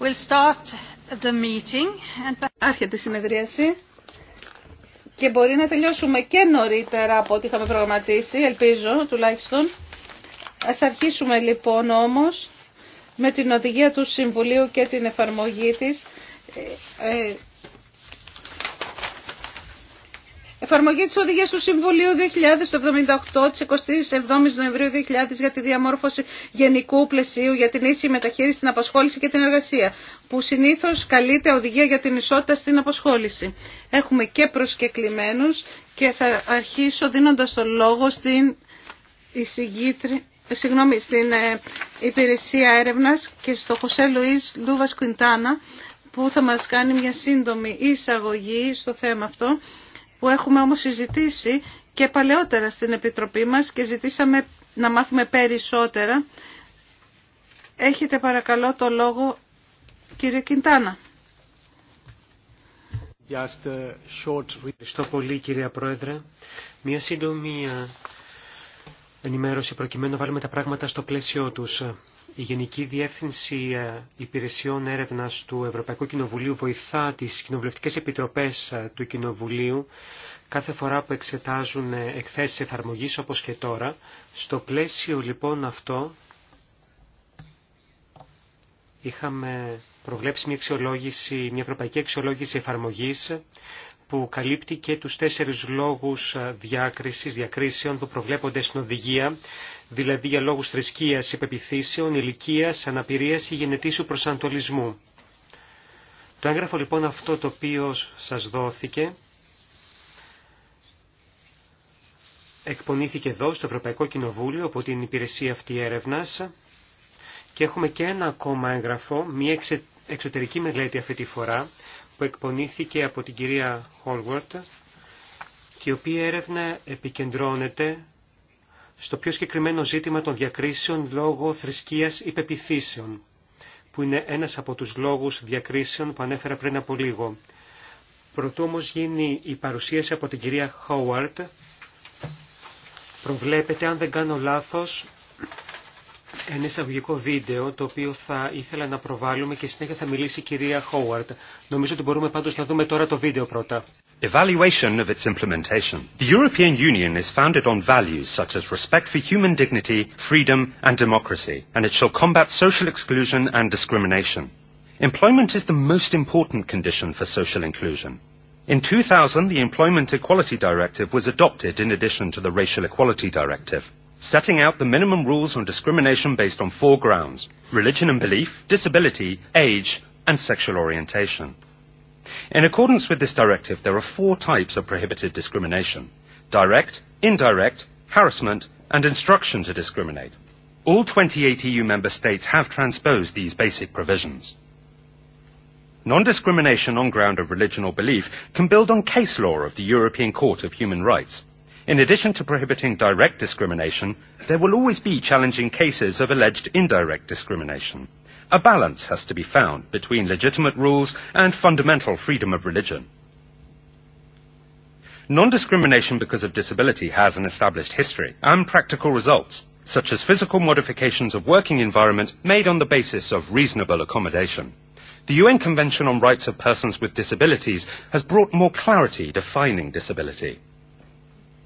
We'll start the meeting and... Άρχεται η συνεδρίαση και μπορεί να τελειώσουμε και νωρίτερα από ό,τι είχαμε προγραμματίσει, ελπίζω τουλάχιστον. Ας αρχίσουμε λοιπόν όμως με την οδηγία του Συμβουλίου και την εφαρμογή της ε, ε, Εφαρμογή τη οδηγία του Συμβουλίου 2078 τη 27 η Νοεμβρίου 2000 για τη διαμόρφωση γενικού πλαισίου για την ίση μεταχείριση στην απασχόληση και την εργασία, που συνήθως καλείται οδηγία για την ισότητα στην απασχόληση. Έχουμε και προσκεκλημένου και θα αρχίσω δίνοντας το λόγο στην συγγνώμη, στην ε, υπηρεσία έρευνας και στο Χωσέ Λουίς Λούβας Κουιντάνα που θα μας κάνει μια σύντομη εισαγωγή στο θέμα αυτό που έχουμε όμως συζητήσει και παλαιότερα στην Επιτροπή μας και ζητήσαμε να μάθουμε περισσότερα. Έχετε παρακαλώ το λόγο κύριε Κιντάνα. Ευχαριστώ πολύ κύριε Πρόεδρε. Μία σύντομη ε, ενημέρωση προκειμένου να βάλουμε τα πράγματα στο πλαίσιο τους. Η Γενική Διεύθυνση ε, Υπηρεσιών Έρευνας του Ευρωπαϊκού Κοινοβουλίου βοηθά τις κοινοβουλευτικές επιτροπές ε, του Κοινοβουλίου κάθε φορά που εξετάζουν ε, εκθέσεις εφαρμογής όπως και τώρα. Στο πλαίσιο λοιπόν αυτό είχαμε προβλέψει μια, μια ευρωπαϊκή αξιολόγηση εφαρμογής που καλύπτει και τους τέσσερις λόγους ε, διάκρισης, διακρίσεων που προβλέπονται στην οδηγία, δηλαδή για λόγους θρησκείας, υπεπιθύσεων, ηλικίας, αναπηρίας ή γενετήσου προσανατολισμού. Το έγγραφο λοιπόν αυτό το οποίο σας δόθηκε εκπονήθηκε εδώ στο Ευρωπαϊκό Κοινοβούλιο από την υπηρεσία αυτή έρευνας και έχουμε και ένα ακόμα έγγραφο, μια εξωτερική μελέτη αυτή τη φορά που εκπονήθηκε από την κυρία Χόλγουαρτ και η οποία έρευνα επικεντρώνεται στο πιο συγκεκριμένο ζήτημα των διακρίσεων λόγω θρησκείας ή πεπιθήσεων, που είναι ένας από τους λόγους διακρίσεων που ανέφερα πριν από λίγο. Προτού όμως γίνει η που ειναι ενας απο τους λογους διακρισεων που ανεφερα από την κυρία Χόουαρτ, προβλέπεται, αν δεν κάνω λάθος, ένα εισαγωγικό βίντεο το οποίο θα ήθελα να προβάλλουμε και συνέχεια θα μιλήσει η κυρία Χόουαρτ. Νομίζω ότι μπορούμε πάντως να δούμε τώρα το βίντεο πρώτα. Evaluation of its implementation. The European Union is founded on values such as respect for human dignity, freedom and democracy, and it shall combat social exclusion and discrimination. Employment is the most important condition for social inclusion. In 2000, the Employment Equality Directive was adopted in addition to the Racial Equality Directive setting out the minimum rules on discrimination based on four grounds religion and belief, disability, age and sexual orientation. In accordance with this directive, there are four types of prohibited discrimination direct, indirect, harassment and instruction to discriminate. All 28 EU member states have transposed these basic provisions. Non-discrimination on ground of religion or belief can build on case law of the European Court of Human Rights in addition to prohibiting direct discrimination there will always be challenging cases of alleged indirect discrimination a balance has to be found between legitimate rules and fundamental freedom of religion non discrimination because of disability has an established history and practical results such as physical modifications of working environment made on the basis of reasonable accommodation the un convention on rights of persons with disabilities has brought more clarity defining disability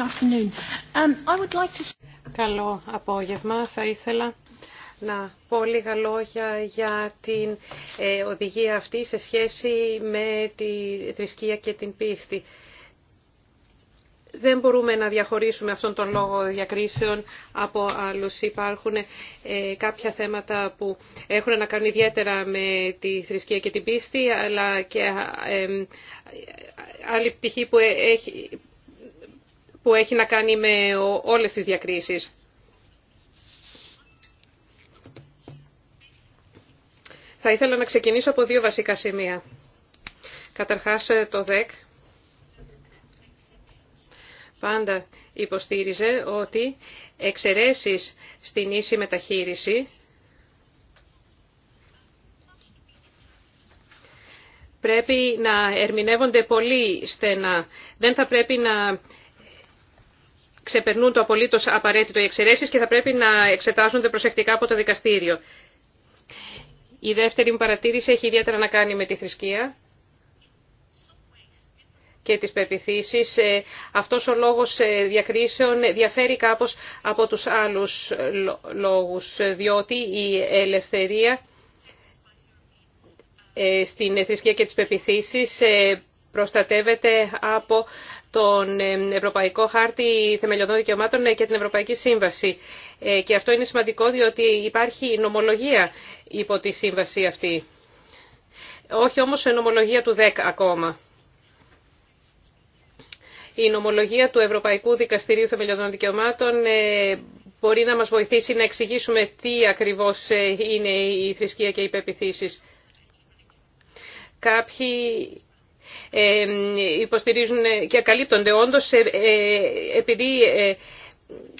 Um, Καλό απόγευμα. Θα ήθελα να πω λίγα λόγια για την ε, οδηγία αυτή σε σχέση με τη θρησκεία και την πίστη. Δεν μπορούμε να διαχωρίσουμε αυτόν τον λόγο διακρίσεων από άλλους. Υπάρχουν ε, κάποια θέματα που έχουν να κάνουν ιδιαίτερα με τη θρησκεία και την πίστη, αλλά και ε, άλλη πτυχή που έχει που έχει να κάνει με όλες τις διακρίσεις. Θα ήθελα να ξεκινήσω από δύο βασικά σημεία. Καταρχάς το ΔΕΚ πάντα υποστήριζε ότι εξαιρέσεις στην ίση μεταχείριση πρέπει να ερμηνεύονται πολύ στενά. Δεν θα πρέπει να ξεπερνούν το απολύτως απαραίτητο οι εξαιρέσεις και θα πρέπει να εξετάζονται προσεκτικά από το δικαστήριο. Η δεύτερη μου παρατήρηση έχει ιδιαίτερα να κάνει με τη θρησκεία και τις πεπιθήσεις. Ε, αυτός ο λόγος ε, διακρίσεων διαφέρει κάπως από τους άλλους λόγους, ε, διότι η ελευθερία στην θρησκεία και τις πεπιθήσεις προστατεύεται από τον ε, Ευρωπαϊκό Χάρτη Θεμελιωδών Δικαιωμάτων ε, και την Ευρωπαϊκή Σύμβαση. Ε, και αυτό είναι σημαντικό διότι υπάρχει νομολογία υπό τη σύμβαση αυτή. Όχι όμως νομολογία του ΔΕΚ ακόμα. Η νομολογία του Ευρωπαϊκού Δικαστηρίου Θεμελιωδών Δικαιωμάτων μπορεί να μας βοηθήσει να εξηγήσουμε τι ακριβώς είναι η θρησκεία και οι πεπιθήσεις. Κάποιοι ε, υποστηρίζουν και καλύπτονται όντως ε, επειδή ε,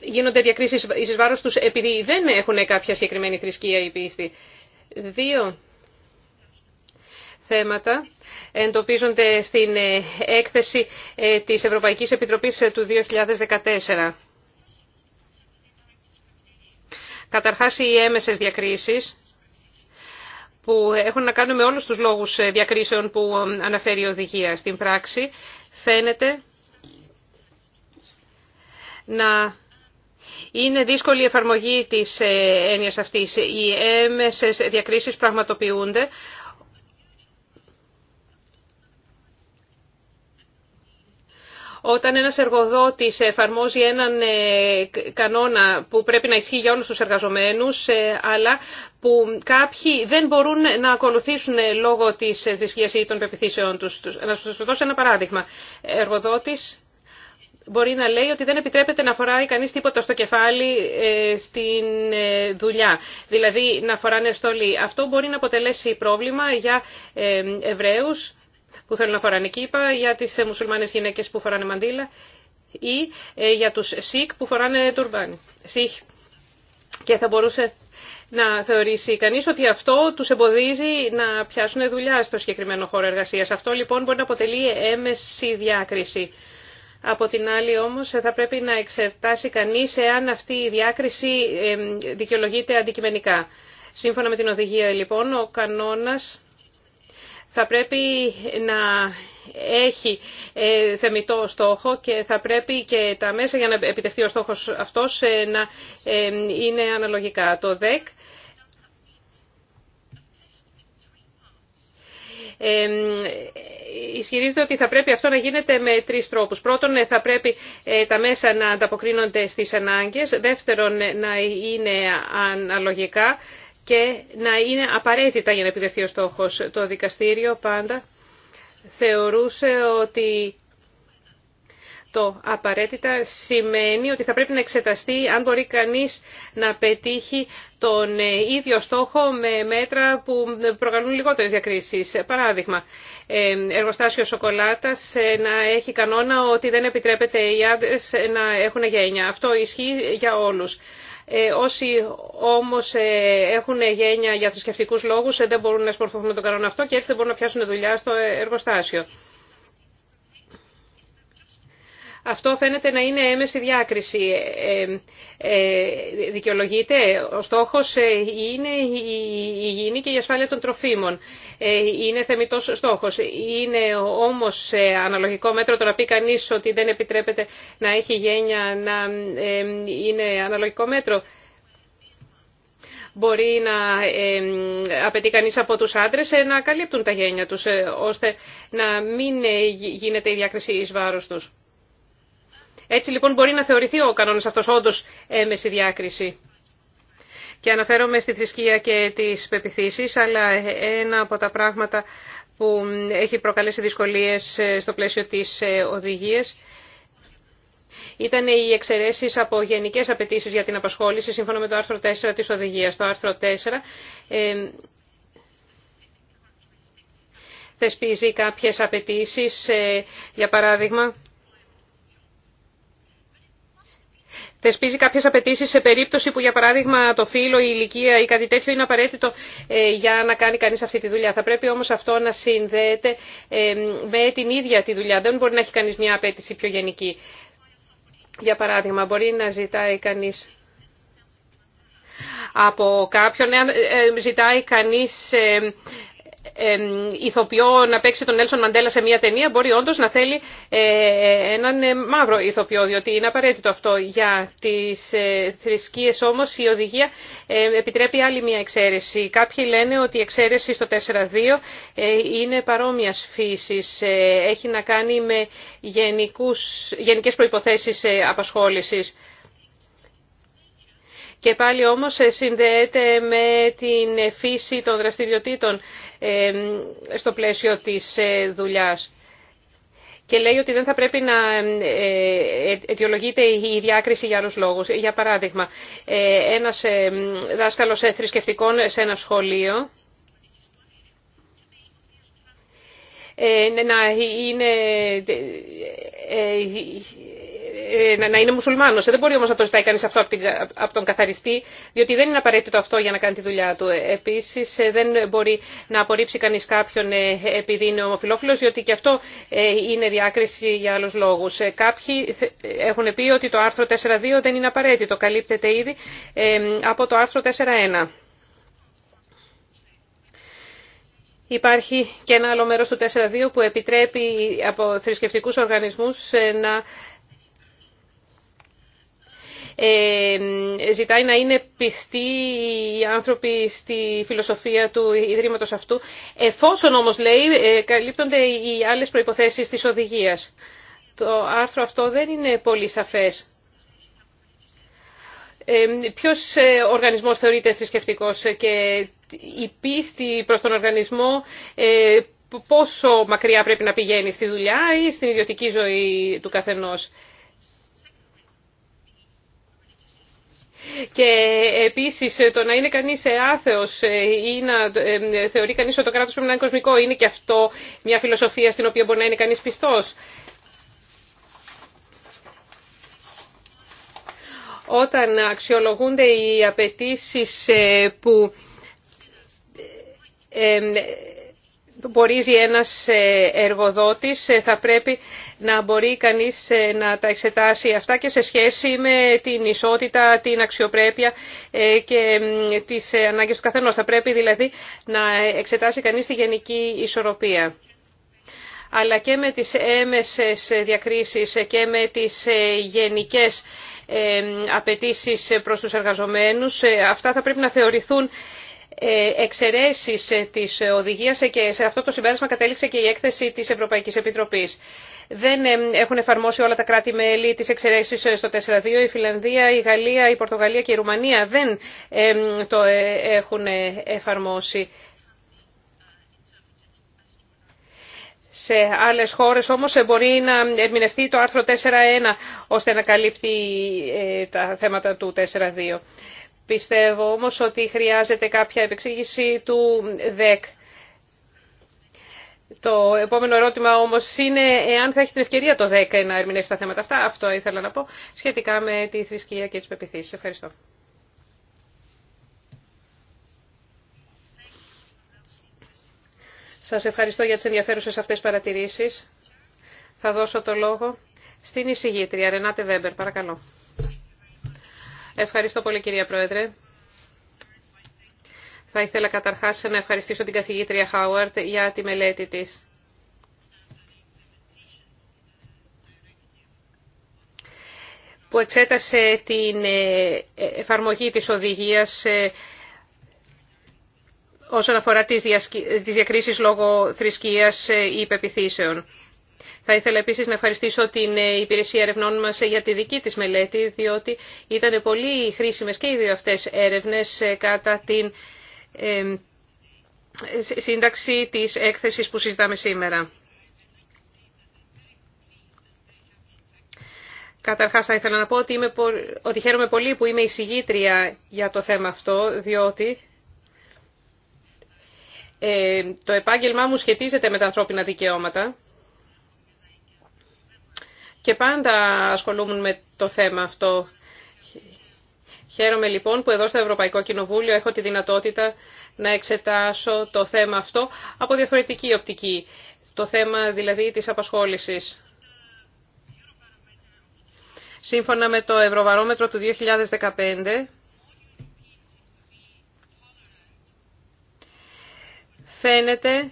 γίνονται διακρίσεις εις βάρος τους επειδή δεν έχουν κάποια συγκεκριμένη θρησκεία ή πίστη. Δύο θέματα εντοπίζονται στην έκθεση της Ευρωπαϊκής Επιτροπής του 2014. Καταρχάς οι έμεσες διακρίσεις που έχουν να κάνουν με όλους τους λόγους ε, διακρίσεων που ε, αναφέρει η οδηγία στην πράξη, φαίνεται να είναι δύσκολη η εφαρμογή της ε, έννοιας αυτής. Οι έμεσες διακρίσεις πραγματοποιούνται Όταν ένας εργοδότης εφαρμόζει έναν ε, κανόνα που πρέπει να ισχύει για όλους τους εργαζομένους, ε, αλλά που κάποιοι δεν μπορούν να ακολουθήσουν ε, λόγω της θρησκείας ή των πεπιθήσεων τους. Να σας δώσω ένα παράδειγμα. Εργοδότης μπορεί να λέει ότι δεν επιτρέπεται να φοράει κανείς τίποτα στο κεφάλι στην δουλειά. Δηλαδή να φοράνε στολή. Αυτό μπορεί να αποτελέσει πρόβλημα για Εβραίους που θέλουν να φοράνε κήπα, για τις ε, μουσουλμάνες γυναίκες που φοράνε μαντήλα ή ε, για τους Σίκ που φοράνε τουρμπάνι. Σίχ. Και θα μπορούσε να θεωρήσει κανείς ότι αυτό τους εμποδίζει να πιάσουν δουλειά στο συγκεκριμένο χώρο εργασίας. Αυτό λοιπόν μπορεί να αποτελεί έμεση διάκριση. Από την άλλη όμως θα πρέπει να εξετάσει κανείς εάν αυτή η διάκριση δικαιολογείται αντικειμενικά. Σύμφωνα με την οδηγία λοιπόν ο κανόνας θα πρέπει να έχει ε, θεμητό στόχο και θα πρέπει και τα μέσα για να επιτευχθεί ο στόχος αυτός ε, να ε, είναι αναλογικά. Το ΔΕΚ ισχυρίζεται ότι θα πρέπει αυτό να γίνεται με τρεις τρόπους. Πρώτον, θα πρέπει τα μέσα να ανταποκρίνονται στις ανάγκες. Δεύτερον, να είναι αναλογικά και να είναι απαραίτητα για να επιτευχθεί ο στόχος. Το δικαστήριο πάντα θεωρούσε ότι το απαραίτητα σημαίνει ότι θα πρέπει να εξεταστεί αν μπορεί κανείς να πετύχει τον ίδιο στόχο με μέτρα που προκαλούν λιγότερες διακρίσεις. Παράδειγμα, ε, εργοστάσιο σοκολάτας ε, να έχει κανόνα ότι δεν επιτρέπεται οι άντρες να έχουν γένεια. Αυτό ισχύει για όλους. Ε, όσοι όμως ε, έχουν γένεια για θρησκευτικούς λόγους ε, δεν μπορούν να σπορφωθούν με τον κανόνα αυτό και έτσι δεν μπορούν να πιάσουν δουλειά στο εργοστάσιο. Αυτό φαίνεται να είναι έμεση διάκριση. Ε, ε, ε, δικαιολογείται. Ο στόχος είναι η υγιεινή και η ασφάλεια των τροφίμων. Είναι θεμητός στόχος. Είναι όμως αναλογικό μέτρο το να πει κανείς ότι δεν επιτρέπεται να έχει γένεια να είναι αναλογικό μέτρο. Μπορεί να απαιτεί κανείς από τους άντρες να καλύπτουν τα γένια τους ώστε να μην γίνεται η διάκριση εις βάρος τους. Έτσι λοιπόν μπορεί να θεωρηθεί ο κανόνας αυτός όντως έμεση διάκριση. Και αναφέρομαι στη θρησκεία και τις πεπιθήσεις, αλλά ένα από τα πράγματα που έχει προκαλέσει δυσκολίες ε, στο πλαίσιο της ε, οδηγίας ήταν οι εξαιρέσεις από γενικές απαιτήσει για την απασχόληση σύμφωνα με το άρθρο 4 της οδηγίας. Το άρθρο 4 ε, θεσπίζει κάποιε απαιτήσει, ε, για παράδειγμα, θεσπίζει κάποιες απαιτήσει σε περίπτωση που για παράδειγμα το φύλλο, η ηλικία ή κάτι τέτοιο είναι απαραίτητο ε, για να κάνει κανείς αυτή τη δουλειά. Θα πρέπει όμως αυτό να συνδέεται ε, με την ίδια τη δουλειά. Δεν μπορεί να έχει κανείς μια απέτηση πιο γενική. Για παράδειγμα, μπορεί να ζητάει κανείς από κάποιον, ε, ζητάει κανείς ηθοποιό να παίξει τον Έλσον Μαντέλα σε μια ταινία μπορεί όντω να θέλει ε, έναν ε, μαύρο ηθοποιό, διότι είναι απαραίτητο αυτό. Για τι ε, θρησκείε όμω η οδηγία επιτρέπει άλλη μια εξαίρεση. Κάποιοι λένε ότι η εξαίρεση στο 4-2 είναι παρόμοια φύση. Έχει να κάνει με γενικέ προποθέσει απασχόληση. Και πάλι όμως συνδέεται με την φύση των δραστηριοτήτων στο πλαίσιο της ε, δουλειάς. Και λέει ότι δεν θα πρέπει να ε, ε, αιτιολογείται η διάκριση για άλλους λόγους. Για παράδειγμα, ένας δάσκαλος θρησκευτικών σε ένα σχολείο να είναι ε, να είναι μουσουλμάνος. Ε, δεν μπορεί όμως να το ζητάει κανείς αυτό από τον καθαριστή, διότι δεν είναι απαραίτητο αυτό για να κάνει τη δουλειά του. Ε, επίσης δεν μπορεί να απορρίψει κανείς κάποιον επειδή είναι ομοφιλόφιλος, διότι και αυτό είναι διάκριση για άλλους λόγους. Κάποιοι έχουν πει ότι το άρθρο 4.2 δεν είναι απαραίτητο, καλύπτεται ήδη από το άρθρο 4.1. Υπάρχει και ένα άλλο μέρος του 4.2 που επιτρέπει από θρησκευτικούς οργανισμούς να ζητάει να είναι πιστοί οι άνθρωποι στη φιλοσοφία του Ιδρύματος αυτού, εφόσον όμως λέει ε, καλύπτονται οι άλλες προϋποθέσεις της οδηγίας. Το άρθρο αυτό δεν είναι πολύ σαφές. Ποιος ε, οργανισμός θεωρείται θρησκευτικός και η πίστη προς τον οργανισμό ε, πόσο μακριά πρέπει να πηγαίνει στη δουλειά ή στην ιδιωτική ζωή του καθενός. Και επίσης ε, το να είναι κανείς ε, άθεος ε, ή να θεωρεί κανείς ότι το κράτος πρέπει να είναι κοσμικό είναι και αυτό μια φιλοσοφία στην οποία μπορεί να είναι κανείς πιστός. Όταν αξιολογούνται οι απαιτήσει που μπορίζει ένας ε, εργοδότης, ε, θα πρέπει να μπορεί κανείς ε, να τα εξετάσει αυτά και σε σχέση με την ισότητα, την αξιοπρέπεια και τις ανάγκες του καθενός. Θα πρέπει δηλαδή να εξετάσει κανείς τη γενική ισορροπία αλλά και με τις έμεσες διακρίσεις και με τις γενικές απαιτήσεις προς τους εργαζομένους. Αυτά θα πρέπει να θεωρηθούν ε, εξαιρέσεις ε, της οδηγίας και σε αυτό το συμπέρασμα κατέληξε και η έκθεση της Ευρωπαϊκής Επιτροπής. Δεν ε, έχουν εφαρμόσει όλα τα κράτη-μέλη τις εξαιρέσεις στο 4-2. Η Φιλανδία, η Γαλλία, η Πορτογαλία και η Ρουμανία δεν το έχουν εφαρμόσει. Σε άλλες χώρες όμως μπορεί να ερμηνευτεί το άρθρο 4.1 ώστε να καλύπτει τα θέματα του 4.2. Πιστεύω όμως ότι χρειάζεται κάποια επεξήγηση του ΔΕΚ. Το επόμενο ερώτημα όμως είναι εάν θα έχει την ευκαιρία το ΔΕΚ να ερμηνεύσει τα θέματα αυτά. Αυτό ήθελα να πω σχετικά με τη θρησκεία και τις πεπιθήσεις. Ευχαριστώ. Σας ευχαριστώ για τις ενδιαφέρουσες αυτές παρατηρήσεις. Θα δώσω το λόγο στην εισηγήτρια Ρενάτε Βέμπερ. Παρακαλώ. Ευχαριστώ πολύ κυρία Πρόεδρε. Θα ήθελα καταρχάς να ευχαριστήσω την καθηγήτρια Χάουαρτ για τη μελέτη της. που εξέτασε την ε, εφαρμογή της οδηγίας ε, όσον αφορά τις διακρίσεις λόγω θρησκείας ε, ή υπεπιθύσεων. Θα ήθελα επίσης να ευχαριστήσω την ε, Υπηρεσία Ερευνών μας ε, για τη δική της μελέτη, διότι ήταν πολύ χρήσιμες και οι δύο αυτές έρευνες ε, κατά την σύνταξη της έκθεσης που συζητάμε σήμερα. Καταρχάς θα ήθελα να πω ότι, είμαι, ότι χαίρομαι πολύ που είμαι εισηγήτρια για το θέμα αυτό, διότι το επάγγελμά μου σχετίζεται με τα ανθρώπινα δικαιώματα και πάντα ασχολούμουν με το θέμα αυτό. Χαίρομαι λοιπόν που εδώ στο Ευρωπαϊκό Κοινοβούλιο έχω τη δυνατότητα να εξετάσω το θέμα αυτό από διαφορετική οπτική. Το θέμα δηλαδή της απασχόλησης. Σύμφωνα με το Ευρωβαρόμετρο του 2015, φαίνεται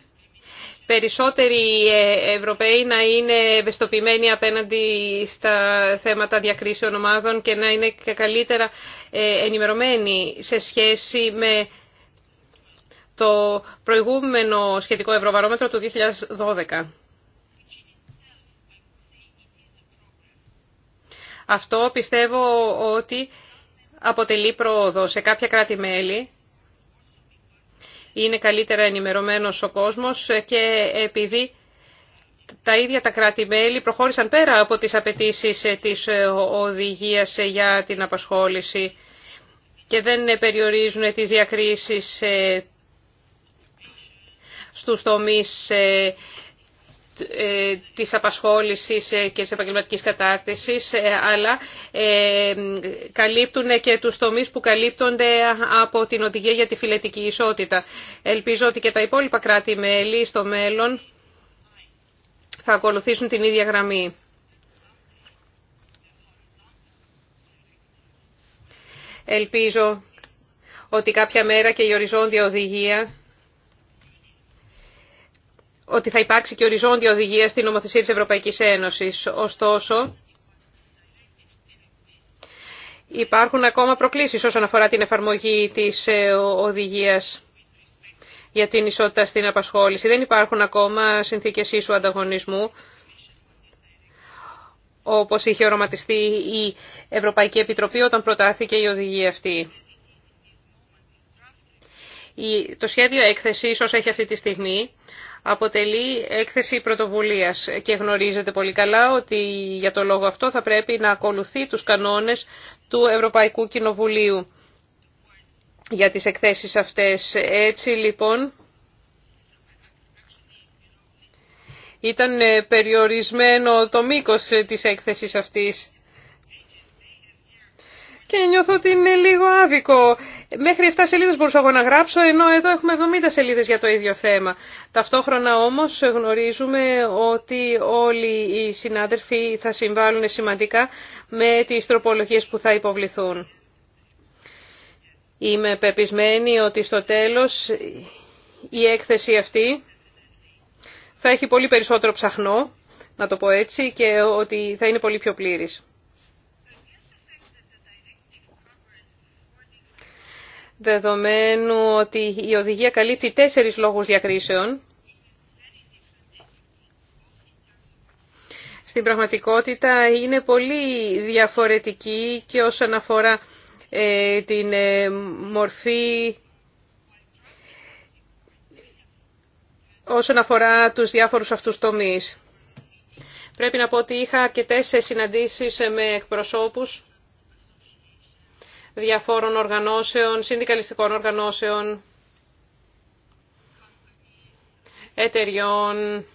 περισσότεροι ε, Ευρωπαίοι να είναι ευαισθητοποιημένοι απέναντι στα θέματα διακρίσεων ομάδων και να είναι και καλύτερα ε, ενημερωμένοι σε σχέση με το προηγούμενο σχετικό ευρωβαρόμετρο του 2012. Αυτό πιστεύω ότι αποτελεί πρόοδο σε κάποια κράτη-μέλη είναι καλύτερα ενημερωμένος ο κόσμος και επειδή τα ίδια τα κράτη-μέλη προχώρησαν πέρα από τις απαιτήσει της οδηγίας για την απασχόληση και δεν περιορίζουν τις διακρίσεις ε, στους τομείς ε, ε, της απασχόλησης ε, και της επαγγελματικής κατάρτισης, ε, αλλά καλύπτουν και τους τομείς που καλύπτονται από την Οδηγία για τη Φιλετική Ισότητα. Ελπίζω ότι και τα υπόλοιπα κράτη-μέλη στο μέλλον θα ακολουθήσουν την ίδια γραμμή. Ελπίζω ότι κάποια μέρα και η οριζόντια οδηγία ότι θα υπάρξει και οριζόντια οδηγία στην νομοθεσία της Ευρωπαϊκής Ένωσης. Ωστόσο, υπάρχουν ακόμα προκλήσεις όσον αφορά την εφαρμογή της ε, οδηγίας για την ισότητα στην απασχόληση. Δεν υπάρχουν ακόμα συνθήκες ίσου ανταγωνισμού, όπως είχε οροματιστεί η Ευρωπαϊκή Επιτροπή όταν προτάθηκε η οδηγία αυτή. Το σχέδιο έκθεσης, όσο έχει αυτή τη στιγμή, αποτελεί έκθεση πρωτοβουλίας και γνωρίζετε πολύ καλά ότι για το λόγο αυτό θα πρέπει να ακολουθεί τους κανόνες του Ευρωπαϊκού Κοινοβουλίου για τις εκθέσεις αυτές. Έτσι λοιπόν ήταν ε, περιορισμένο το μήκος ε, της έκθεσης αυτής και νιώθω ότι είναι λίγο άδικο. Μέχρι 7 σελίδε μπορούσα εγώ να γράψω, ενώ εδώ έχουμε 70 σελίδες για το ίδιο θέμα. Ταυτόχρονα όμως γνωρίζουμε ότι όλοι οι συνάδελφοι θα συμβάλλουν σημαντικά με τις τροπολογίε που θα υποβληθούν. Είμαι πεπισμένη ότι στο τέλος η έκθεση αυτή θα έχει πολύ περισσότερο ψαχνό, να το πω έτσι, και ότι θα είναι πολύ πιο πλήρης. δεδομένου ότι η οδηγία καλύπτει τέσσερις λόγους διακρίσεων. Στην πραγματικότητα είναι πολύ διαφορετική και όσον αφορά ε, την ε, μορφή όσον αφορά τους διάφορους αυτούς τομείς. Πρέπει να πω ότι είχα αρκετές συναντήσεις με εκπροσώπους διαφόρων οργανώσεων, συνδικαλιστικών οργανώσεων, εταιριών.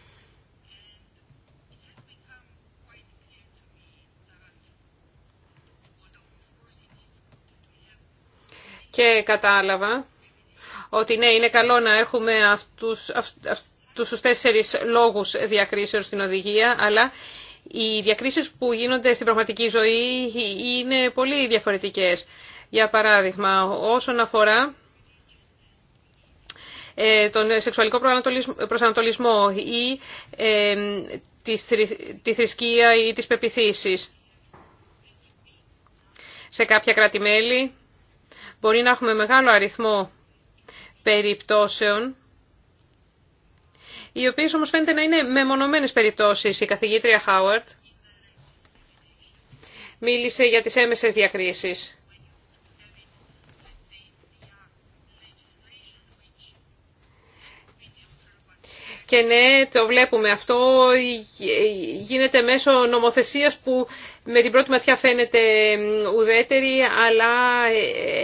Και κατάλαβα ότι ναι, είναι καλό να έχουμε αυτούς, αυτούς τους τέσσερις λόγους διακρίσεως στην οδηγία, αλλά οι διακρίσεις που γίνονται στην πραγματική ζωή είναι πολύ διαφορετικές. Για παράδειγμα, όσον αφορά ε, τον σεξουαλικό προσανατολισμό ή ε, τη θρησκεία ή τις πεπιθήσεις. Σε κάποια κράτη-μέλη μπορεί να έχουμε μεγάλο αριθμό περιπτώσεων οι οποίες όμως φαίνεται να είναι μεμονωμένες περιπτώσεις. Η καθηγήτρια Χάουαρτ μίλησε για τις έμεσες διακρίσεις. Και ναι, το βλέπουμε. Αυτό γίνεται μέσω νομοθεσίας που με την πρώτη ματιά φαίνεται ουδέτερη, αλλά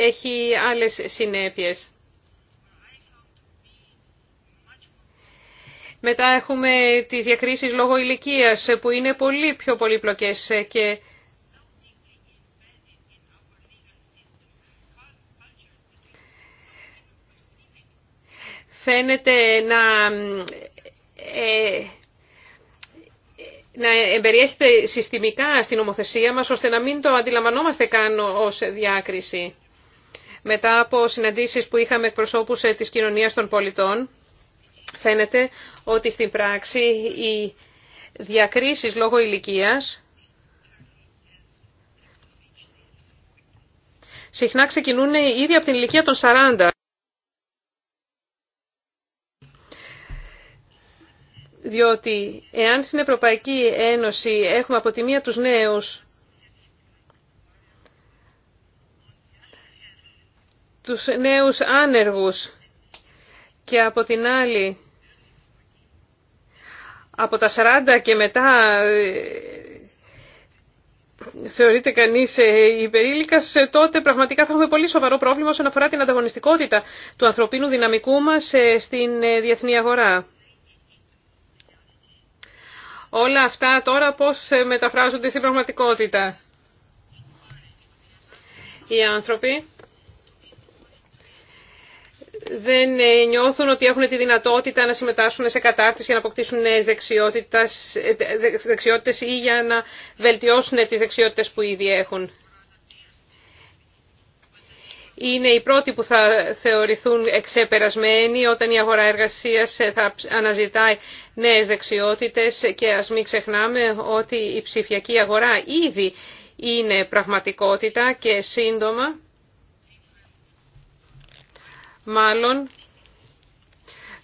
έχει άλλες συνέπειες. Μετά έχουμε τις διακρίσεις λόγω ηλικίας που είναι πολύ πιο πολύπλοκες και φαίνεται να ε, να εμπεριέχεται συστημικά στην ομοθεσία μας, ώστε να μην το αντιλαμβανόμαστε καν ως διάκριση. Μετά από συναντήσεις που είχαμε εκπροσώπους ε, της κοινωνίας των πολιτών, φαίνεται ότι στην πράξη οι διακρίσεις λόγω ηλικίας συχνά ξεκινούν ήδη από την ηλικία των 40. διότι εάν στην Ευρωπαϊκή Ένωση έχουμε από τη μία τους νέους τους νέους άνεργους και από την άλλη από τα 40 και μετά ε, θεωρείται κανείς ε, υπερήλικας, ε, τότε πραγματικά θα έχουμε πολύ σοβαρό πρόβλημα όσον αφορά την ανταγωνιστικότητα του ανθρωπίνου δυναμικού μας στην διεθνή αγορά. Όλα αυτά τώρα πώς ε, μεταφράζονται στην πραγματικότητα. Οι άνθρωποι δεν ε, νιώθουν ότι έχουν τη δυνατότητα να συμμετάσχουν σε κατάρτιση για να αποκτήσουν νέες δεξιότητες, ε, δεξιότητες ή για να βελτιώσουν τις δεξιότητες που ήδη έχουν είναι οι πρώτοι που θα θεωρηθούν εξεπερασμένοι όταν η αγορά εργασίας θα αναζητάει νέες δεξιότητες και ας μην ξεχνάμε ότι η ψηφιακή αγορά ήδη είναι πραγματικότητα και σύντομα μάλλον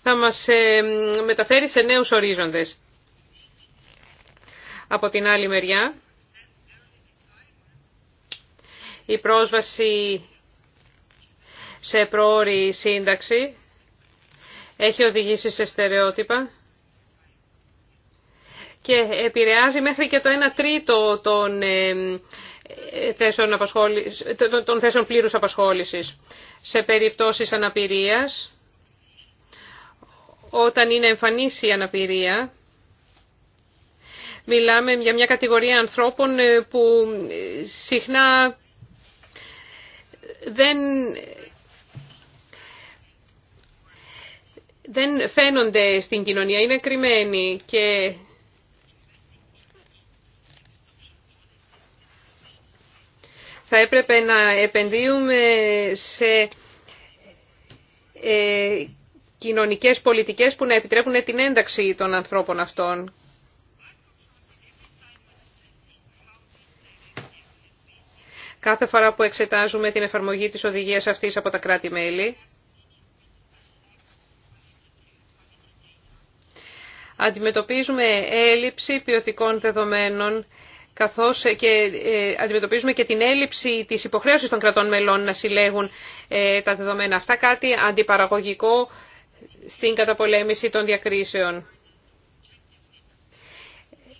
θα μας ε, μεταφέρει σε νέους ορίζοντες. Από την άλλη μεριά, η πρόσβαση σε πρόορη σύνταξη έχει οδηγήσει σε στερεότυπα και επηρεάζει μέχρι και το 1 τρίτο των ε, ε, θέσεων, απασχόλησης, των πλήρους απασχόλησης. Σε περιπτώσεις αναπηρίας, όταν είναι εμφανής η αναπηρία, μιλάμε για μια κατηγορία ανθρώπων ε, που συχνά δεν δεν φαίνονται στην κοινωνία, είναι κρυμμένοι και θα έπρεπε να επενδύουμε σε ε, κοινωνικές πολιτικές που να επιτρέπουν την ένταξη των ανθρώπων αυτών. Κάθε φορά που εξετάζουμε την εφαρμογή της οδηγίας αυτής από τα κράτη-μέλη, αντιμετωπίζουμε έλλειψη ποιοτικών δεδομένων καθώς και ε, αντιμετωπίζουμε και την έλλειψη της υποχρέωσης των κρατών μελών να συλλέγουν ε, τα δεδομένα αυτά, κάτι αντιπαραγωγικό στην καταπολέμηση των διακρίσεων.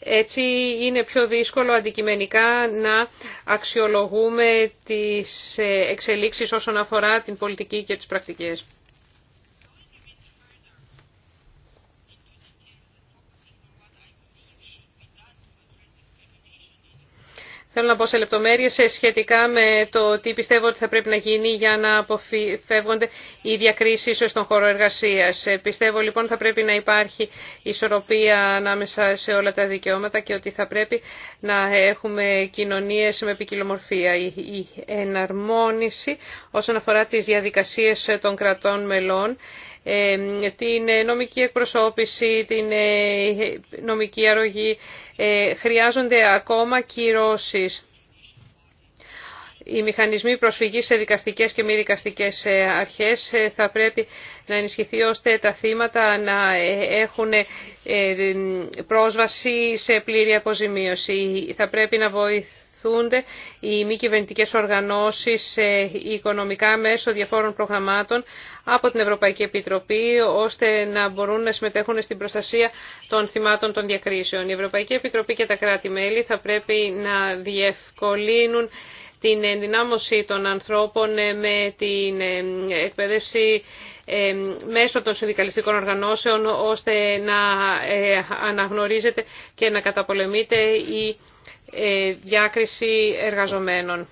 Έτσι είναι πιο δύσκολο αντικειμενικά να αξιολογούμε τις ε, εξελίξεις όσον αφορά την πολιτική και τις πρακτικές. Θέλω να πω σε λεπτομέρειες ε, σχετικά με το τι πιστεύω ότι θα πρέπει να γίνει για να αποφεύγονται οι διακρίσεις στον χώρο εργασίας. Ε, πιστεύω λοιπόν θα πρέπει να υπάρχει ισορροπία ανάμεσα σε όλα τα δικαιώματα και ότι θα πρέπει να έχουμε κοινωνίες με ποικιλομορφία. Η εναρμόνιση όσον αφορά τι διαδικασίε των κρατών μελών την ε, νομική εκπροσώπηση, την ε, νομική αρρωγή. Ε, χρειάζονται ακόμα κυρώσεις. Οι μηχανισμοί προσφυγής σε δικαστικές και μη δικαστικές αρχές θα πρέπει να ενισχυθεί ώστε τα θύματα να έχουν πρόσβαση σε πλήρη αποζημίωση. Θα πρέπει να βοηθήσουν βοηθούνται οι μη κυβερνητικέ οργανώσεις οικονομικά μέσω διαφόρων προγραμμάτων από την Ευρωπαϊκή Επιτροπή, ώστε να μπορούν να συμμετέχουν στην προστασία των θυμάτων των διακρίσεων. Η Ευρωπαϊκή Επιτροπή και τα κράτη-μέλη θα πρέπει να διευκολύνουν την ενδυνάμωση των ανθρώπων με την ε, εκπαίδευση ε, μέσω των συνδικαλιστικών οργανώσεων ώστε να ε, αναγνωρίζεται και να καταπολεμείται η ε, διάκριση εργαζομένων.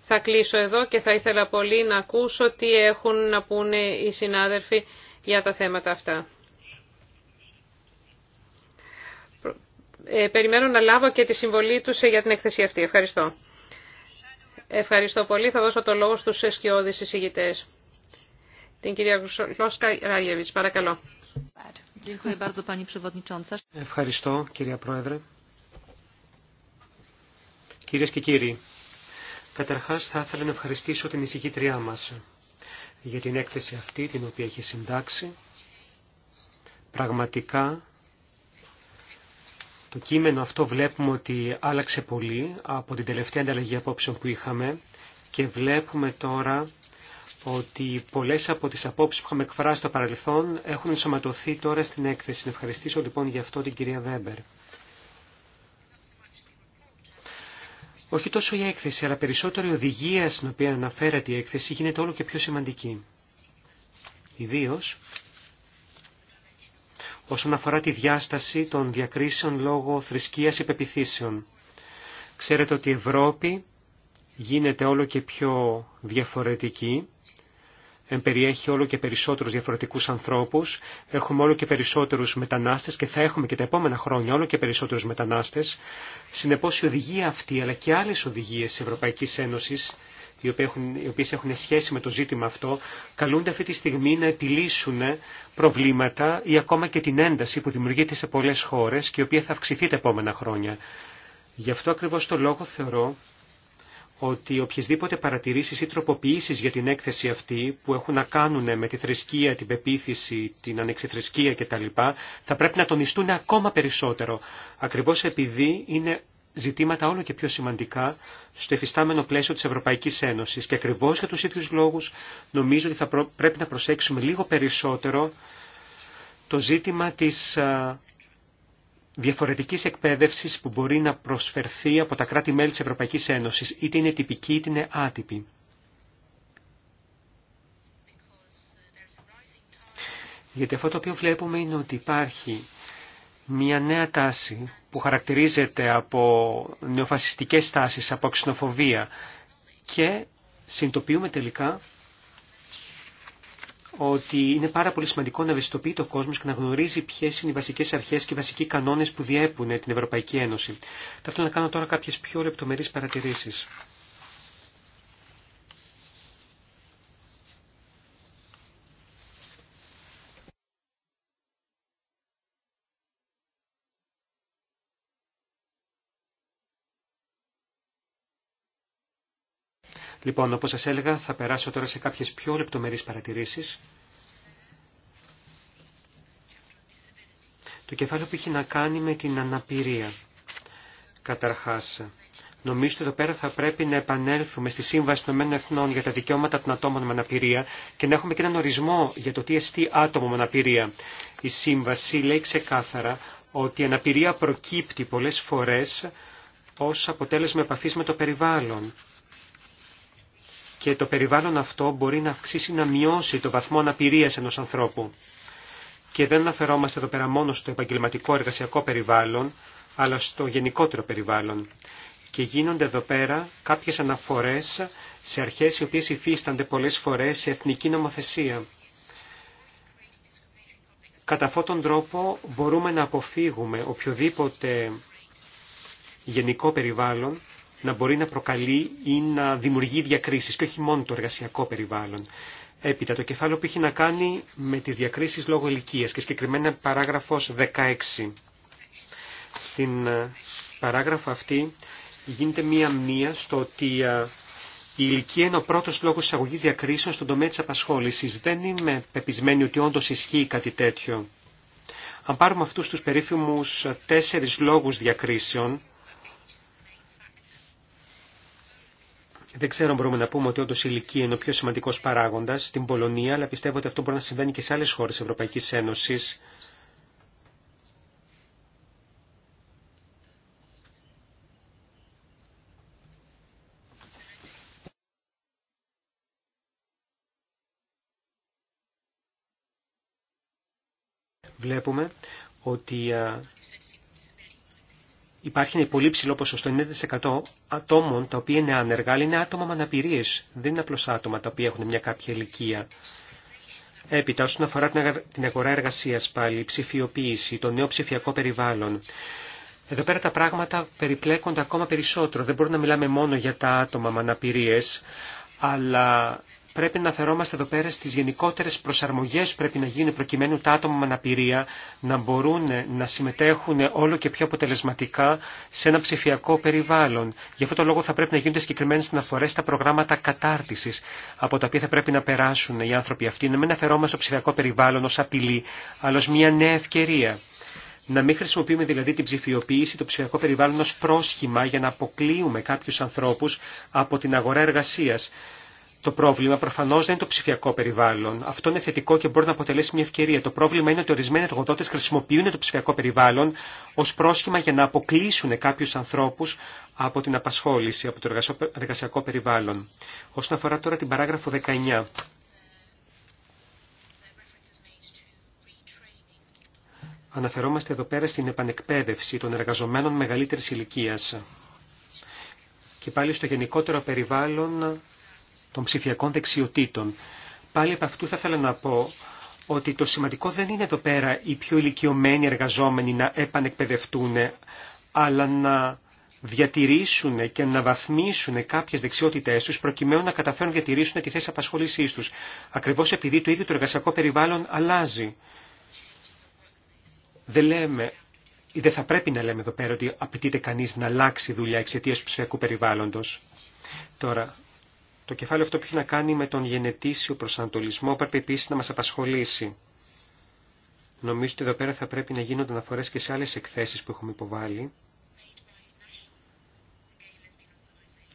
Θα κλείσω εδώ και θα ήθελα πολύ να ακούσω τι έχουν να πούνε οι συνάδελφοι για τα θέματα αυτά. Ε, περιμένω να λάβω και τη συμβολή τους για την εκθεσία αυτή. Ευχαριστώ. Ευχαριστώ πολύ. Θα δώσω το λόγο στους εσκιώδεις εισηγητές. Την κυρία Λόσκα Ράγεβιτς, παρακαλώ. Ευχαριστώ, κυρία Πρόεδρε. Κυρίες και κύριοι, καταρχάς θα ήθελα να ευχαριστήσω την εισηγήτριά μας για την έκθεση αυτή την οποία έχει συντάξει. Πραγματικά το κείμενο αυτό βλέπουμε ότι άλλαξε πολύ από την τελευταία ανταλλαγή απόψεων που είχαμε και βλέπουμε τώρα ότι πολλές από τις απόψεις που είχαμε εκφράσει στο παρελθόν έχουν ενσωματωθεί τώρα στην έκθεση. ευχαριστήσω λοιπόν για αυτό την κυρία Βέμπερ. Όχι τόσο η έκθεση, αλλά περισσότερο η οδηγία στην οποία αναφέρεται η έκθεση γίνεται όλο και πιο σημαντική. Ιδίω όσον αφορά τη διάσταση των διακρίσεων λόγω θρησκείας υπεπιθύσεων. Ξέρετε ότι η Ευρώπη γίνεται όλο και πιο διαφορετική εμπεριέχει όλο και περισσότερους διαφορετικούς ανθρώπους, έχουμε όλο και περισσότερους μετανάστες και θα έχουμε και τα επόμενα χρόνια όλο και περισσότερους μετανάστες. Συνεπώς η οδηγία αυτή αλλά και άλλες οδηγίες της Ευρωπαϊκής Ένωσης οι οποίες έχουν σχέση με το ζήτημα αυτό, καλούνται αυτή τη στιγμή να επιλύσουν προβλήματα ή ακόμα και την ένταση που δημιουργείται σε πολλές χώρες και η οποία θα αυξηθεί τα επόμενα χρόνια. Γι' αυτό ακριβώς το λόγο θεωρώ ότι οποιασδήποτε παρατηρήσεις ή τροποποιήσεις για την έκθεση αυτή που έχουν να κάνουν με τη θρησκεία, την πεποίθηση, την ανεξιθρησκεία κτλ. θα πρέπει να τονιστούν ακόμα περισσότερο, ακριβώς επειδή είναι ζητήματα όλο και πιο σημαντικά στο εφιστάμενο πλαίσιο της Ευρωπαϊκής Ένωσης και ακριβώς για τους ίδιους λόγους νομίζω ότι θα πρέπει να προσέξουμε λίγο περισσότερο το ζήτημα της διαφορετικής εκπαίδευσης που μπορεί να προσφερθεί από τα κράτη-μέλη της Ευρωπαϊκής Ένωσης, είτε είναι τυπική είτε είναι άτυπη. Γιατί αυτό το οποίο βλέπουμε είναι ότι υπάρχει μια νέα τάση που χαρακτηρίζεται από νεοφασιστικές τάσεις, από ξενοφοβία και συνειδητοποιούμε τελικά ότι είναι πάρα πολύ σημαντικό να ευαισθητοποιεί το κόσμο και να γνωρίζει ποιε είναι οι βασικέ αρχέ και οι βασικοί κανόνε που διέπουν την Ευρωπαϊκή Ένωση. Θα ήθελα να κάνω τώρα κάποιε πιο λεπτομερεί παρατηρήσει. Λοιπόν, όπως σας έλεγα, θα περάσω τώρα σε κάποιες πιο λεπτομερείς παρατηρήσεις. Το κεφάλαιο που έχει να κάνει με την αναπηρία. Καταρχάς, Νομίζω ότι εδώ πέρα θα πρέπει να επανέλθουμε στη Σύμβαση των Ηνωμένων Εθνών για τα δικαιώματα των ατόμων με αναπηρία και να έχουμε και έναν ορισμό για το τι εστί άτομο με αναπηρία. Η Σύμβαση λέει ξεκάθαρα ότι η αναπηρία προκύπτει πολλές φορές ως αποτέλεσμα επαφής με το περιβάλλον, και το περιβάλλον αυτό μπορεί να αυξήσει, να μειώσει το βαθμό αναπηρίας ενός ανθρώπου. Και δεν αναφερόμαστε εδώ πέρα μόνο στο επαγγελματικό εργασιακό περιβάλλον, αλλά στο γενικότερο περιβάλλον. Και γίνονται εδώ πέρα κάποιες αναφορές σε αρχές οι οποίες υφίστανται πολλές φορές σε εθνική νομοθεσία. Κατά αυτόν τον τρόπο μπορούμε να αποφύγουμε οποιοδήποτε γενικό περιβάλλον να μπορεί να προκαλεί ή να δημιουργεί διακρίσεις και όχι μόνο το εργασιακό περιβάλλον. Έπειτα το κεφάλαιο που έχει να κάνει με τις διακρίσεις λόγω ηλικίας και συγκεκριμένα παράγραφος 16. Στην ε, παράγραφο αυτή γίνεται μία μία στο ότι ε, η ηλικία είναι ο πρώτο λόγο εισαγωγή διακρίσεων στον τομέα τη απασχόληση. Δεν είμαι πεπισμένη ότι όντω ισχύει κάτι τέτοιο. Αν πάρουμε αυτού του περίφημου τέσσερι λόγου διακρίσεων, Δεν ξέρω αν μπορούμε να πούμε ότι όντω η ηλικία είναι ο πιο σημαντικό παράγοντα στην Πολωνία, αλλά πιστεύω ότι αυτό μπορεί να συμβαίνει και σε άλλε χώρε Ευρωπαϊκή Ένωση. Βλέπουμε ότι υπάρχει ένα πολύ ψηλό ποσοστό, 90% ατόμων τα οποία είναι άνεργα, αλλά είναι άτομα με αναπηρίε. Δεν είναι απλώ άτομα τα οποία έχουν μια κάποια ηλικία. Έπειτα, όσον αφορά την αγορά εργασία πάλι, η ψηφιοποίηση, το νέο ψηφιακό περιβάλλον. Εδώ πέρα τα πράγματα περιπλέκονται ακόμα περισσότερο. Δεν μπορούμε να μιλάμε μόνο για τα άτομα με αναπηρίε, αλλά πρέπει να φερόμαστε εδώ πέρα στις γενικότερες προσαρμογές που πρέπει να γίνουν προκειμένου τα άτομα με αναπηρία να μπορούν να συμμετέχουν όλο και πιο αποτελεσματικά σε ένα ψηφιακό περιβάλλον. Γι' αυτό το λόγο θα πρέπει να γίνονται συγκεκριμένε αναφορέ στα προγράμματα κατάρτιση από τα οποία θα πρέπει να περάσουν οι άνθρωποι αυτοί, να μην αφαιρόμαστε στο ψηφιακό περιβάλλον ω απειλή, αλλά ω μια νέα ευκαιρία. Να μην χρησιμοποιούμε δηλαδή την ψηφιοποίηση, το ψηφιακό περιβάλλον ω πρόσχημα για να αποκλείουμε κάποιου ανθρώπου από την αγορά εργασία. Το πρόβλημα προφανώ δεν είναι το ψηφιακό περιβάλλον. Αυτό είναι θετικό και μπορεί να αποτελέσει μια ευκαιρία. Το πρόβλημα είναι ότι ορισμένοι εργοδότε χρησιμοποιούν το ψηφιακό περιβάλλον ω πρόσχημα για να αποκλείσουν κάποιου ανθρώπου από την απασχόληση, από το εργασιακό περιβάλλον. Όσον αφορά τώρα την παράγραφο 19. Αναφερόμαστε εδώ πέρα στην επανεκπαίδευση των εργαζομένων μεγαλύτερης ηλικίας. Και πάλι στο γενικότερο περιβάλλον των ψηφιακών δεξιοτήτων. Πάλι από αυτού θα ήθελα να πω ότι το σημαντικό δεν είναι εδώ πέρα οι πιο ηλικιωμένοι εργαζόμενοι να επανεκπαιδευτούν, αλλά να διατηρήσουν και να βαθμίσουν κάποιε δεξιότητε του προκειμένου να καταφέρουν να διατηρήσουν τη θέση απασχολήσή του. Ακριβώ επειδή το ίδιο το εργασιακό περιβάλλον αλλάζει. Δεν λέμε ή δεν θα πρέπει να λέμε εδώ πέρα ότι απαιτείται κανεί να αλλάξει δουλειά εξαιτία του ψηφιακού περιβάλλοντο. Τώρα, το κεφάλαιο αυτό που έχει να κάνει με τον γενετήσιο προσανατολισμό πρέπει επίση να μα απασχολήσει. Νομίζω ότι εδώ πέρα θα πρέπει να γίνονται αναφορέ και σε άλλε εκθέσει που έχουμε υποβάλει.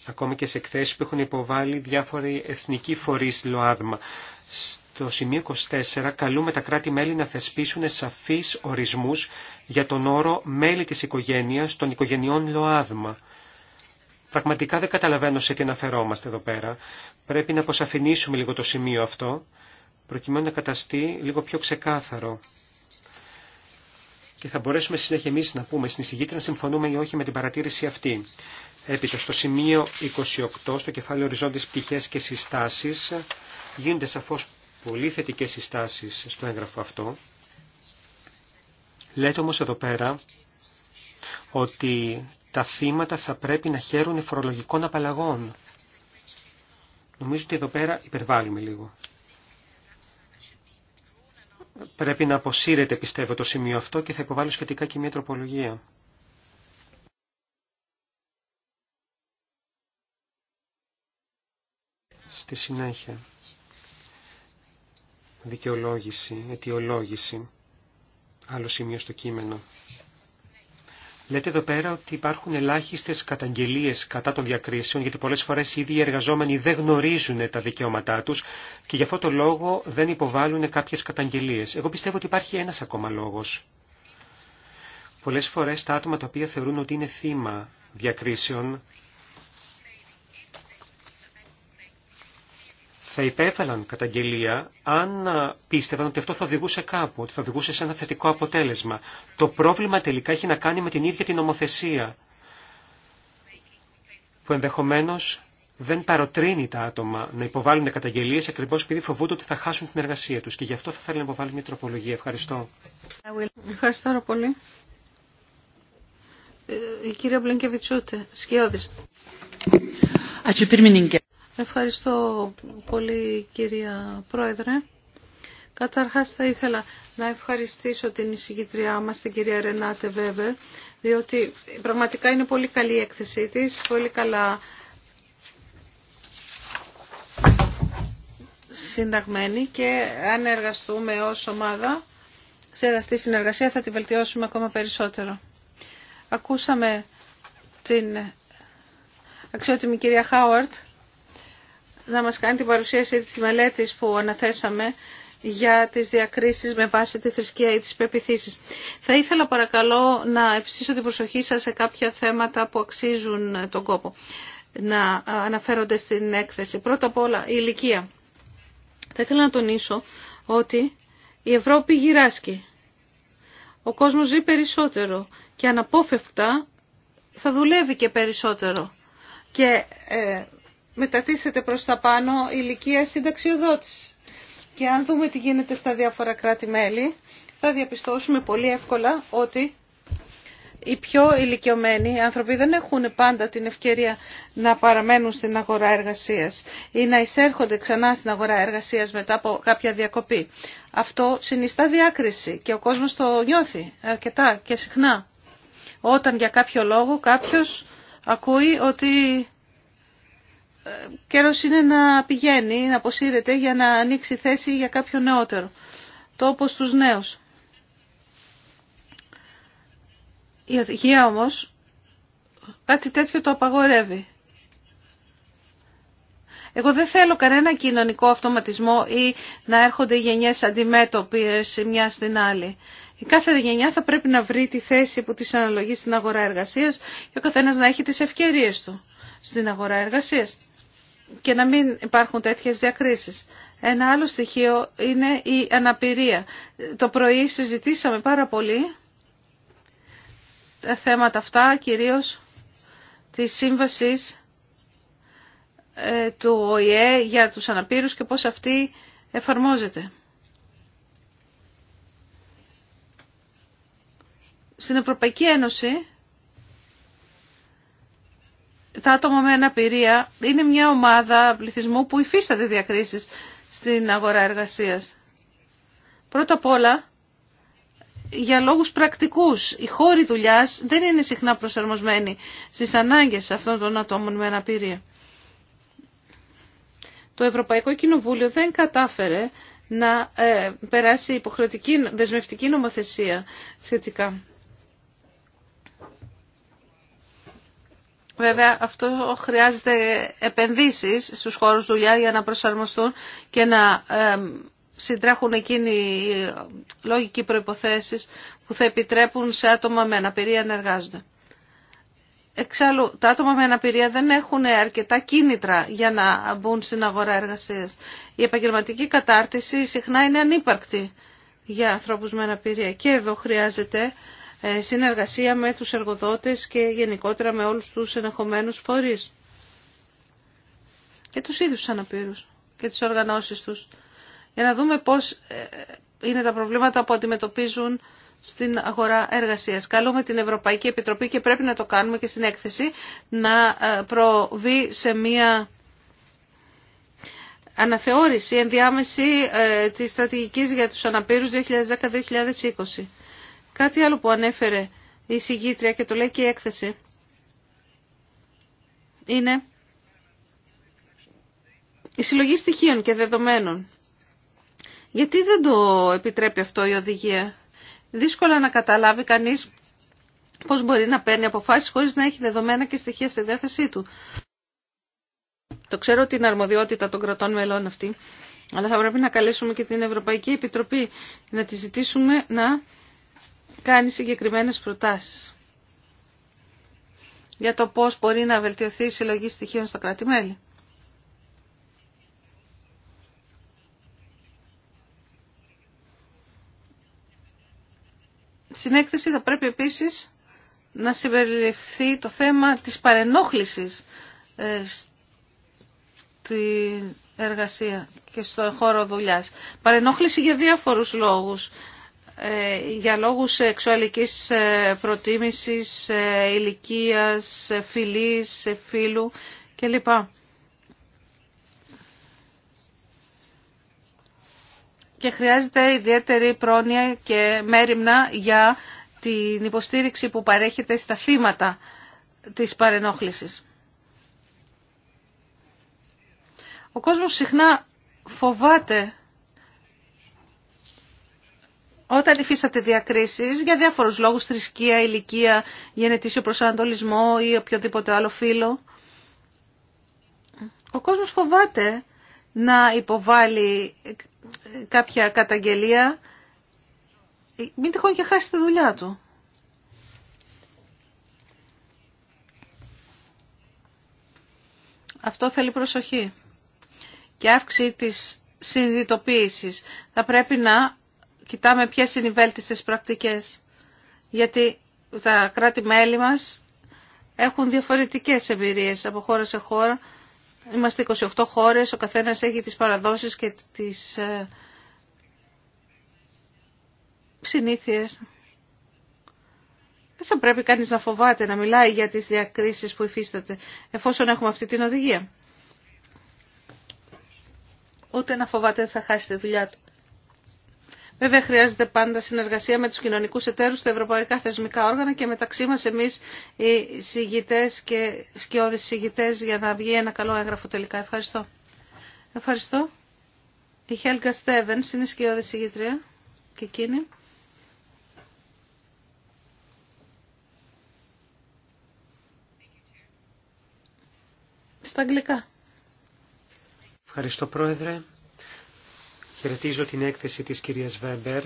Ακόμη και σε εκθέσει που έχουν υποβάλει διάφοροι εθνικοί φορεί ΛΟΑΔΜΑ. Στο σημείο 24 καλούμε τα κράτη-μέλη να θεσπίσουν σαφείς ορισμούς για τον όρο μέλη της οικογένειας των οικογενειών ΛΟΑΔΜΑ. Πραγματικά δεν καταλαβαίνω σε τι αναφερόμαστε εδώ πέρα. Πρέπει να αποσαφηνίσουμε λίγο το σημείο αυτό, προκειμένου να καταστεί λίγο πιο ξεκάθαρο. Και θα μπορέσουμε συνέχεια εμεί να πούμε στην εισηγήτρια να συμφωνούμε ή όχι με την παρατήρηση αυτή. Έπειτα, στο σημείο 28, στο κεφάλαιο οριζόντιες πτυχές και συστάσεις, γίνονται σαφώ πολύ θετικέ συστάσει στο έγγραφο αυτό. Λέτε όμω εδώ πέρα ότι τα θύματα θα πρέπει να χαίρουν φορολογικών απαλλαγών. Νομίζω ότι εδώ πέρα υπερβάλλουμε λίγο. Πρέπει να αποσύρεται, πιστεύω, το σημείο αυτό και θα υποβάλω σχετικά και μια τροπολογία. Στη συνέχεια, δικαιολόγηση, αιτιολόγηση, άλλο σημείο στο κείμενο. Λέτε εδώ πέρα ότι υπάρχουν ελάχιστες καταγγελίες κατά των διακρίσεων, γιατί πολλές φορές οι ίδιοι οι εργαζόμενοι δεν γνωρίζουν τα δικαιώματά τους και γι' αυτό το λόγο δεν υποβάλλουν κάποιες καταγγελίες. Εγώ πιστεύω ότι υπάρχει ένας ακόμα λόγος. Πολλές φορές τα άτομα τα οποία θεωρούν ότι είναι θύμα διακρίσεων θα υπέφεραν καταγγελία αν ε, πίστευαν ότι αυτό θα οδηγούσε κάπου, ότι θα οδηγούσε σε ένα θετικό αποτέλεσμα. Το πρόβλημα τελικά έχει να κάνει με την ίδια την νομοθεσία, που ενδεχομένως δεν παροτρύνει τα άτομα να υποβάλουν καταγγελίε ακριβώς επειδή φοβούνται ότι θα χάσουν την εργασία τους και γι' αυτό θα θέλουν να υποβάλουν μια τροπολογία. Ευχαριστώ. Ευχαριστώ πολύ. Ε, Μπλενκεβιτσούτε, Ευχαριστώ πολύ κυρία Πρόεδρε. Καταρχάς θα ήθελα να ευχαριστήσω την εισηγητριά μας, την κυρία Ρενάτε Βέβερ, διότι πραγματικά είναι πολύ καλή η έκθεσή της, πολύ καλά συνταγμένη και αν εργαστούμε ως ομάδα σε εργαστή συνεργασία θα την βελτιώσουμε ακόμα περισσότερο. Ακούσαμε την αξιότιμη κυρία Χάουαρτ να μας κάνει την παρουσίαση της μελέτης που αναθέσαμε για τις διακρίσεις με βάση τη θρησκεία ή τις πεπιθήσεις. Θα ήθελα παρακαλώ να επιστήσω την προσοχή σας σε κάποια θέματα που αξίζουν τον κόπο να αναφέρονται στην έκθεση. Πρώτα απ' όλα η ηλικία. Θα ήθελα να τονίσω ότι η Ευρώπη γυράσκει. Ο κόσμος ζει περισσότερο και αναπόφευκτα θα δουλεύει και περισσότερο. Και ε, μετατίθεται προς τα πάνω ηλικία συνταξιοδότηση. Και αν δούμε τι γίνεται στα διάφορα κράτη-μέλη, θα διαπιστώσουμε πολύ εύκολα ότι οι πιο ηλικιωμένοι άνθρωποι δεν έχουν πάντα την ευκαιρία να παραμένουν στην αγορά εργασίας ή να εισέρχονται ξανά στην αγορά εργασίας μετά από κάποια διακοπή. Αυτό συνιστά διάκριση και ο κόσμος το νιώθει αρκετά και συχνά. Όταν για κάποιο λόγο κάποιος ακούει ότι καιρός είναι να πηγαίνει, να αποσύρεται για να ανοίξει θέση για κάποιο νεότερο. Το όπως τους νέους. Η οδηγία όμως κάτι τέτοιο το απαγορεύει. Εγώ δεν θέλω κανένα κοινωνικό αυτοματισμό ή να έρχονται γενιές αντιμέτωπες η μια στην άλλη. Η κάθε γενιά θα πρέπει να βρει τη θέση που της αναλογεί στην αγορά εργασίας και ο καθένας να έχει τις ευκαιρίες του στην αγορά εργασίας και να μην υπάρχουν τέτοιες διακρίσεις. Ένα άλλο στοιχείο είναι η αναπηρία. Το πρωί συζητήσαμε πάρα πολύ τα θέματα αυτά, κυρίως τη σύμβασης ε, του ΟΗΕ για τους αναπήρους και πώς αυτή εφαρμόζεται. Στην Ευρωπαϊκή Ένωση τα άτομα με αναπηρία είναι μια ομάδα πληθυσμού που υφίσταται διακρίσεις στην αγορά εργασίας. Πρώτα απ' όλα, για λόγους πρακτικούς, οι χώροι δουλειάς δεν είναι συχνά προσαρμοσμένοι στις ανάγκες αυτών των ατόμων με αναπηρία. Το Ευρωπαϊκό Κοινοβούλιο δεν κατάφερε να ε, περάσει υποχρεωτική δεσμευτική νομοθεσία σχετικά. Βέβαια αυτό χρειάζεται επενδύσεις στους χώρους δουλειά για να προσαρμοστούν και να συντρέχουν εκείνοι οι ε, λόγικοι προϋποθέσεις που θα επιτρέπουν σε άτομα με αναπηρία να εργάζονται. Εξάλλου, τα άτομα με αναπηρία δεν έχουν αρκετά κίνητρα για να μπουν στην αγορά εργασίας. Η επαγγελματική κατάρτιση συχνά είναι ανύπαρκτη για ανθρώπους με αναπηρία. Και εδώ χρειάζεται ε, συνεργασία με τους εργοδότες και γενικότερα με όλους τους ενεχομένους φορείς και τους ίδιους αναπήρους και τις οργανώσεις τους για να δούμε πώς ε, είναι τα προβλήματα που αντιμετωπίζουν στην αγορά εργασίας. Καλούμε την Ευρωπαϊκή Επιτροπή και πρέπει να το κάνουμε και στην έκθεση να ε, προβεί σε μια αναθεώρηση ενδιάμεση της στρατηγικής για τους αναπήρους 2010-2020. Κάτι άλλο που ανέφερε η συγγήτρια και το λέει και η έκθεση είναι η συλλογή στοιχείων και δεδομένων. Γιατί δεν το επιτρέπει αυτό η οδηγία. Δύσκολα να καταλάβει κανείς πώς μπορεί να παίρνει αποφάσεις χωρίς να έχει δεδομένα και στοιχεία στη διάθεσή του. Το ξέρω ότι είναι αρμοδιότητα των κρατών μελών αυτή, αλλά θα πρέπει να καλέσουμε και την Ευρωπαϊκή Επιτροπή να τη ζητήσουμε να κάνει συγκεκριμένες προτάσεις για το πώς μπορεί να βελτιωθεί η συλλογή στοιχείων στα κρατη Στην έκθεση θα πρέπει επίσης να συμπεριληφθεί το θέμα της παρενόχλησης ε, στην εργασία και στον χώρο δουλειάς. Παρενόχληση για διάφορους λόγους. Ε, για λόγους σεξουαλικής ε, προτίμησης, ε, ηλικίας, φιλής, φίλου κλπ. Και χρειάζεται ιδιαίτερη πρόνοια και μέρημνα για την υποστήριξη που παρέχεται στα θύματα της παρενόχλησης. Ο κόσμος συχνά φοβάται όταν υφίσατε διακρίσεις για διάφορου λόγους, θρησκεία, ηλικία, γενετήσιο προσανατολισμό ή οποιοδήποτε άλλο φύλλο. Ο κόσμος φοβάται να υποβάλει κάποια καταγγελία, μην τυχόν και χάσει τη δουλειά του. Αυτό θέλει προσοχή και αύξηση της συνειδητοποίησης. Θα πρέπει να κοιτάμε ποιες είναι οι βέλτιστες πρακτικές. Γιατί τα κράτη-μέλη μας έχουν διαφορετικές εμπειρίες από χώρα σε χώρα. Είμαστε 28 χώρες, ο καθένας έχει τις παραδόσεις και τις ε, συνήθειες. Δεν θα πρέπει κανείς να φοβάται να μιλάει για τις διακρίσεις που υφίσταται, εφόσον έχουμε αυτή την οδηγία. Ούτε να φοβάται ότι θα χάσει τη δουλειά του. Βέβαια χρειάζεται πάντα συνεργασία με τους κοινωνικούς εταίρους, τα ευρωπαϊκά θεσμικά όργανα και μεταξύ μας εμείς οι συγγητέ και σκιώδεις συγγητές για να βγει ένα καλό έγγραφο τελικά. Ευχαριστώ. Ευχαριστώ. Η Χέλκα Στέβενς είναι σκιώδη συγγητρία και εκείνη. Στα αγγλικά. Ευχαριστώ πρόεδρε. Χαιρετίζω την έκθεση της κυρίας Βέμπερ.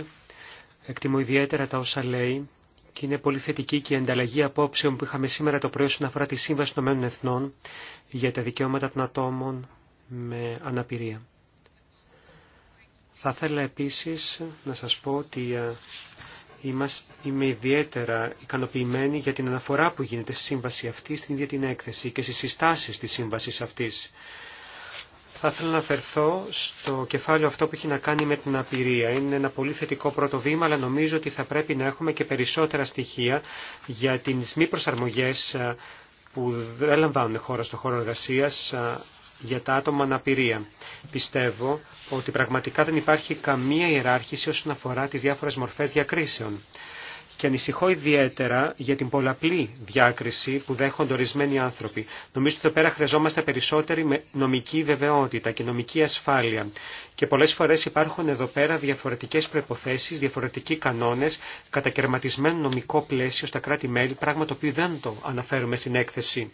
Εκτιμώ ιδιαίτερα τα όσα λέει και είναι πολύ θετική και η ανταλλαγή απόψεων που είχαμε σήμερα το πρωί όσον αφορά τη Σύμβαση των Ηνωμένων Εθνών για τα δικαιώματα των ατόμων με αναπηρία. Θα ήθελα επίσης να σας πω ότι ε, είμαι ιδιαίτερα ικανοποιημένη για την αναφορά που γίνεται στη σύμβαση αυτή, στην ίδια την έκθεση και στις συστάσεις της σύμβασης αυτής. Θα ήθελα να αφαιρθώ στο κεφάλαιο αυτό που έχει να κάνει με την απειρία. Είναι ένα πολύ θετικό πρώτο βήμα, αλλά νομίζω ότι θα πρέπει να έχουμε και περισσότερα στοιχεία για τις μη προσαρμογές που δεν λαμβάνουν χώρα στο χώρο εργασίας για τα άτομα αναπηρία. Πιστεύω ότι πραγματικά δεν υπάρχει καμία ιεράρχηση όσον αφορά τις διάφορες μορφές διακρίσεων και ανησυχώ ιδιαίτερα για την πολλαπλή διάκριση που δέχονται ορισμένοι άνθρωποι. Νομίζω ότι εδώ πέρα χρειαζόμαστε περισσότερη νομική βεβαιότητα και νομική ασφάλεια. Και πολλές φορές υπάρχουν εδώ πέρα διαφορετικές προϋποθέσεις, διαφορετικοί κανόνες, κατακαιρματισμένο νομικό πλαίσιο στα κράτη-μέλη, πράγμα το οποίο δεν το αναφέρουμε στην έκθεση.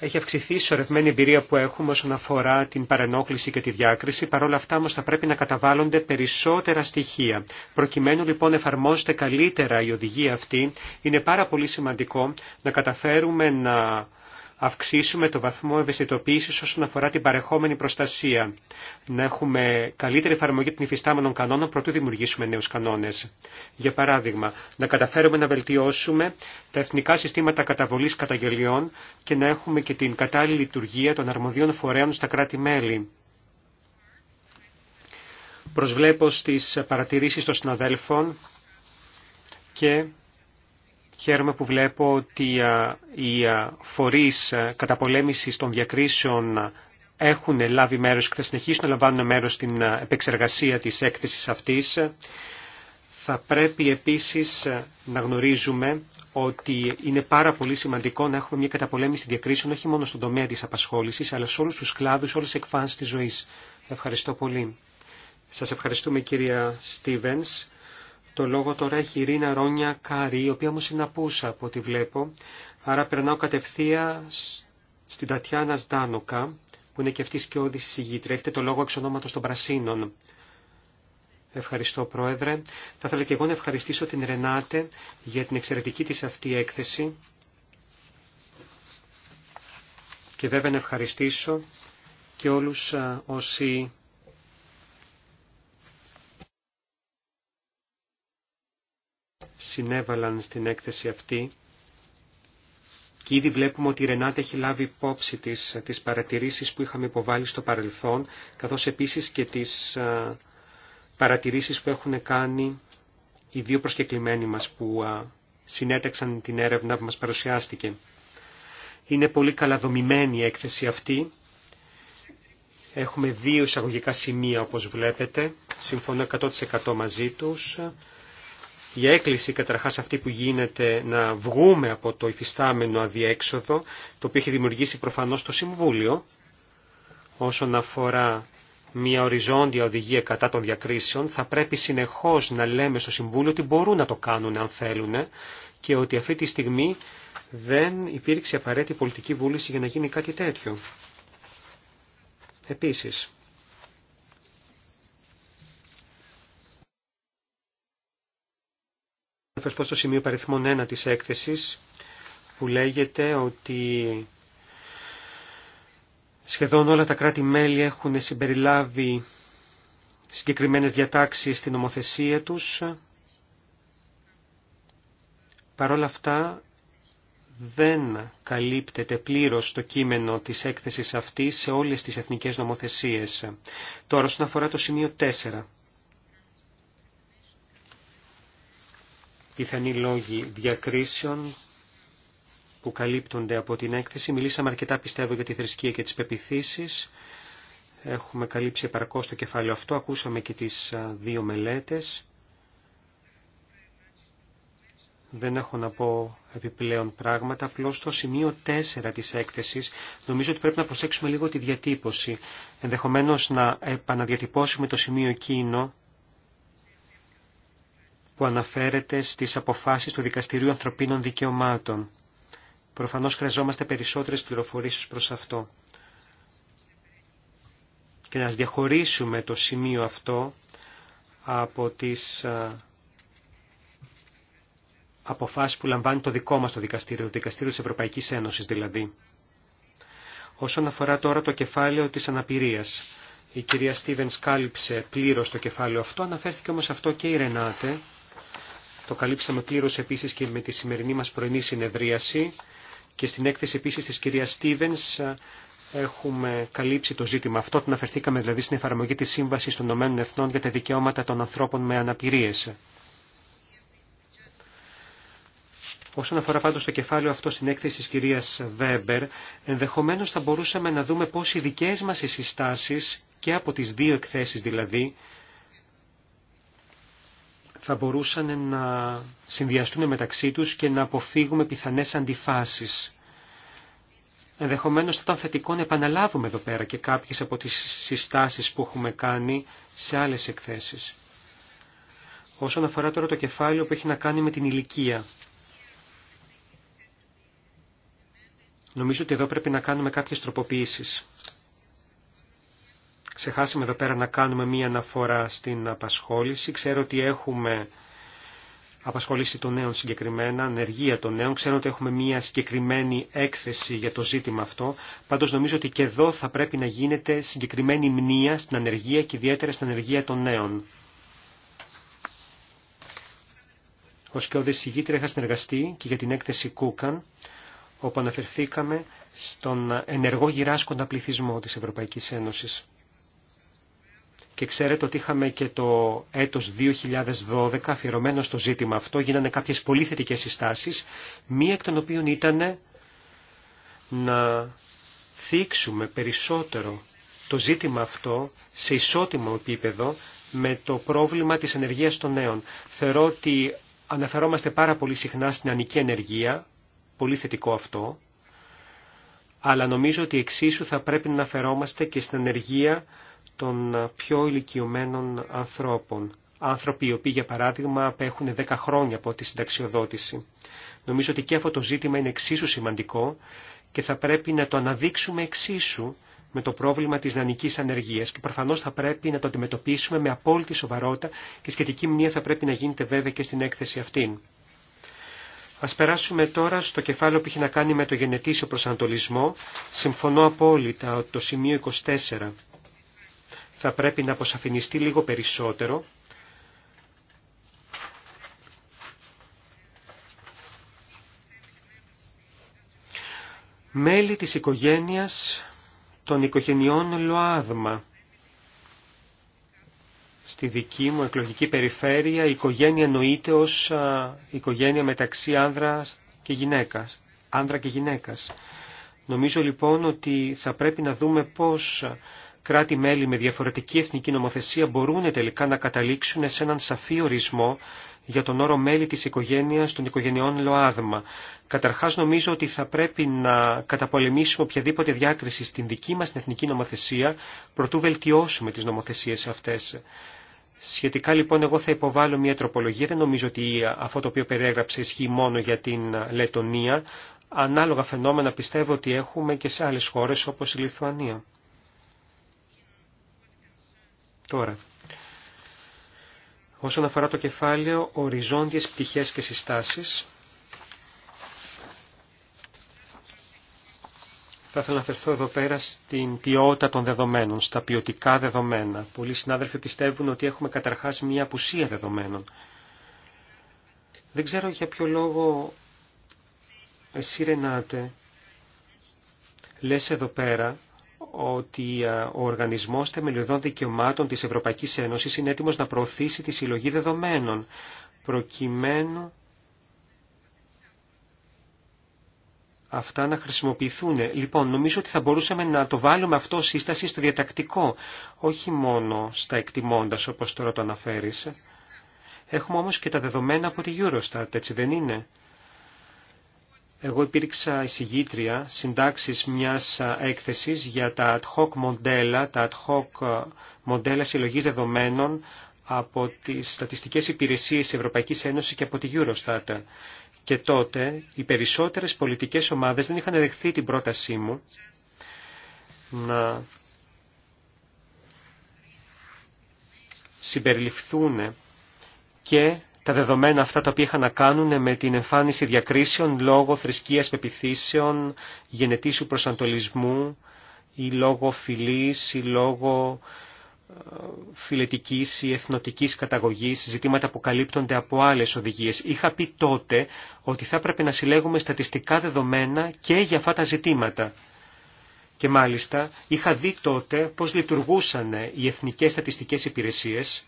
Έχει αυξηθεί η σωρευμένη εμπειρία που έχουμε όσον αφορά την παρενόχληση και τη διάκριση. παρόλα αυτά όμω θα πρέπει να καταβάλλονται περισσότερα στοιχεία. Προκειμένου λοιπόν να εφαρμόζεται καλύτερα η οδηγία αυτή, είναι πάρα πολύ σημαντικό να καταφέρουμε να αυξήσουμε το βαθμό ευαισθητοποίηση όσον αφορά την παρεχόμενη προστασία. Να έχουμε καλύτερη εφαρμογή των υφιστάμενων κανόνων προτού δημιουργήσουμε νέου κανόνε. Για παράδειγμα, να καταφέρουμε να βελτιώσουμε τα εθνικά συστήματα καταβολή καταγγελιών και να έχουμε και την κατάλληλη λειτουργία των αρμοδίων φορέων στα κράτη-μέλη. Προσβλέπω στις παρατηρήσεις των συναδέλφων και Χαίρομαι που βλέπω ότι οι φορείς καταπολέμησης των διακρίσεων έχουν λάβει μέρος και θα συνεχίσουν να λαμβάνουν μέρος στην επεξεργασία της έκθεσης αυτής. Θα πρέπει επίσης να γνωρίζουμε ότι είναι πάρα πολύ σημαντικό να έχουμε μια καταπολέμηση διακρίσεων όχι μόνο στον τομέα της απασχόλησης, αλλά σε όλους τους κλάδους, όλες τις εκφάνσεις της ζωής. Ευχαριστώ πολύ. Σας ευχαριστούμε κυρία Στίβενς. Το λόγο τώρα έχει η Ρίνα Ρόνια Κάρη, η οποία μου συναπούσα από ό,τι βλέπω. Άρα περνάω κατευθείαν στην Τατιάνα Στάνοκα, που είναι και αυτή σκιώδη εισηγήτρια. Έχετε το λόγο εξ ονόματο των Πρασίνων. Ευχαριστώ Πρόεδρε. Θα ήθελα και εγώ να ευχαριστήσω την Ρενάτε για την εξαιρετική της αυτή έκθεση. Και βέβαια να ευχαριστήσω και όλους όσοι συνέβαλαν στην έκθεση αυτή και ήδη βλέπουμε ότι η Ρενάτα έχει λάβει υπόψη της τις παρατηρήσεις που είχαμε υποβάλει στο παρελθόν, καθώς επίσης και τις παρατηρήσεις που έχουν κάνει οι δύο προσκεκλημένοι μας που συνέταξαν την έρευνα που μας παρουσιάστηκε. Είναι πολύ καλαδομημένη η έκθεση αυτή. Έχουμε δύο εισαγωγικά σημεία όπως βλέπετε. Συμφωνώ 100% μαζί τους η έκκληση καταρχάς αυτή που γίνεται να βγούμε από το υφιστάμενο αδιέξοδο, το οποίο έχει δημιουργήσει προφανώς το Συμβούλιο, όσον αφορά μια οριζόντια οδηγία κατά των διακρίσεων, θα πρέπει συνεχώς να λέμε στο Συμβούλιο ότι μπορούν να το κάνουν αν θέλουν και ότι αυτή τη στιγμή δεν υπήρξε απαραίτητη πολιτική βούληση για να γίνει κάτι τέτοιο. Επίσης, αναφερθώ στο σημείο παριθμών 1 της έκθεσης που λέγεται ότι σχεδόν όλα τα κράτη-μέλη έχουν συμπεριλάβει συγκεκριμένες διατάξεις στην νομοθεσία τους. Παρ' όλα αυτά δεν καλύπτεται πλήρως το κείμενο της έκθεσης αυτής σε όλες τις εθνικές νομοθεσίες. Τώρα, όσον αφορά το σημείο 4. πιθανοί λόγοι διακρίσεων που καλύπτονται από την έκθεση. Μιλήσαμε αρκετά πιστεύω για τη θρησκεία και τις πεπιθήσεις. Έχουμε καλύψει επαρκώς το κεφάλαιο αυτό. Ακούσαμε και τις δύο μελέτες. Δεν έχω να πω επιπλέον πράγματα, απλώ το σημείο 4 της έκθεσης νομίζω ότι πρέπει να προσέξουμε λίγο τη διατύπωση. Ενδεχομένως να επαναδιατυπώσουμε το σημείο εκείνο που αναφέρεται στις αποφάσεις του Δικαστηρίου Ανθρωπίνων Δικαιωμάτων. Προφανώς χρειαζόμαστε περισσότερες πληροφορίες προς αυτό. Και να διαχωρίσουμε το σημείο αυτό από τις αποφάσεις που λαμβάνει το δικό μας το δικαστήριο, το δικαστήριο της Ευρωπαϊκής Ένωσης δηλαδή. Όσον αφορά τώρα το κεφάλαιο της αναπηρίας, η κυρία Στίβεν κάλυψε πλήρως το κεφάλαιο αυτό, αναφέρθηκε όμως αυτό και η Ρενάτε, το καλύψαμε πλήρως επίσης και με τη σημερινή μας πρωινή συνεδρίαση και στην έκθεση επίσης της κυρίας Στίβενς ε, έχουμε καλύψει το ζήτημα αυτό. Την αφερθήκαμε δηλαδή στην εφαρμογή της Σύμβασης των Ηνωμένων Εθνών για τα δικαιώματα των ανθρώπων με αναπηρίες. Όσον αφορά πάντως το κεφάλαιο αυτό στην έκθεση της κυρίας Βέμπερ, ενδεχομένως θα μπορούσαμε να δούμε πώς οι δικές μας συστάσεις, και από τις δύο εκθέσεις δηλαδή, θα μπορούσαν να συνδυαστούν μεταξύ τους και να αποφύγουμε πιθανές αντιφάσεις. Ενδεχομένως θα ήταν θετικό να επαναλάβουμε εδώ πέρα και κάποιες από τις συστάσεις που έχουμε κάνει σε άλλες εκθέσεις. Όσον αφορά τώρα το κεφάλαιο που έχει να κάνει με την ηλικία. Νομίζω ότι εδώ πρέπει να κάνουμε κάποιες τροποποίησεις. Ξεχάσαμε εδώ πέρα να κάνουμε μία αναφορά στην απασχόληση. Ξέρω ότι έχουμε απασχόληση των νέων συγκεκριμένα, ανεργία των νέων. Ξέρω ότι έχουμε μία συγκεκριμένη έκθεση για το ζήτημα αυτό. Πάντως νομίζω ότι και εδώ θα πρέπει να γίνεται συγκεκριμένη μνήα στην ανεργία και ιδιαίτερα στην ανεργία των νέων. Ω και ο Δεσηγήτρια είχα συνεργαστεί και για την έκθεση Κούκαν, όπου αναφερθήκαμε στον ενεργό γυράσκοντα πληθυσμό της Ευρωπαϊκής Ένωσης και ξέρετε ότι είχαμε και το έτος 2012 αφιερωμένο στο ζήτημα αυτό. Γίνανε κάποιες πολύ θετικές συστάσεις, μία εκ των οποίων ήταν να θίξουμε περισσότερο το ζήτημα αυτό σε ισότιμο επίπεδο με το πρόβλημα της ενεργείας των νέων. Θεωρώ ότι αναφερόμαστε πάρα πολύ συχνά στην ανική ενεργεία, πολύ θετικό αυτό, αλλά νομίζω ότι εξίσου θα πρέπει να αναφερόμαστε και στην ενεργία των πιο ηλικιωμένων ανθρώπων. Άνθρωποι οι οποίοι, για παράδειγμα, απέχουν 10 χρόνια από τη συνταξιοδότηση. Νομίζω ότι και αυτό το ζήτημα είναι εξίσου σημαντικό και θα πρέπει να το αναδείξουμε εξίσου με το πρόβλημα της δανεικής ανεργίας και προφανώς θα πρέπει να το αντιμετωπίσουμε με απόλυτη σοβαρότητα και σχετική μνήμα θα πρέπει να γίνεται βέβαια και στην έκθεση αυτή. Ας περάσουμε τώρα στο κεφάλαιο που έχει να κάνει με το γενετήσιο προσανατολισμό. Συμφωνώ απόλυτα ότι το σημείο 24 θα πρέπει να αποσαφινιστεί λίγο περισσότερο. Μέλη της οικογένειας των οικογενειών ΛΟΑΔΜΑ. Στη δική μου εκλογική περιφέρεια η οικογένεια εννοείται ως οικογένεια μεταξύ άνδρας και γυναίκας, άνδρα και γυναίκας. Νομίζω λοιπόν ότι θα πρέπει να δούμε πώς κράτη-μέλη με διαφορετική εθνική νομοθεσία μπορούν τελικά να καταλήξουν σε έναν σαφή ορισμό για τον όρο μέλη της οικογένειας των οικογενειών ΛΟΑΔΜΑ. Καταρχάς νομίζω ότι θα πρέπει να καταπολεμήσουμε οποιαδήποτε διάκριση στην δική μας εθνική νομοθεσία, προτού βελτιώσουμε τις νομοθεσίες αυτές. Σχετικά λοιπόν εγώ θα υποβάλω μια τροπολογία, δεν νομίζω ότι αυτό το οποίο περιέγραψε ισχύει μόνο για την Λετωνία. Ανάλογα φαινόμενα πιστεύω ότι έχουμε και σε άλλες χώρες όπως η Λιθουανία. Τώρα, όσον αφορά το κεφάλαιο οριζόντιες πτυχές και συστάσεις, θα ήθελα να αφαιρθώ εδώ πέρα στην ποιότητα των δεδομένων, στα ποιοτικά δεδομένα. Πολλοί συνάδελφοι πιστεύουν ότι έχουμε καταρχάς μία απουσία δεδομένων. Δεν ξέρω για ποιο λόγο εσύ Ρενάτε λες εδώ πέρα ότι ε, ο Οργανισμός Θεμελιωδών Δικαιωμάτων της Ευρωπαϊκής Ένωσης είναι έτοιμος να προωθήσει τη συλλογή δεδομένων, προκειμένου αυτά να χρησιμοποιηθούν. Λοιπόν, νομίζω ότι θα μπορούσαμε να το βάλουμε αυτό σύσταση στο διατακτικό, όχι μόνο στα εκτιμώντας όπως τώρα το αναφέρεις. Έχουμε όμως και τα δεδομένα από τη Eurostat, έτσι δεν είναι. Εγώ υπήρξα εισηγήτρια συντάξει μιας έκθεσης για τα ad hoc μοντέλα, τα ad μοντέλα συλλογής δεδομένων από τις στατιστικές υπηρεσίες Ευρωπαϊκής Ένωσης και από τη Eurostat. Και τότε οι περισσότερες πολιτικές ομάδες δεν είχαν δεχθεί την πρότασή μου να συμπεριληφθούν και τα δεδομένα αυτά τα οποία είχαν να κάνουν με την εμφάνιση διακρίσεων λόγω θρησκείας πεπιθήσεων, γενετήσου προσανατολισμού ή λόγω φιλής ή λόγω ε, φιλετικής ή εθνοτικής καταγωγής, ζητήματα που καλύπτονται από άλλες οδηγίες. Είχα πει τότε ότι θα έπρεπε να συλλέγουμε στατιστικά δεδομένα και για αυτά τα ζητήματα. Και μάλιστα είχα δει τότε πώς λειτουργούσαν οι εθνικές στατιστικές υπηρεσίες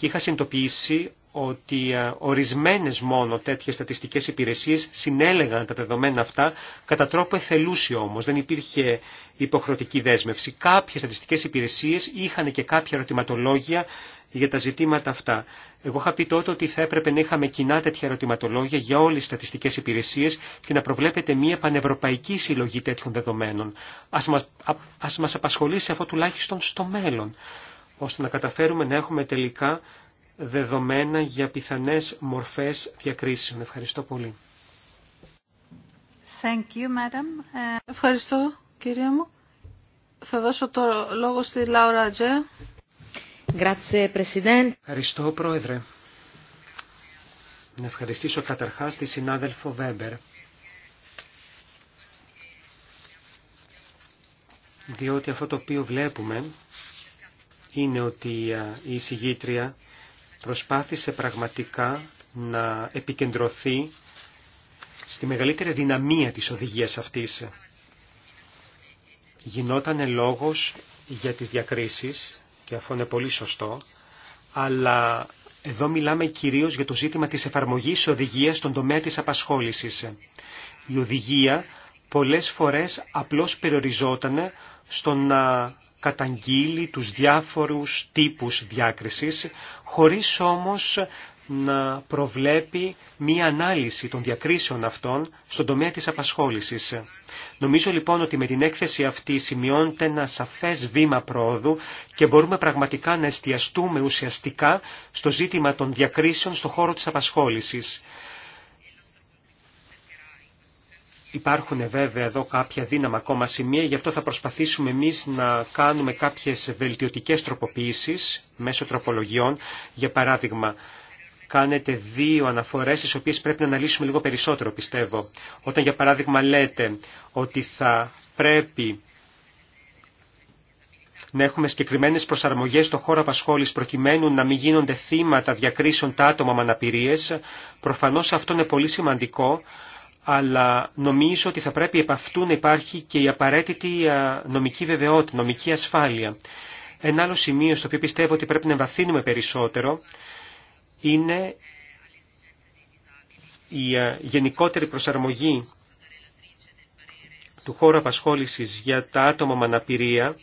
και είχα συνειδητοποιήσει ότι ε, ορισμένες μόνο τέτοιες στατιστικές υπηρεσίες συνέλεγαν τα δεδομένα αυτά κατά τρόπο εθελούσιο όμως, δεν υπήρχε υποχρεωτική δέσμευση. Κάποιες στατιστικές υπηρεσίες είχαν και κάποια ερωτηματολόγια για τα ζητήματα αυτά. Εγώ είχα πει τότε ότι θα έπρεπε να είχαμε κοινά τέτοια ερωτηματολόγια για όλες τις στατιστικές υπηρεσίες και να προβλέπεται μια πανευρωπαϊκή συλλογή τέτοιων δεδομένων. Ας μας, α, ας μας απασχολήσει αυτό τουλάχιστον στο μέλλον ώστε να καταφέρουμε να έχουμε τελικά δεδομένα για πιθανές μορφές διακρίσεων. Ευχαριστώ πολύ. Thank you, madam. Ε, ευχαριστώ, κυρία μου. Θα δώσω το λόγο στη Λάουρα Τζέ. Ευχαριστώ, Πρόεδρε. Να ευχαριστήσω καταρχάς τη συνάδελφο Βέμπερ. Διότι αυτό το οποίο βλέπουμε είναι ότι η εισηγήτρια προσπάθησε πραγματικά να επικεντρωθεί στη μεγαλύτερη δυναμία της οδηγίας αυτής. Γινόταν λόγος για τις διακρίσεις, και αυτό είναι πολύ σωστό, αλλά εδώ μιλάμε κυρίως για το ζήτημα της εφαρμογής οδηγίας στον τομέα της απασχόλησης. Η οδηγία πολλές φορές απλώς περιοριζόταν στο να καταγγείλει τους διάφορους τύπους διάκρισης, χωρίς όμως να προβλέπει μία ανάλυση των διακρίσεων αυτών στον τομέα της απασχόλησης. Νομίζω λοιπόν ότι με την έκθεση αυτή σημειώνεται ένα σαφές βήμα πρόοδου και μπορούμε πραγματικά να εστιαστούμε ουσιαστικά στο ζήτημα των διακρίσεων στον χώρο της απασχόλησης. Υπάρχουν βέβαια εδώ κάποια δύναμα ακόμα σημεία, γι' αυτό θα προσπαθήσουμε εμείς να κάνουμε κάποιες βελτιωτικές τροποποίησεις μέσω τροπολογιών. Για παράδειγμα, κάνετε δύο αναφορές τις οποίες πρέπει να αναλύσουμε λίγο περισσότερο πιστεύω. Όταν για παράδειγμα λέτε ότι θα πρέπει να έχουμε συγκεκριμένε προσαρμογές στο χώρο απασχόληση προκειμένου να μην γίνονται θύματα διακρίσεων τα άτομα με αναπηρίες. Προφανώ αυτό είναι πολύ σημαντικό αλλά νομίζω ότι θα πρέπει επ' αυτού να υπάρχει και η απαραίτητη νομική βεβαιότητα, νομική ασφάλεια. Ένα άλλο σημείο στο οποίο πιστεύω ότι πρέπει να βαθύνουμε περισσότερο είναι η γενικότερη προσαρμογή του χώρου απασχόλησης για τα άτομα με αναπηρία.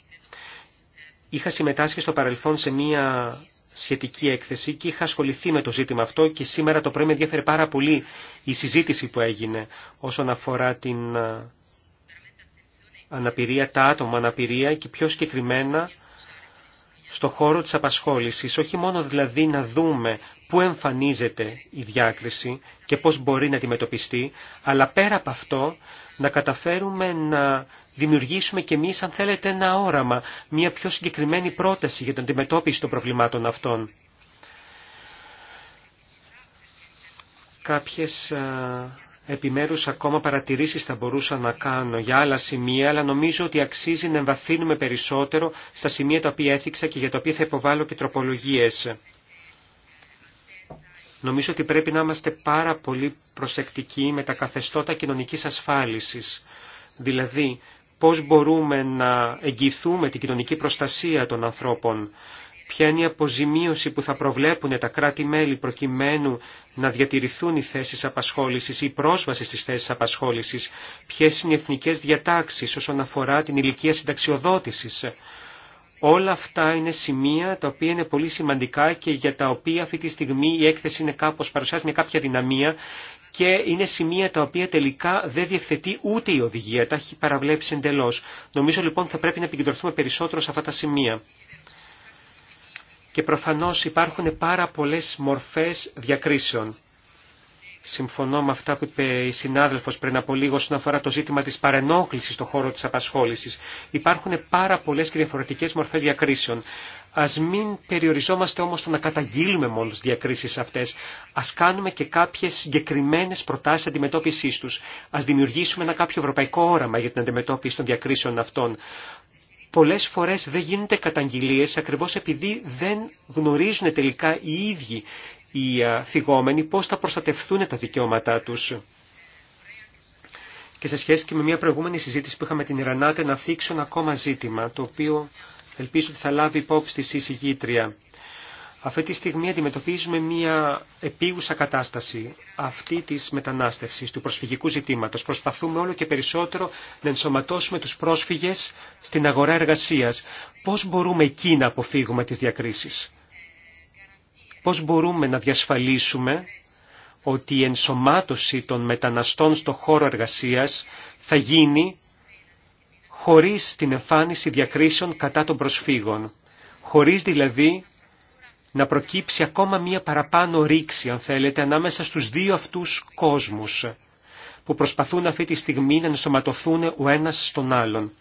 Είχα συμμετάσχει στο παρελθόν σε μία σχετική έκθεση και είχα ασχοληθεί με το ζήτημα αυτό και σήμερα το πρωί με ενδιαφέρει πάρα πολύ η συζήτηση που έγινε όσον αφορά την ε, αναπηρία, τα άτομα αναπηρία και πιο συγκεκριμένα στο χώρο της απασχόλησης, όχι μόνο δηλαδή να δούμε πού εμφανίζεται η διάκριση και πώς μπορεί να αντιμετωπιστεί, αλλά πέρα από αυτό να καταφέρουμε να δημιουργήσουμε και εμείς, αν θέλετε, ένα όραμα, μια πιο συγκεκριμένη πρόταση για την αντιμετώπιση των προβλημάτων αυτών. Κάποιες επιμέρους ακόμα παρατηρήσεις θα μπορούσα να κάνω για άλλα σημεία, αλλά νομίζω ότι αξίζει να εμβαθύνουμε περισσότερο στα σημεία τα οποία έθιξα και για τα οποία θα υποβάλω και τροπολογίες. Νομίζω ότι πρέπει να είμαστε πάρα πολύ προσεκτικοί με τα καθεστώτα κοινωνικής ασφάλισης. Δηλαδή, πώς μπορούμε να εγγυηθούμε την κοινωνική προστασία των ανθρώπων ποια είναι η αποζημίωση που θα προβλέπουν τα κράτη-μέλη προκειμένου να διατηρηθούν οι θέσεις απασχόλησης ή η προσβαση στις θέσεις απασχόλησης, ποιες είναι οι εθνικές διατάξεις όσον αφορά την ηλικία συνταξιοδότησης. Όλα αυτά είναι σημεία τα οποία είναι πολύ σημαντικά και για τα οποία αυτή τη στιγμή η έκθεση είναι κάπως παρουσιάζει μια κάποια δυναμία και είναι σημεία τα οποία τελικά δεν διευθετεί ούτε η οδηγία, τα έχει παραβλέψει εντελώς. Νομίζω λοιπόν θα πρέπει να επικεντρωθούμε περισσότερο σε αυτά τα σημεία και προφανώς υπάρχουν πάρα πολλές μορφές διακρίσεων. Συμφωνώ με αυτά που είπε η συνάδελφος πριν από λίγο όσον αφορά το ζήτημα της παρενόχλησης στον χώρο της απασχόλησης. Υπάρχουν πάρα πολλές και διαφορετικές μορφές διακρίσεων. Ας μην περιοριζόμαστε όμως στο να καταγγείλουμε μόνο τι διακρίσεις αυτές. Ας κάνουμε και κάποιες συγκεκριμένες προτάσεις αντιμετώπισης τους. Ας δημιουργήσουμε ένα κάποιο ευρωπαϊκό όραμα για την αντιμετώπιση των διακρίσεων αυτών πολλές φορές δεν γίνονται καταγγελίες ακριβώς επειδή δεν γνωρίζουν τελικά οι ίδιοι οι φυγόμενοι πώς θα προστατευθούν τα δικαιώματά τους. Και σε σχέση και με μια προηγούμενη συζήτηση που είχαμε την Ιρανάτε να θίξω ένα ακόμα ζήτημα, το οποίο ελπίζω ότι θα λάβει υπόψη τη συζητήτρια. Αυτή τη στιγμή αντιμετωπίζουμε μια επίγουσα κατάσταση αυτή της μετανάστευσης, του προσφυγικού ζητήματος. Προσπαθούμε όλο και περισσότερο να ενσωματώσουμε τους πρόσφυγες στην αγορά εργασίας. Πώς μπορούμε εκεί να αποφύγουμε τις διακρίσεις. Πώς μπορούμε να διασφαλίσουμε ότι η ενσωμάτωση των μεταναστών στο χώρο εργασίας θα γίνει χωρίς την εμφάνιση διακρίσεων κατά των προσφύγων. Χωρίς δηλαδή να προκύψει ακόμα μία παραπάνω ρήξη, αν θέλετε, ανάμεσα στους δύο αυτούς κόσμους που προσπαθούν αυτή τη στιγμή να ενσωματωθούν ο ένας στον άλλον.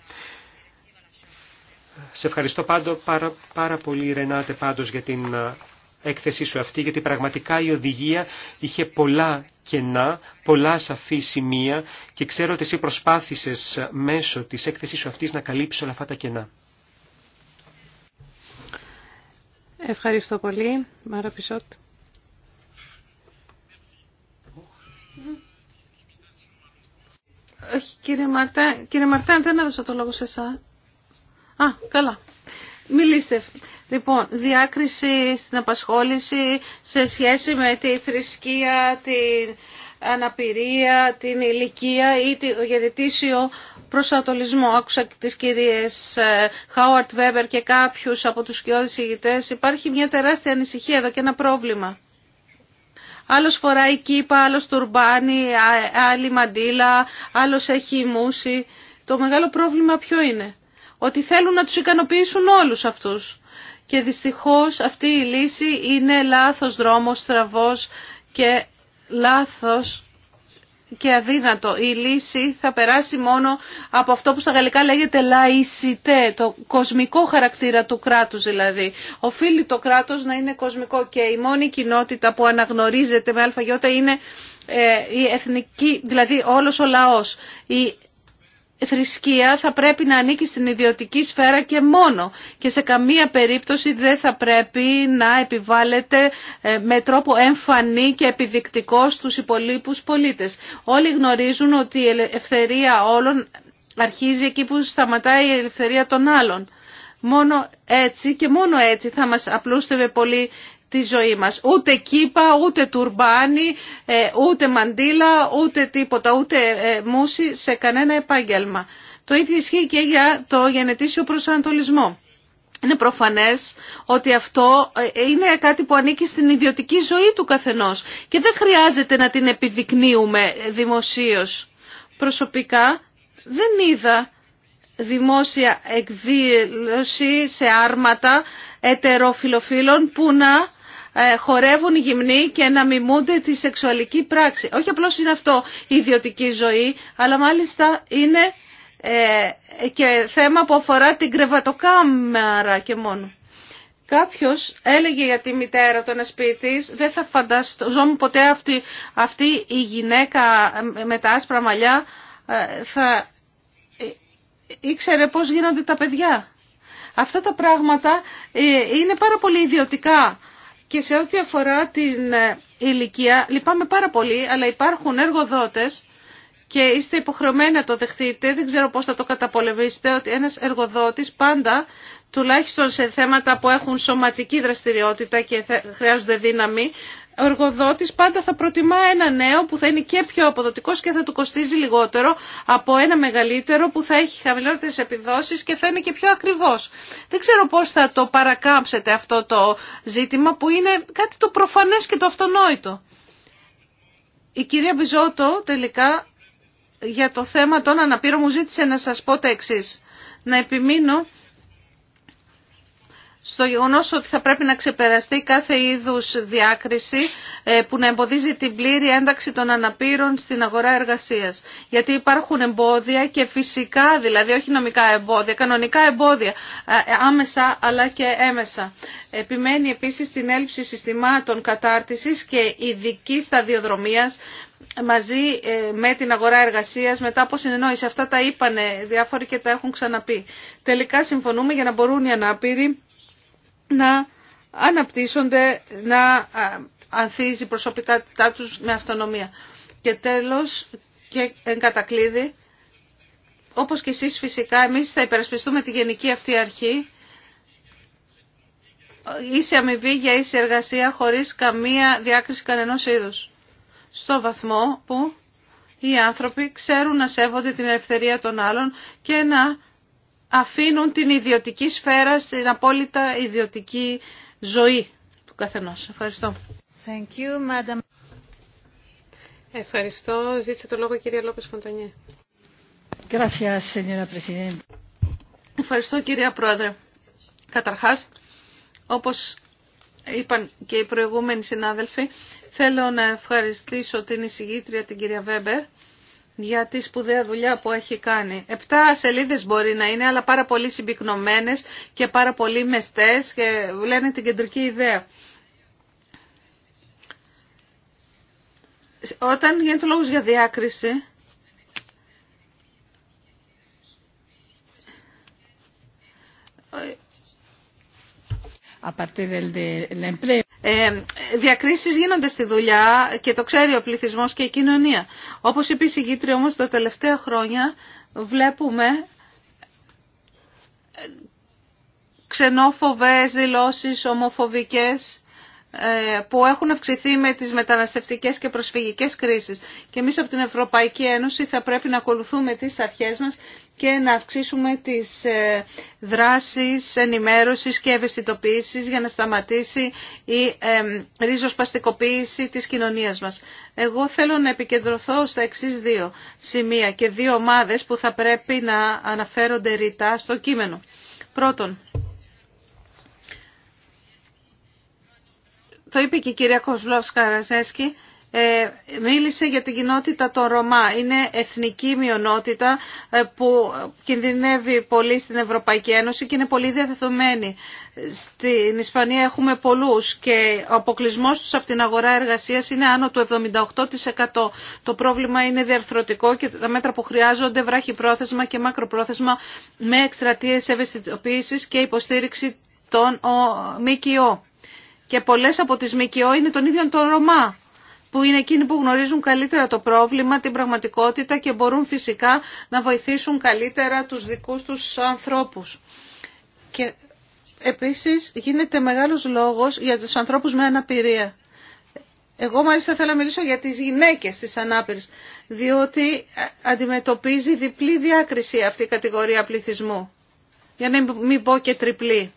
Σε ευχαριστώ πάντο, πάρα, πάρα πολύ Ρενάτε πάντως για την έκθεσή σου αυτή, γιατί πραγματικά η οδηγία είχε πολλά κενά, πολλά σαφή σημεία και ξέρω ότι εσύ προσπάθησες μέσω της έκθεσής σου αυτής να καλύψεις όλα αυτά τα κενά. Ευχαριστώ πολύ. Μάρα Πισότ. Όχι, κύριε Μαρτέν, κύριε Μαρτέν, δεν έδωσα το λόγο σε εσά. Α, καλά. Μιλήστε. Λοιπόν, διάκριση στην απασχόληση σε σχέση με τη θρησκεία, την αναπηρία, την ηλικία ή το γενετήσιο προσανατολισμό. Άκουσα τις κυρίες Χάουαρτ ε, Βέμπερ και κάποιους από τους σκιώδεις ηγητές. Υπάρχει μια τεράστια ανησυχία εδώ και ένα πρόβλημα. Άλλος φοράει Κήπα, άλλος τουρμπάνι, άλλη μαντήλα, άλλος έχει μουσι. Το μεγάλο πρόβλημα ποιο είναι. Ότι θέλουν να τους ικανοποιήσουν όλους αυτούς. Και δυστυχώς αυτή η λύση είναι λάθος δρόμος, στραβός και λάθος και αδύνατο. Η λύση θα περάσει μόνο από αυτό που στα γαλλικά λέγεται λαϊσιτέ, το κοσμικό χαρακτήρα του κράτους δηλαδή. Οφείλει το κράτος να είναι κοσμικό και η μόνη κοινότητα που αναγνωρίζεται με αλφαγιώτα είναι ε, η εθνική, δηλαδή όλος ο λαός. Η θρησκεία θα πρέπει να ανήκει στην ιδιωτική σφαίρα και μόνο και σε καμία περίπτωση δεν θα πρέπει να επιβάλλεται ε, με τρόπο εμφανή και επιδεικτικό στους υπολείπους πολίτες. Όλοι γνωρίζουν ότι η ελευθερία όλων αρχίζει εκεί που σταματάει η ελευθερία των άλλων. Μόνο έτσι και μόνο έτσι θα μας απλούστευε πολύ τη ζωή μας. Ούτε κύπα, ούτε τουρμπάνι, ε, ούτε μαντίλα, ούτε τίποτα, ούτε ε, μουσι σε κανένα επάγγελμα. Το ίδιο ισχύει και για το γενετήσιο προσανατολισμό. Είναι προφανές ότι αυτό ε, είναι κάτι που ανήκει στην ιδιωτική ζωή του καθενός και δεν χρειάζεται να την επιδεικνύουμε δημοσίως. Προσωπικά δεν είδα δημόσια εκδήλωση σε άρματα ετεροφιλοφίλων που να ε, χορεύουν γυμνοί και να μιμούνται τη σεξουαλική πράξη. Όχι απλώς είναι αυτό η ιδιωτική ζωή, αλλά μάλιστα είναι ε, και θέμα που αφορά την κρεβατοκάμερα και μόνο. Κάποιος έλεγε για τη μητέρα των σπίτι, δεν θα φανταζόμουν ποτέ αυτή, αυτή η γυναίκα με τα άσπρα μαλλιά ε, θα ήξερε πώς γίνονται τα παιδιά. Αυτά τα πράγματα είναι πάρα πολύ ιδιωτικά και σε ό,τι αφορά την ε, ηλικία, λυπάμαι πάρα πολύ, αλλά υπάρχουν εργοδότες και είστε υποχρεωμένοι να το δεχτείτε, δεν ξέρω πώς θα το καταπολεμήσετε, ότι ένας εργοδότης πάντα, τουλάχιστον σε θέματα που έχουν σωματική δραστηριότητα και χρειάζονται δύναμη, ο πάντα θα προτιμά ένα νέο που θα είναι και πιο αποδοτικός και θα του κοστίζει λιγότερο από ένα μεγαλύτερο που θα έχει χαμηλότερες επιδόσεις και θα είναι και πιο ακριβώ. Δεν ξέρω πώς θα το παρακάμψετε αυτό το ζήτημα που είναι κάτι το προφανές και το αυτονόητο. Η κυρία Μπιζότο τελικά για το θέμα των αναπήρων μου ζήτησε να σας πω τα Να επιμείνω στο γεγονό ότι θα πρέπει να ξεπεραστεί κάθε είδου διάκριση ε, που να εμποδίζει την πλήρη ένταξη των αναπήρων στην αγορά εργασία. Γιατί υπάρχουν εμπόδια και φυσικά, δηλαδή όχι νομικά εμπόδια, κανονικά εμπόδια, ε, άμεσα αλλά και έμεσα. Επιμένει επίση την έλλειψη συστημάτων κατάρτιση και ειδική σταδιοδρομίας μαζί ε, με την αγορά εργασία, μετά από συνεννόηση. Αυτά τα είπανε διάφοροι και τα έχουν ξαναπεί. Τελικά συμφωνούμε για να μπορούν οι ανάπηροι να αναπτύσσονται, να ε, ανθίζει προσωπικά τους με αυτονομία. Και τέλος, και εν κατακλείδη, όπως και εσείς φυσικά, εμείς θα υπερασπιστούμε τη γενική αυτή αρχή, ίση αμοιβή για ίση εργασία χωρίς καμία διάκριση κανενός είδους. Στο βαθμό που οι άνθρωποι ξέρουν να σέβονται την ελευθερία των άλλων και να αφήνουν την ιδιωτική σφαίρα στην απόλυτα ιδιωτική ζωή του καθενός. Ευχαριστώ. Thank you, Madam. Ευχαριστώ. Ζήτησε το λόγο η κυρία Λόπες Φοντανιέ. Ευχαριστώ κυρία Πρόεδρε. Καταρχάς, όπως είπαν και οι προηγούμενοι συνάδελφοι, θέλω να ευχαριστήσω την εισηγήτρια την κυρία Βέμπερ για τη σπουδαία δουλειά που έχει κάνει. Επτά σελίδες μπορεί να είναι, αλλά πάρα πολύ συμπυκνωμένες και πάρα πολύ μεστές και λένε την κεντρική ιδέα. Όταν γίνεται λόγος για διάκριση, ε, διακρίσεις γίνονται στη δουλειά και το ξέρει ο πληθυσμός και η κοινωνία. Όπως είπε η όμως τα τελευταία χρόνια βλέπουμε ε, ξενόφοβες δηλώσεις, ομοφοβικές ε, που έχουν αυξηθεί με τις μεταναστευτικές και προσφυγικές κρίσεις. Και εμείς από την Ευρωπαϊκή Ένωση θα πρέπει να ακολουθούμε τις αρχές μας και να αυξήσουμε τις ε, δράσεις ενημέρωσης και ευαισθητοποίησης για να σταματήσει η ε, ρίζοσπαστικοποίηση της κοινωνίας μας. Εγώ θέλω να επικεντρωθώ στα εξή δύο σημεία και δύο ομάδες που θα πρέπει να αναφέρονται ρητά στο κείμενο. Πρώτον, το είπε και η κυρία Κοσλόφ Καραζέσκη, ε, μίλησε για την κοινότητα των Ρωμά. Είναι εθνική μειονότητα ε, που κινδυνεύει πολύ στην Ευρωπαϊκή Ένωση και είναι πολύ διαδεδομένη. Στην Ισπανία έχουμε πολλούς και ο αποκλεισμό τους από την αγορά εργασίας είναι άνω του 78%. Το πρόβλημα είναι διαρθρωτικό και τα μέτρα που χρειάζονται βράχει πρόθεσμα και μακροπρόθεσμα με εκστρατείες ευαισθητοποίησης και υποστήριξη των ΜΚΟ. Και πολλές από τις ΜΚΟ είναι των ίδιων των Ρωμά που είναι εκείνοι που γνωρίζουν καλύτερα το πρόβλημα, την πραγματικότητα και μπορούν φυσικά να βοηθήσουν καλύτερα τους δικούς τους ανθρώπους. Και επίσης γίνεται μεγάλος λόγος για τους ανθρώπους με αναπηρία. Εγώ μάλιστα θέλω να μιλήσω για τις γυναίκες της ανάπηρης, διότι αντιμετωπίζει διπλή διάκριση αυτή η κατηγορία πληθυσμού, για να μην πω και τριπλή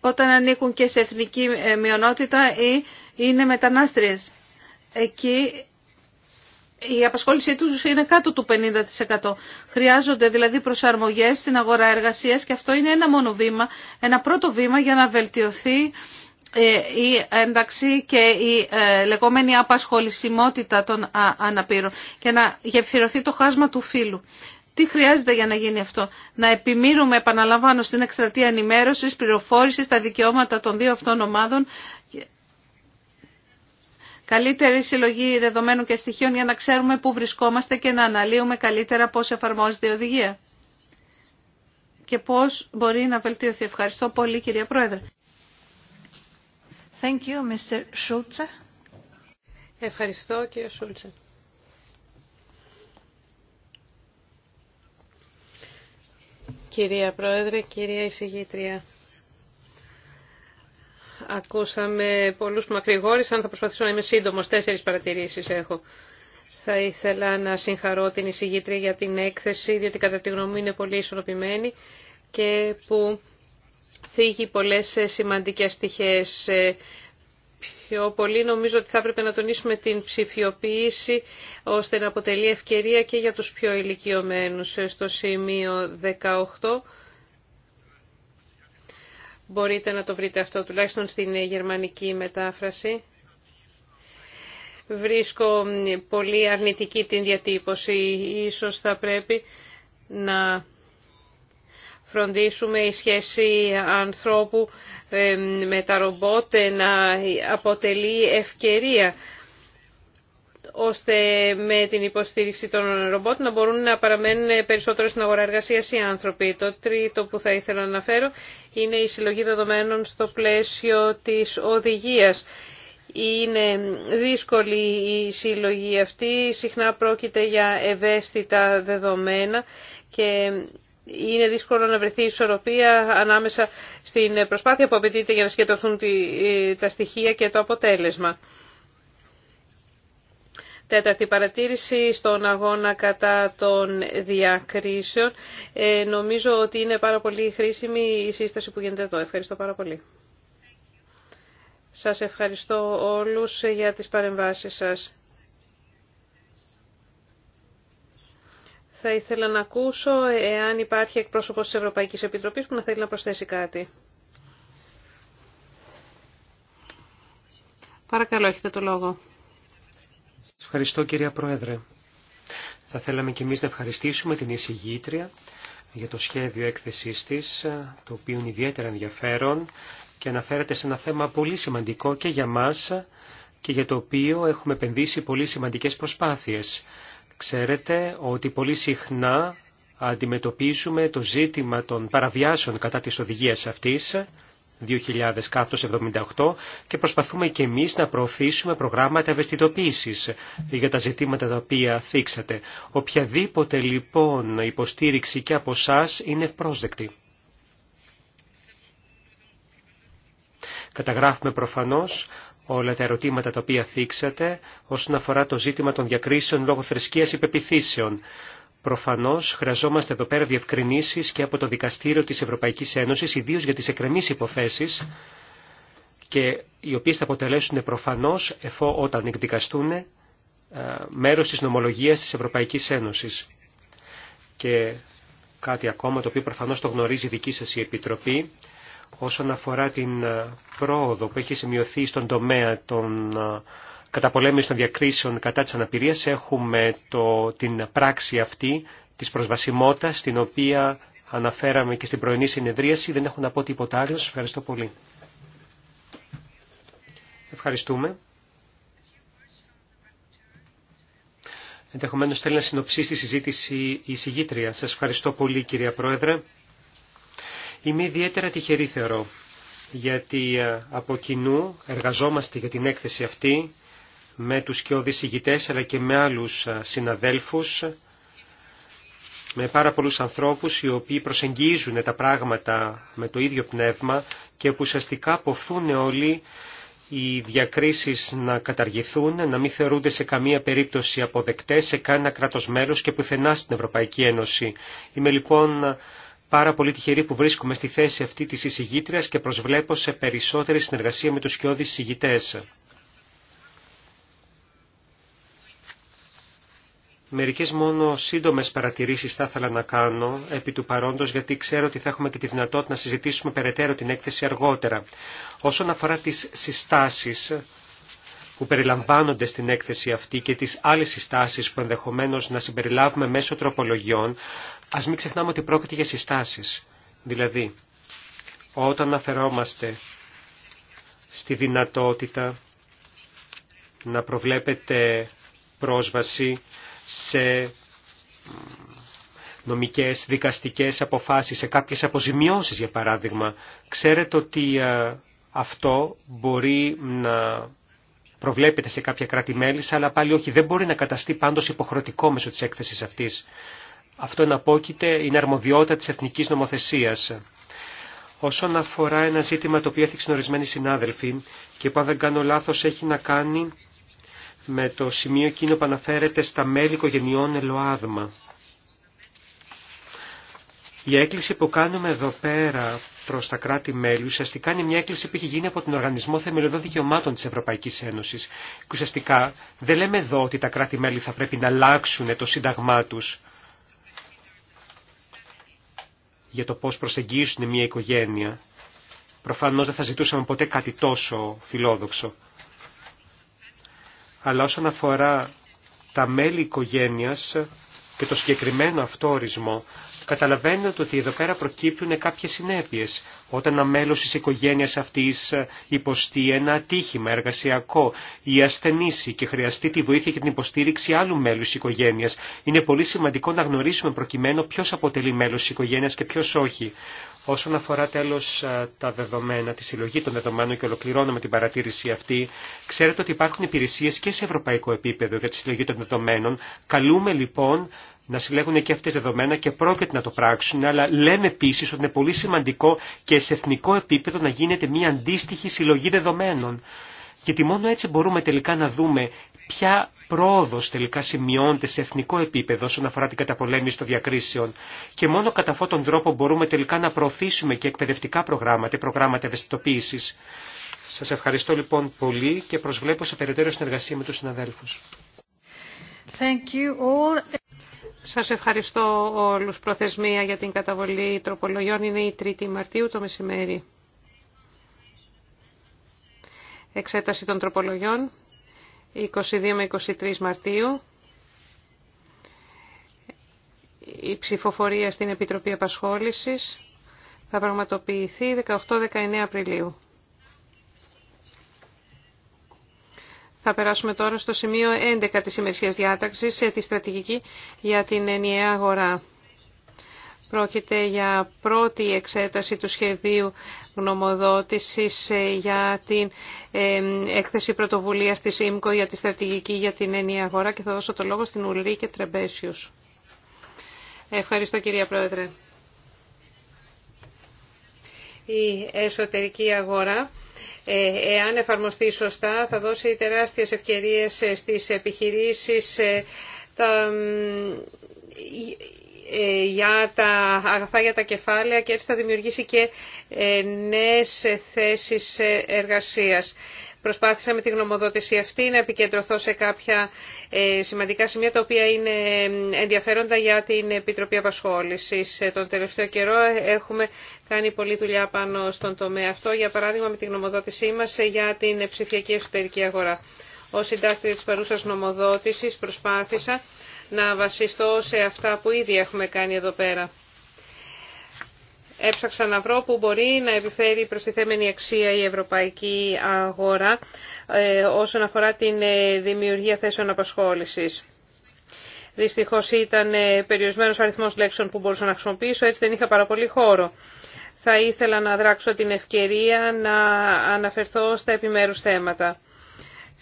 όταν ανήκουν και σε εθνική ε, μειονότητα ή είναι μετανάστριες. Εκεί η απασχόλησή τους είναι κάτω του 50%. Χρειάζονται δηλαδή προσαρμογές στην αγορά εργασίας και αυτό είναι ένα μόνο βήμα, ένα πρώτο βήμα για να βελτιωθεί ε, η ένταξη και η ε, λεγόμενη απασχολησιμότητα των αναπήρων και να γεφυρωθεί το χάσμα του φύλου. Τι χρειάζεται για να γίνει αυτό. Να επιμείνουμε, επαναλαμβάνω, στην εκστρατεία ενημέρωση, πληροφόρηση, τα δικαιώματα των δύο αυτών ομάδων. Καλύτερη συλλογή δεδομένων και στοιχείων για να ξέρουμε πού βρισκόμαστε και να αναλύουμε καλύτερα πώς εφαρμόζεται η οδηγία και πώς μπορεί να βελτιωθεί. Ευχαριστώ πολύ κυρία Πρόεδρε. Thank you, Mr. Ευχαριστώ κύριε Σούλτσε. Κυρία Πρόεδρε, κυρία Εισηγήτρια. Ακούσαμε πολλούς που μακρηγόρησαν. Θα προσπαθήσω να είμαι σύντομος. Τέσσερις παρατηρήσεις έχω. Θα ήθελα να συγχαρώ την εισηγήτρια για την έκθεση, διότι κατά τη γνώμη μου είναι πολύ ισορροπημένη και που θίγει πολλές σημαντικές πτυχές ε, πιο πολύ. Νομίζω ότι θα έπρεπε να τονίσουμε την ψηφιοποίηση ώστε να αποτελεί ευκαιρία και για τους πιο ηλικιωμένους. Στο σημείο 18 μπορείτε να το βρείτε αυτό τουλάχιστον στην γερμανική μετάφραση. Βρίσκω πολύ αρνητική την διατύπωση. Ίσως θα πρέπει να φροντίσουμε η σχέση ανθρώπου με τα ρομπότ να αποτελεί ευκαιρία ώστε με την υποστήριξη των ρομπότ να μπορούν να παραμένουν περισσότερο στην αγορά εργασίας οι άνθρωποι. Το τρίτο που θα ήθελα να αναφέρω είναι η συλλογή δεδομένων στο πλαίσιο της οδηγίας. Είναι δύσκολη η συλλογή αυτή, συχνά πρόκειται για ευαίσθητα δεδομένα και είναι δύσκολο να βρεθεί ισορροπία ανάμεσα στην προσπάθεια που απαιτείται για να συγκεντρωθούν τα στοιχεία και το αποτέλεσμα. Τέταρτη παρατήρηση στον αγώνα κατά των διακρίσεων. Ε, νομίζω ότι είναι πάρα πολύ χρήσιμη η σύσταση που γίνεται εδώ. Ευχαριστώ πάρα πολύ. Σας ευχαριστώ όλους για τις παρεμβάσεις σας. Θα ήθελα να ακούσω εάν υπάρχει εκπρόσωπος της Ευρωπαϊκής Επιτροπής που να θέλει να προσθέσει κάτι. Παρακαλώ, έχετε το λόγο. Σας ευχαριστώ κυρία Πρόεδρε. Θα θέλαμε και εμείς να ευχαριστήσουμε την εισηγήτρια για το σχέδιο έκθεσής της, το οποίο είναι ιδιαίτερα ενδιαφέρον και αναφέρεται σε ένα θέμα πολύ σημαντικό και για μας και για το οποίο έχουμε επενδύσει πολύ σημαντικές προσπάθειες. Ξέρετε ότι πολύ συχνά αντιμετωπίζουμε το ζήτημα των παραβιάσεων κατά της οδηγίας αυτής και προσπαθούμε και εμείς να προωθήσουμε προγράμματα ευαισθητοποίησης για τα ζητήματα τα οποία θίξατε. Οποιαδήποτε λοιπόν υποστήριξη και από εσά είναι πρόσδεκτη. Καταγράφουμε προφανώς όλα τα ερωτήματα τα οποία θίξατε όσον αφορά το ζήτημα των διακρίσεων λόγω θρησκείας υπεπιθύσεων. Προφανώς χρειαζόμαστε εδώ πέρα διευκρινήσεις και από το Δικαστήριο της Ευρωπαϊκής Ένωσης, ιδίως για τις εκκρεμείς υποθέσεις, και οι οποίες θα αποτελέσουν προφανώς, εφό όταν εκδικαστούν, ε, μέρος της νομολογίας της Ευρωπαϊκής Ένωσης. Και κάτι ακόμα το οποίο προφανώς το γνωρίζει η δική σας η Επιτροπή, όσον αφορά την ε, πρόοδο που έχει σημειωθεί στον τομέα των ε, καταπολέμησης των διακρίσεων κατά της αναπηρίας, έχουμε το, την πράξη αυτή της προσβασιμότητας, την οποία αναφέραμε και στην πρωινή συνεδρίαση. Δεν έχω να πω τίποτα άλλο. Σας ευχαριστώ πολύ. Ευχαριστούμε. Ενδεχομένως θέλει να συνοψίσει τη συζήτηση η συγγήτρια. Σας ευχαριστώ πολύ κυρία Πρόεδρε. Είμαι ιδιαίτερα τυχερή θεωρώ, γιατί ε, από κοινού εργαζόμαστε για την έκθεση αυτή με τους και οδησηγητές αλλά και με άλλους ε, συναδέλφους, με πάρα πολλούς ανθρώπους οι οποίοι προσεγγίζουν τα πράγματα με το ίδιο πνεύμα και που ουσιαστικά ποθούν όλοι οι διακρίσεις να καταργηθούν, να μην θεωρούνται σε καμία περίπτωση αποδεκτές σε κανένα κράτος μέλος και πουθενά στην Ευρωπαϊκή Ένωση. Είμαι λοιπόν πάρα πολύ τυχερή που βρίσκομαι στη θέση αυτή της εισηγήτριας και προσβλέπω σε περισσότερη συνεργασία με τους σκιώδεις εισηγητές. Μερικές μόνο σύντομες παρατηρήσεις θα ήθελα να κάνω επί του παρόντος γιατί ξέρω ότι θα έχουμε και τη δυνατότητα να συζητήσουμε περαιτέρω την έκθεση αργότερα. Όσον αφορά τις συστάσεις, που περιλαμβάνονται στην έκθεση αυτή και τις άλλες συστάσεις που ενδεχομένως να συμπεριλάβουμε μέσω τροπολογιών, ας μην ξεχνάμε ότι πρόκειται για συστάσεις. Δηλαδή, όταν αναφερόμαστε στη δυνατότητα να προβλέπετε πρόσβαση σε νομικές, δικαστικές αποφάσεις, σε κάποιες αποζημιώσεις για παράδειγμα. Ξέρετε ότι ε, αυτό μπορεί να προβλέπεται σε κάποια κράτη-μέλη, αλλά πάλι όχι, δεν μπορεί να καταστεί πάντως υποχρεωτικό μέσω της έκθεσης αυτής. Αυτό εναπόκειται, είναι αρμοδιότητα της εθνικής νομοθεσίας. Όσον αφορά ένα ζήτημα το οποίο έθιξαν ορισμένοι συνάδελφοι και που αν δεν κάνω λάθος έχει να κάνει με το σημείο εκείνο που αναφέρεται στα μέλη οικογενειών ελοάδμα. Η έκκληση που κάνουμε εδώ πέρα προς τα κράτη-μέλη ουσιαστικά είναι μια έκκληση που έχει γίνει από τον Οργανισμό Θεμελιωδών Δικαιωμάτων της Ευρωπαϊκής Ένωσης. Και ουσιαστικά δεν λέμε εδώ ότι τα κράτη-μέλη θα πρέπει να αλλάξουν το σύνταγμά του για το πώς προσεγγίσουν μια οικογένεια. Προφανώς δεν θα ζητούσαμε ποτέ κάτι τόσο φιλόδοξο. Αλλά όσον αφορά τα μέλη οικογένειας και το συγκεκριμένο αυτό ορισμό, καταλαβαίνετε ότι εδώ πέρα προκύπτουν κάποιες συνέπειες. Όταν ένα μέλος της οικογένειας αυτής υποστεί ένα ατύχημα εργασιακό ή ασθενήσει και χρειαστεί τη βοήθεια και την υποστήριξη άλλου μέλους της οικογένειας, είναι πολύ σημαντικό να γνωρίσουμε προκειμένου ποιος αποτελεί μέλος της οικογένειας και ποιος όχι. Όσον αφορά τέλος τα δεδομένα, τη συλλογή των δεδομένων και ολοκληρώνω με την παρατήρηση αυτή, ξέρετε ότι υπάρχουν υπηρεσίες και σε ευρωπαϊκό επίπεδο για τη συλλογή των δεδομένων. Καλούμε λοιπόν να συλλέγουν και αυτές δεδομένα και πρόκειται να το πράξουν, αλλά λέμε επίση ότι είναι πολύ σημαντικό και σε εθνικό επίπεδο να γίνεται μια αντίστοιχη συλλογή δεδομένων. Γιατί μόνο έτσι μπορούμε τελικά να δούμε ποια πρόοδο τελικά σημειώνεται σε εθνικό επίπεδο όσον αφορά την καταπολέμηση των διακρίσεων. Και μόνο κατά αυτόν τον τρόπο μπορούμε τελικά να προωθήσουμε και εκπαιδευτικά προγράμματα, προγράμματα ευαισθητοποίηση. Σα ευχαριστώ λοιπόν πολύ και προσβλέπω σε περαιτέρω συνεργασία με του συναδέλφου. Σας ευχαριστώ όλους. Προθεσμία για την καταβολή τροπολογιών είναι η 3η Μαρτίου το μεσημέρι. Εξέταση των τροπολογιών 22 με 23 Μαρτίου. Η ψηφοφορία στην Επιτροπή Απασχόλησης θα πραγματοποιηθεί 18-19 Απριλίου. Θα περάσουμε τώρα στο σημείο 11 της ημερησίας διάταξης, ε, τη στρατηγική για την ενιαία αγορά. Πρόκειται για πρώτη εξέταση του σχεδίου γνωμοδότησης ε, για την ε, έκθεση πρωτοβουλίας της ΙΜΚΟ για τη στρατηγική για την ενιαία αγορά και θα δώσω το λόγο στην και Τρεμπέσιους. Ευχαριστώ κυρία Πρόεδρε. Η εσωτερική αγορά ε, εάν εφαρμοστεί σωστά, θα δώσει τεράστιες ευκαιρίες ε, στις επιχειρήσεις ε, τα, για τα αγαθά για τα κεφάλαια και έτσι θα δημιουργήσει και νέες θέσεις εργασίας. Προσπάθησα με τη γνωμοδότηση αυτή να επικεντρωθώ σε κάποια ε, σημαντικά σημεία τα οποία είναι ενδιαφέροντα για την Επιτροπή Απασχόλησης. Ε, τον τελευταίο καιρό έχουμε κάνει πολλή δουλειά πάνω στον τομέα αυτό, για παράδειγμα με τη γνωμοδότησή μας για την ψηφιακή εσωτερική αγορά. Ως συντάκτη της παρούσας νομοδότησης προσπάθησα να βασιστώ σε αυτά που ήδη έχουμε κάνει εδώ πέρα. Έψαξα να βρω που μπορεί να επιφέρει προστιθέμενη αξία η ευρωπαϊκή αγορά ε, όσον αφορά την ε, δημιουργία θέσεων απασχόλησης. Δυστυχώς ήταν ε, περιορισμένος αριθμός λέξεων που μπορούσα να χρησιμοποιήσω, έτσι δεν είχα πάρα πολύ χώρο. Θα ήθελα να δράξω την ευκαιρία να αναφερθώ στα επιμέρους θέματα.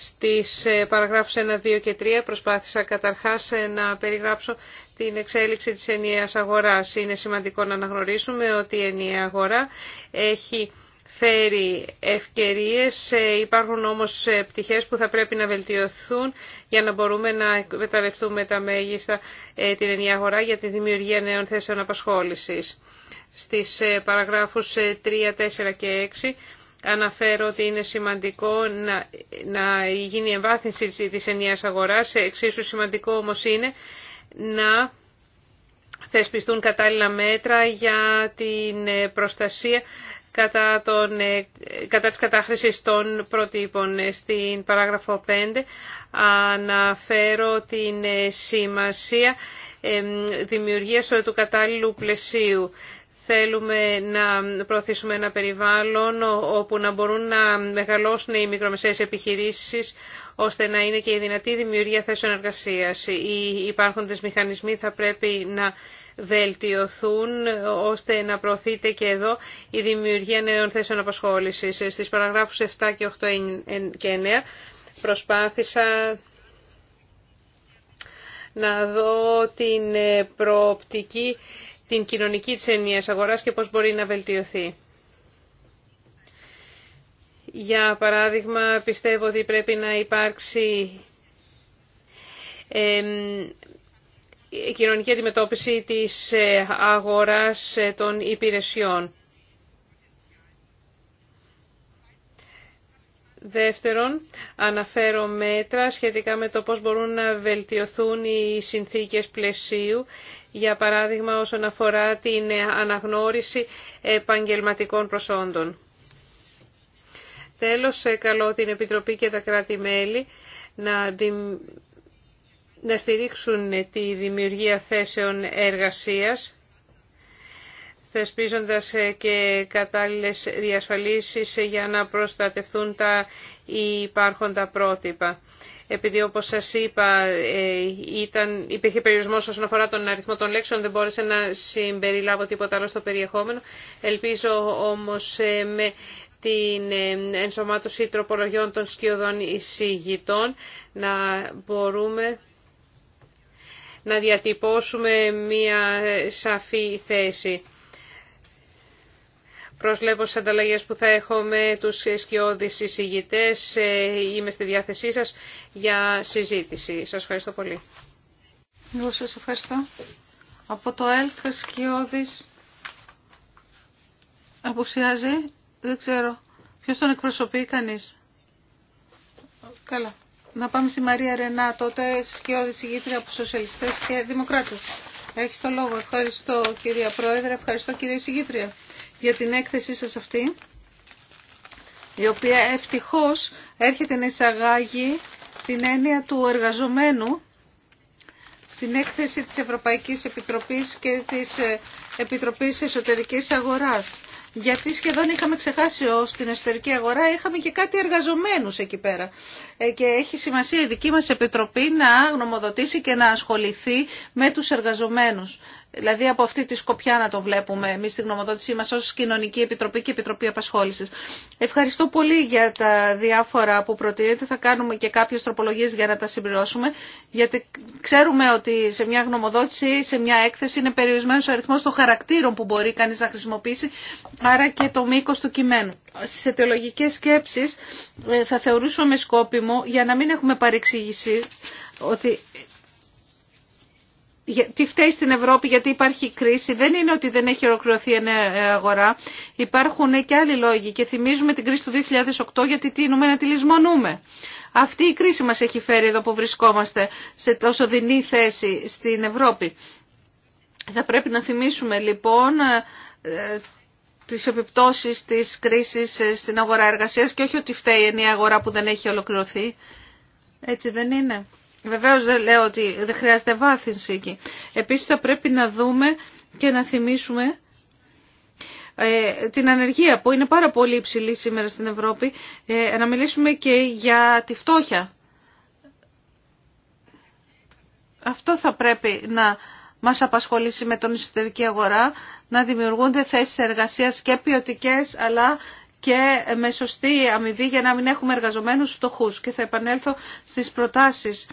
Στις παραγράφους 1, 2 και 3 προσπάθησα καταρχάς να περιγράψω την εξέλιξη της ενιαίας αγοράς. Είναι σημαντικό να αναγνωρίσουμε ότι η ενιαία αγορά έχει φέρει ευκαιρίες, ε, υπάρχουν όμως ε, πτυχές που θα πρέπει να βελτιωθούν για να μπορούμε να εκμεταλλευτούμε τα μέγιστα ε, την ενιαία αγορά για τη δημιουργία νέων θέσεων απασχόλησης. Στις παραγράφους 3, 4 και 6 αναφέρω ότι είναι σημαντικό να, να γίνει εμβάθυνση της ενιαίας αγοράς. Εξίσου σημαντικό όμως είναι να θεσπιστούν κατάλληλα μέτρα για την ε, προστασία κατά, τον, ε, κατά της κατάχρησης των προτύπων. Ε, στην παράγραφο 5 αναφέρω την σημασία δημιουργίας του κατάλληλου πλαισίου. Θέλουμε να προωθήσουμε ένα περιβάλλον όπου να μπορούν να μεγαλώσουν οι μικρομεσαίες επιχειρήσεις ώστε να είναι και η δυνατή δημιουργία θέσεων εργασίας. Οι υπάρχοντες μηχανισμοί θα πρέπει να βελτιωθούν ώστε να προωθείται και εδώ η δημιουργία νέων θέσεων απασχόλησης. Στις παραγράφους 7 και 8 και 9 προσπάθησα να δω την προοπτική την κοινωνική της ενιαίας αγοράς και πώς μπορεί να βελτιωθεί. Για παράδειγμα, πιστεύω ότι πρέπει να υπάρξει η κοινωνική αντιμετώπιση της ε, αγοράς ε, των υπηρεσιών. Δεύτερον, αναφέρω μέτρα σχετικά με το πώς μπορούν να βελτιωθούν οι συνθήκες πλαισίου για παράδειγμα όσον αφορά την αναγνώριση επαγγελματικών προσόντων. Τέλος, ε, καλώ την Επιτροπή και τα κράτη-μέλη να, στηρίξουν ε, τη δημιουργία θέσεων εργασίας, θεσπίζοντας ε, και κατάλληλες διασφαλίσεις για να προστατευτούν τα υπάρχοντα πρότυπα επειδή όπως σας είπα ε, ήταν, υπήρχε περιορισμός όσον αφορά τον αριθμό των λέξεων, δεν μπόρεσα να συμπεριλάβω τίποτα άλλο στο περιεχόμενο. Ελπίζω όμως ε, με την ε, ενσωμάτωση τροπολογιών των σκιωδών εισηγητών να μπορούμε να διατυπώσουμε μία σαφή θέση. Προσλέπω στις ανταλλαγές που θα έχω με τους σκιώδεις εισηγητές. Ε, είμαι στη διάθεσή σας για συζήτηση. Σας ευχαριστώ πολύ. Εγώ σας ευχαριστώ. Από το ΕΛΚ σκιώδης απουσιάζει. Δεν ξέρω. Ποιος τον εκπροσωπεί κανείς. Καλά. Να πάμε στη Μαρία Ρενά τότε, σκιώδη ηγήτρια από σοσιαλιστές και δημοκράτες. Έχει το λόγο. Ευχαριστώ κυρία Πρόεδρε, ευχαριστώ κυρία Συγήτρια για την έκθεσή σας αυτή, η οποία ευτυχώς έρχεται να εισαγάγει την έννοια του εργαζομένου στην έκθεση της Ευρωπαϊκής Επιτροπής και της ε, Επιτροπής Εσωτερικής Αγοράς. Γιατί σχεδόν είχαμε ξεχάσει ω την εσωτερική αγορά, είχαμε και κάτι εργαζομένους εκεί πέρα. Ε, και έχει σημασία η δική μα Επιτροπή να γνωμοδοτήσει και να ασχοληθεί με τους εργαζομένου. Δηλαδή από αυτή τη σκοπιά να το βλέπουμε εμεί στη γνωμοδότησή μα ω Κοινωνική Επιτροπή και Επιτροπή απασχόληση. Ευχαριστώ πολύ για τα διάφορα που προτείνετε. Θα κάνουμε και κάποιε τροπολογίε για να τα συμπληρώσουμε. Γιατί ξέρουμε ότι σε μια γνωμοδότηση, σε μια έκθεση είναι περιορισμένο ο αριθμό των χαρακτήρων που μπορεί κανεί να χρησιμοποιήσει. Άρα και το μήκο του κειμένου. Στι αιτιολογικές σκέψει ε, θα θεωρούσαμε σκόπιμο για να μην έχουμε παρεξήγηση ότι τι φταίει στην Ευρώπη γιατί υπάρχει κρίση. Δεν είναι ότι δεν έχει ολοκληρωθεί η αγορά. Υπάρχουν και άλλοι λόγοι και θυμίζουμε την κρίση του 2008 γιατί τίνουμε να τη λησμονούμε. Αυτή η κρίση μας έχει φέρει εδώ που βρισκόμαστε σε τόσο δεινή θέση στην Ευρώπη. Θα πρέπει να θυμίσουμε λοιπόν ε, τις επιπτώσεις της κρίσης ε, στην αγορά εργασίας και όχι ότι φταίει η αγορά που δεν έχει ολοκληρωθεί. Έτσι δεν είναι. Βεβαίως δεν λέω ότι δεν χρειάζεται βάθυνση εκεί. Επίσης θα πρέπει να δούμε και να θυμίσουμε ε, την ανεργία που είναι πάρα πολύ υψηλή σήμερα στην Ευρώπη, ε, να μιλήσουμε και για τη φτώχεια. Αυτό θα πρέπει να μας απασχολήσει με τον εσωτερική αγορά, να δημιουργούνται θέσεις εργασίας και ποιοτικέ, αλλά και με σωστή αμοιβή για να μην έχουμε εργαζομένους φτωχούς. Και θα επανέλθω στις προτάσεις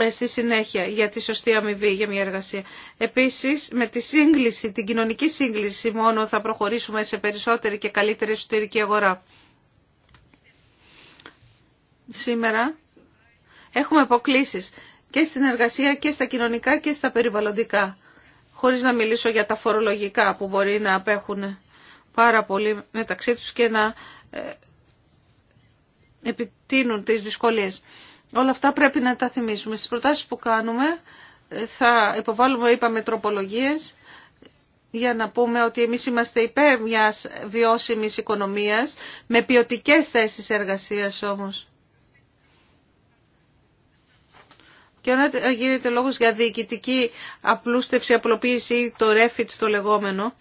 ε, στη συνέχεια για τη σωστή αμοιβή για μια εργασία. Επίσης με τη σύγκληση, την κοινωνική σύγκληση μόνο θα προχωρήσουμε σε περισσότερη και καλύτερη εσωτερική αγορά. Σήμερα έχουμε αποκλήσεις και στην εργασία και στα κοινωνικά και στα περιβαλλοντικά. Χωρίς να μιλήσω για τα φορολογικά που μπορεί να απέχουν πάρα πολύ μεταξύ τους και να ε, επιτείνουν τις δυσκολίες. Όλα αυτά πρέπει να τα θυμίσουμε. Στις προτάσεις που κάνουμε ε, θα υποβάλουμε, είπαμε, τροπολογίες για να πούμε ότι εμείς είμαστε υπέρ μιας βιώσιμης οικονομίας με ποιοτικέ θέσεις εργασίας όμως. Και όταν γίνεται λόγος για διοικητική απλούστευση, απλοποίηση ή το ρέφιτ στο λεγόμενο.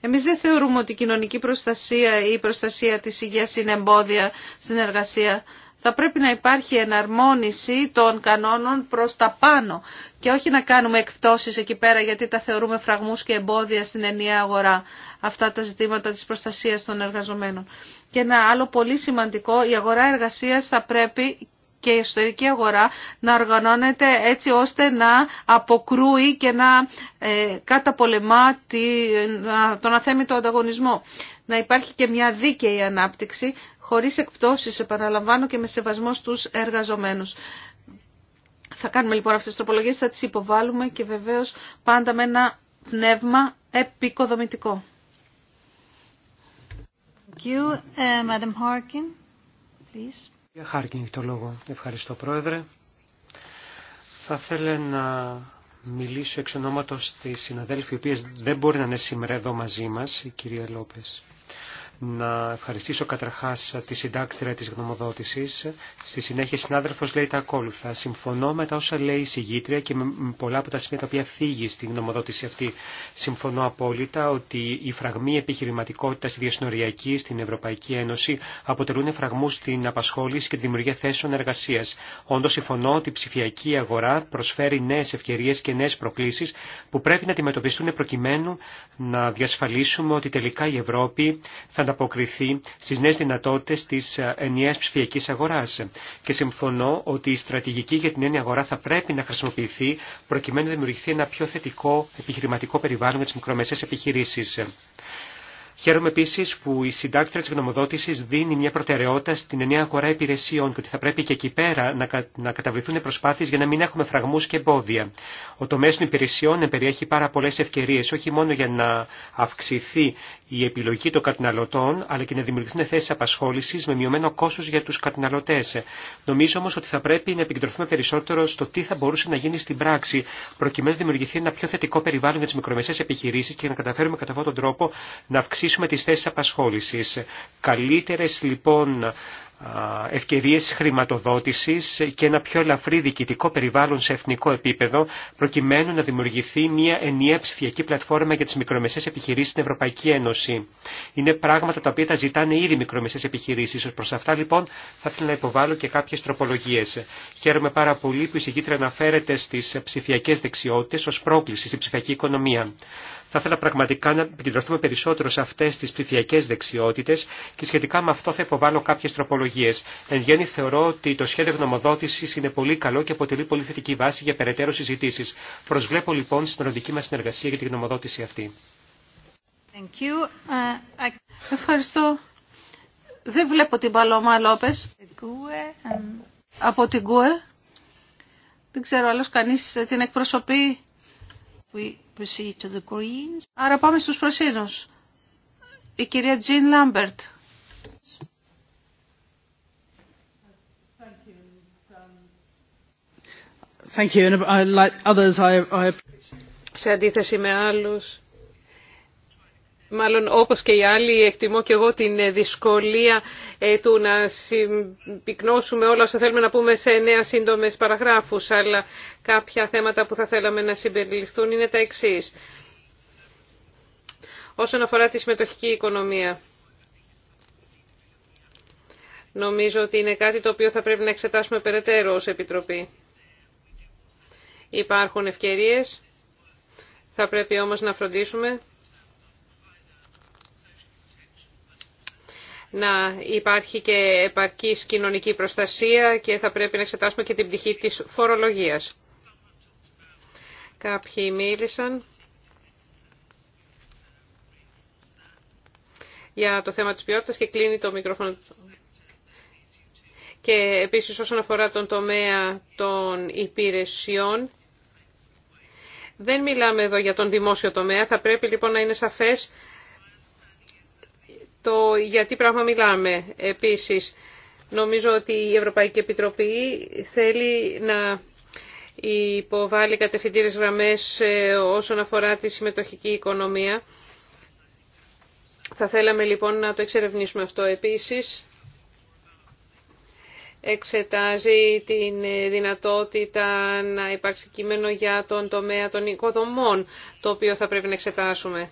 Εμείς δεν θεωρούμε ότι η κοινωνική προστασία ή η προστασία της υγείας είναι εμπόδια στην εργασία θα πρέπει να υπάρχει εναρμόνιση των κανόνων προς τα πάνω και όχι να κάνουμε εκπτώσεις εκεί πέρα γιατί τα θεωρούμε φραγμούς και εμπόδια στην ενιαία αγορά αυτά τα ζητήματα της προστασίας των εργαζομένων. Και ένα άλλο πολύ σημαντικό, η αγορά εργασίας θα πρέπει και η ιστορική αγορά να οργανώνεται έτσι ώστε να αποκρούει και να ε, καταπολεμά τον αθέμητο ανταγωνισμό. Να υπάρχει και μια δίκαιη ανάπτυξη χωρίς εκπτώσεις, επαναλαμβάνω και με σεβασμό στους εργαζομένους. Θα κάνουμε λοιπόν αυτές τις τροπολογίες, θα τις υποβάλουμε και βεβαίως πάντα με ένα πνεύμα επικοδομητικό. Ε, Madam Harkin, please. το λόγο. Ευχαριστώ, Πρόεδρε. Θα ήθελα να μιλήσω εξ ονόματος της συναδέλφη, η οποία δεν μπορεί να είναι σήμερα εδώ μαζί μας, η κυρία Λόπες να ευχαριστήσω καταρχά τη συντάκτηρα τη γνωμοδότησης. Στη συνέχεια συνάδελφο, λέει τα ακόλουθα. Συμφωνώ με τα όσα λέει η συγγήτρια και με πολλά από τα σημεία τα οποία θίγει στη γνωμοδότηση αυτή. Συμφωνώ απόλυτα ότι οι φραγμοί επιχειρηματικότητας διασυνοριακή στην Ευρωπαϊκή Ένωση αποτελούν φραγμού στην απασχόληση και τη δημιουργία θέσεων εργασία. Όντω συμφωνώ ότι η ψηφιακή αγορά προσφέρει νέε ευκαιρίε και νέε προκλήσει που πρέπει να αντιμετωπιστούν προκειμένου να διασφαλίσουμε ότι τελικά η Ευρώπη θα ανταποκριθεί στις νέες δυνατότητες της ε, ενιαίας ψηφιακής αγοράς. Και συμφωνώ ότι η στρατηγική για την έννοια αγορά θα πρέπει να χρησιμοποιηθεί προκειμένου να δημιουργηθεί ένα πιο θετικό επιχειρηματικό περιβάλλον για τις μικρομεσαίες επιχειρήσεις. Χαίρομαι επίση που η συντάκτρια τη γνωμοδότηση δίνει μια προτεραιότητα στην ενιαία αγορά υπηρεσιών και ότι θα πρέπει και εκεί πέρα να, κα, να καταβληθούν προσπάθειε για να μην έχουμε φραγμού και εμπόδια. Ο τομέα των υπηρεσιών περιέχει πάρα πολλέ ευκαιρίε, όχι μόνο για να αυξηθεί η επιλογή των καταναλωτών, αλλά και να δημιουργηθούν θέσει απασχόληση με μειωμένο κόστο για του καταναλωτέ. Νομίζω όμω ότι θα πρέπει να επικεντρωθούμε περισσότερο στο τι θα μπορούσε να γίνει στην πράξη, προκειμένου να δημιουργηθεί ένα πιο θετικό περιβάλλον για τι μικρομεσαίε επιχειρήσει και να καταφέρουμε κατά αυτόν τον τρόπο να αυξήσουμε αυξήσουμε τις θέσεις απασχόλησης. Καλύτερες λοιπόν ευκαιρίες χρηματοδότησης και ένα πιο ελαφρύ διοικητικό περιβάλλον σε εθνικό επίπεδο προκειμένου να δημιουργηθεί μια ενιαία ψηφιακή πλατφόρμα για τις μικρομεσαίες επιχειρήσεις στην Ευρωπαϊκή Ένωση. Είναι πράγματα τα οποία τα ζητάνε ήδη μικρομεσαίες επιχειρήσεις. Ως προς αυτά λοιπόν θα ήθελα να υποβάλω και κάποιες τροπολογίες. Χαίρομαι πάρα πολύ που η συγκήτρια αναφέρεται στις ψηφιακές δεξιότητες ως πρόκληση στην ψηφιακή οικονομία. Θα ήθελα πραγματικά να επικεντρωθούμε περισσότερο σε αυτέ τι ψηφιακέ δεξιότητε και σχετικά με αυτό θα υποβάλω κάποιε τροπολογίε. Εν γέννη θεωρώ ότι το σχέδιο γνωμοδότηση είναι πολύ καλό και αποτελεί πολύ θετική βάση για περαιτέρω συζητήσει. Προσβλέπω λοιπόν στην ερωτική μα συνεργασία για την γνωμοδότηση αυτή. Thank you. Uh, I... Ευχαριστώ. Δεν βλέπω την Παλώμα Λόπε. Um, Από την ΚΟΕ. Δεν ξέρω, άλλο κανεί την εκπροσωπεί. Άρα πάμε στους πρασίνους. Η κυρία Τζιν Λάμπερτ. Σε αντίθεση με άλλους, Μάλλον όπως και οι άλλοι εκτιμώ και εγώ την ε, δυσκολία ε, του να συμπυκνώσουμε όλα όσα θέλουμε να πούμε σε νέα σύντομες παραγράφους, αλλά κάποια θέματα που θα θέλαμε να συμπεριληφθούν είναι τα εξής. Όσον αφορά τη συμμετοχική οικονομία, νομίζω ότι είναι κάτι το οποίο θα πρέπει να εξετάσουμε περαιτέρω ως Επιτροπή. Υπάρχουν ευκαιρίες, θα πρέπει όμως να φροντίσουμε να υπάρχει και επαρκής κοινωνική προστασία και θα πρέπει να εξετάσουμε και την πτυχή της φορολογίας. Κάποιοι μίλησαν για το θέμα της ποιότητας και κλείνει το μικρόφωνο. Και επίσης όσον αφορά τον τομέα των υπηρεσιών, δεν μιλάμε εδώ για τον δημόσιο τομέα, θα πρέπει λοιπόν να είναι σαφές το γιατί πράγμα μιλάμε. Επίσης, νομίζω ότι η Ευρωπαϊκή Επιτροπή θέλει να υποβάλει κατευθυντήρες γραμμές ε, όσον αφορά τη συμμετοχική οικονομία. Θα θέλαμε λοιπόν να το εξερευνήσουμε αυτό επίσης. Εξετάζει την ε, δυνατότητα να υπάρξει κείμενο για τον τομέα των οικοδομών, το οποίο θα πρέπει να εξετάσουμε.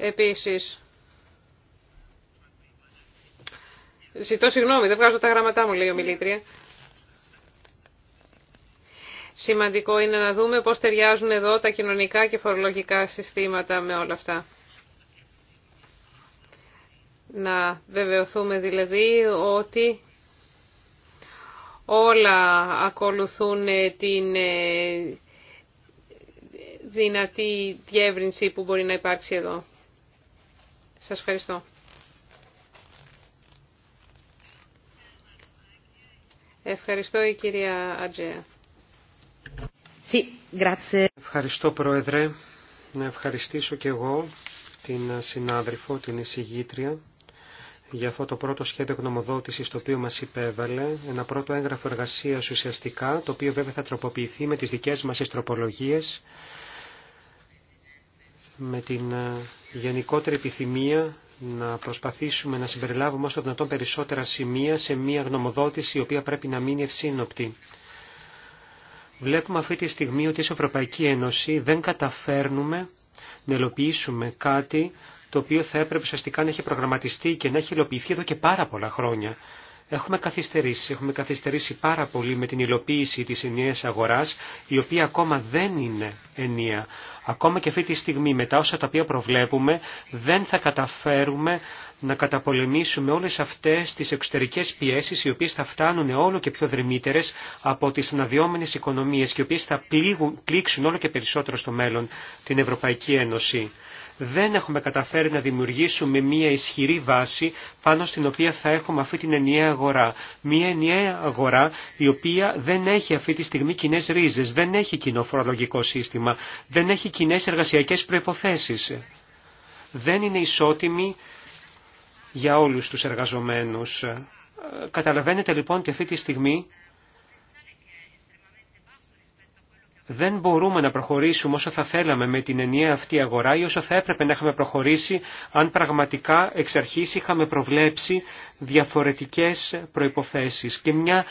Επίσης, ζητώ συγγνώμη, δεν βγάζω τα γράμματά μου, λέει ο Μιλήτρια. Σημαντικό είναι να δούμε πώς ταιριάζουν εδώ τα κοινωνικά και φορολογικά συστήματα με όλα αυτά. Να βεβαιωθούμε δηλαδή ότι όλα ακολουθούν ε, την ε, δυνατή διεύρυνση που μπορεί να υπάρξει εδώ. Σας ευχαριστώ. Ευχαριστώ η κυρία Ατζέα. Ευχαριστώ Πρόεδρε. Να ευχαριστήσω και εγώ την συνάδελφο, την εισηγήτρια, για αυτό το πρώτο σχέδιο γνωμοδότησης το οποίο μας υπέβαλε, ένα πρώτο έγγραφο εργασία ουσιαστικά, το οποίο βέβαια θα τροποποιηθεί με τις δικές μας εστροπολογίες με την ε, γενικότερη επιθυμία να προσπαθήσουμε να συμπεριλάβουμε όσο δυνατόν περισσότερα σημεία σε μια γνωμοδότηση η οποία πρέπει να μείνει ευσύνοπτη. Βλέπουμε αυτή τη στιγμή ότι στην Ευρωπαϊκή Ένωση δεν καταφέρνουμε να ελοποιήσουμε κάτι το οποίο θα έπρεπε ουσιαστικά να έχει προγραμματιστεί και να έχει υλοποιηθεί εδώ και πάρα πολλά χρόνια. Έχουμε καθυστερήσει. Έχουμε καθυστερήσει πάρα πολύ με την υλοποίηση της ενιαίας αγοράς, η οποία ακόμα δεν είναι ενία. Ακόμα και αυτή τη στιγμή, μετά όσα τα οποία προβλέπουμε, δεν θα καταφέρουμε να καταπολεμήσουμε όλες αυτές τις εξωτερικές πιέσεις, οι οποίες θα φτάνουν όλο και πιο δρυμύτερες από τις αναδυόμενες οικονομίες και οι οποίες θα πλήξουν όλο και περισσότερο στο μέλλον την Ευρωπαϊκή Ένωση δεν έχουμε καταφέρει να δημιουργήσουμε μια ισχυρή βάση πάνω στην οποία θα έχουμε αυτή την ενιαία αγορά. Μια ενιαία αγορά η οποία δεν έχει αυτή τη στιγμή κοινέ ρίζε, δεν έχει κοινό φορολογικό σύστημα, δεν έχει κοινέ εργασιακέ προποθέσει. Δεν είναι ισότιμη για όλους τους εργαζομένους. Ε, καταλαβαίνετε λοιπόν ότι αυτή τη στιγμή δεν μπορούμε να προχωρήσουμε όσο θα θέλαμε με την ενιαία αυτή αγορά ή όσο θα έπρεπε να είχαμε προχωρήσει αν πραγματικά εξ αρχής είχαμε προβλέψει διαφορετικές προϋποθέσεις και μια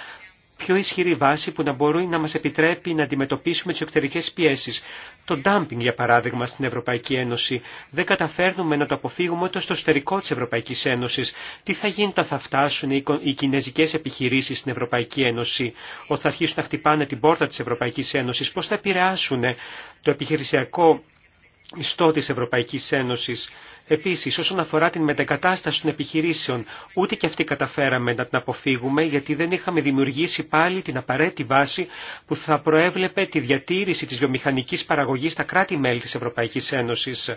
πιο ισχυρή βάση που να μπορεί να μας επιτρέπει να αντιμετωπίσουμε τις εξωτερικές πιέσεις. Το ντάμπινγκ, για παράδειγμα, στην Ευρωπαϊκή Ένωση. Δεν καταφέρνουμε να το αποφύγουμε ούτε στο εσωτερικό της Ευρωπαϊκής Ένωσης. Τι θα γίνει όταν θα φτάσουν οι κινέζικες επιχειρήσεις στην Ευρωπαϊκή Ένωση, όταν θα αρχίσουν να χτυπάνε την πόρτα της Ευρωπαϊκής Ένωσης, πώς θα επηρεάσουν το επιχειρησιακό ιστό της Ευρωπαϊκής Ένωσης. Επίσης, όσον αφορά την μετακατάσταση των επιχειρήσεων, ούτε και αυτή καταφέραμε να την αποφύγουμε, γιατί δεν είχαμε δημιουργήσει πάλι την απαραίτητη βάση που θα προέβλεπε τη διατήρηση της βιομηχανικής παραγωγής στα κράτη-μέλη της Ευρωπαϊκής Ένωσης.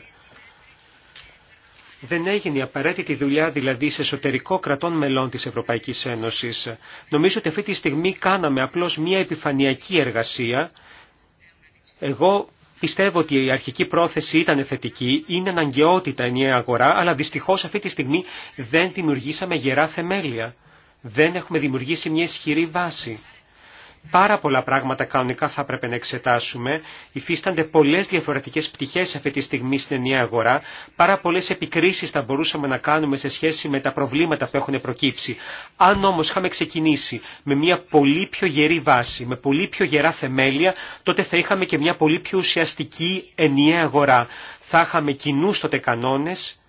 Δεν έγινε η απαραίτητη δουλειά δηλαδή σε εσωτερικό κρατών μελών της Ευρωπαϊκής Ένωσης. Νομίζω ότι αυτή τη στιγμή κάναμε απλώς μια επιφανειακή εργασία. Εγώ Πιστεύω ότι η αρχική πρόθεση ήταν θετική, είναι αναγκαιότητα νέα αγορά, αλλά δυστυχώς αυτή τη στιγμή δεν δημιουργήσαμε γερά θεμέλια. Δεν έχουμε δημιουργήσει μια ισχυρή βάση. Πάρα πολλά πράγματα κανονικά θα έπρεπε να εξετάσουμε. Υφίστανται πολλές διαφορετικές πτυχές αυτή τη στιγμή στην ενιαία αγορά. Πάρα πολλές επικρίσεις θα μπορούσαμε να κάνουμε σε σχέση με τα προβλήματα που έχουν προκύψει. Αν όμως είχαμε ξεκινήσει με μια πολύ πιο γερή βάση, με πολύ πιο γερά θεμέλια, τότε θα είχαμε και μια πολύ πιο ουσιαστική ενιαία αγορά. Θα είχαμε κοινού τότε κανόνες,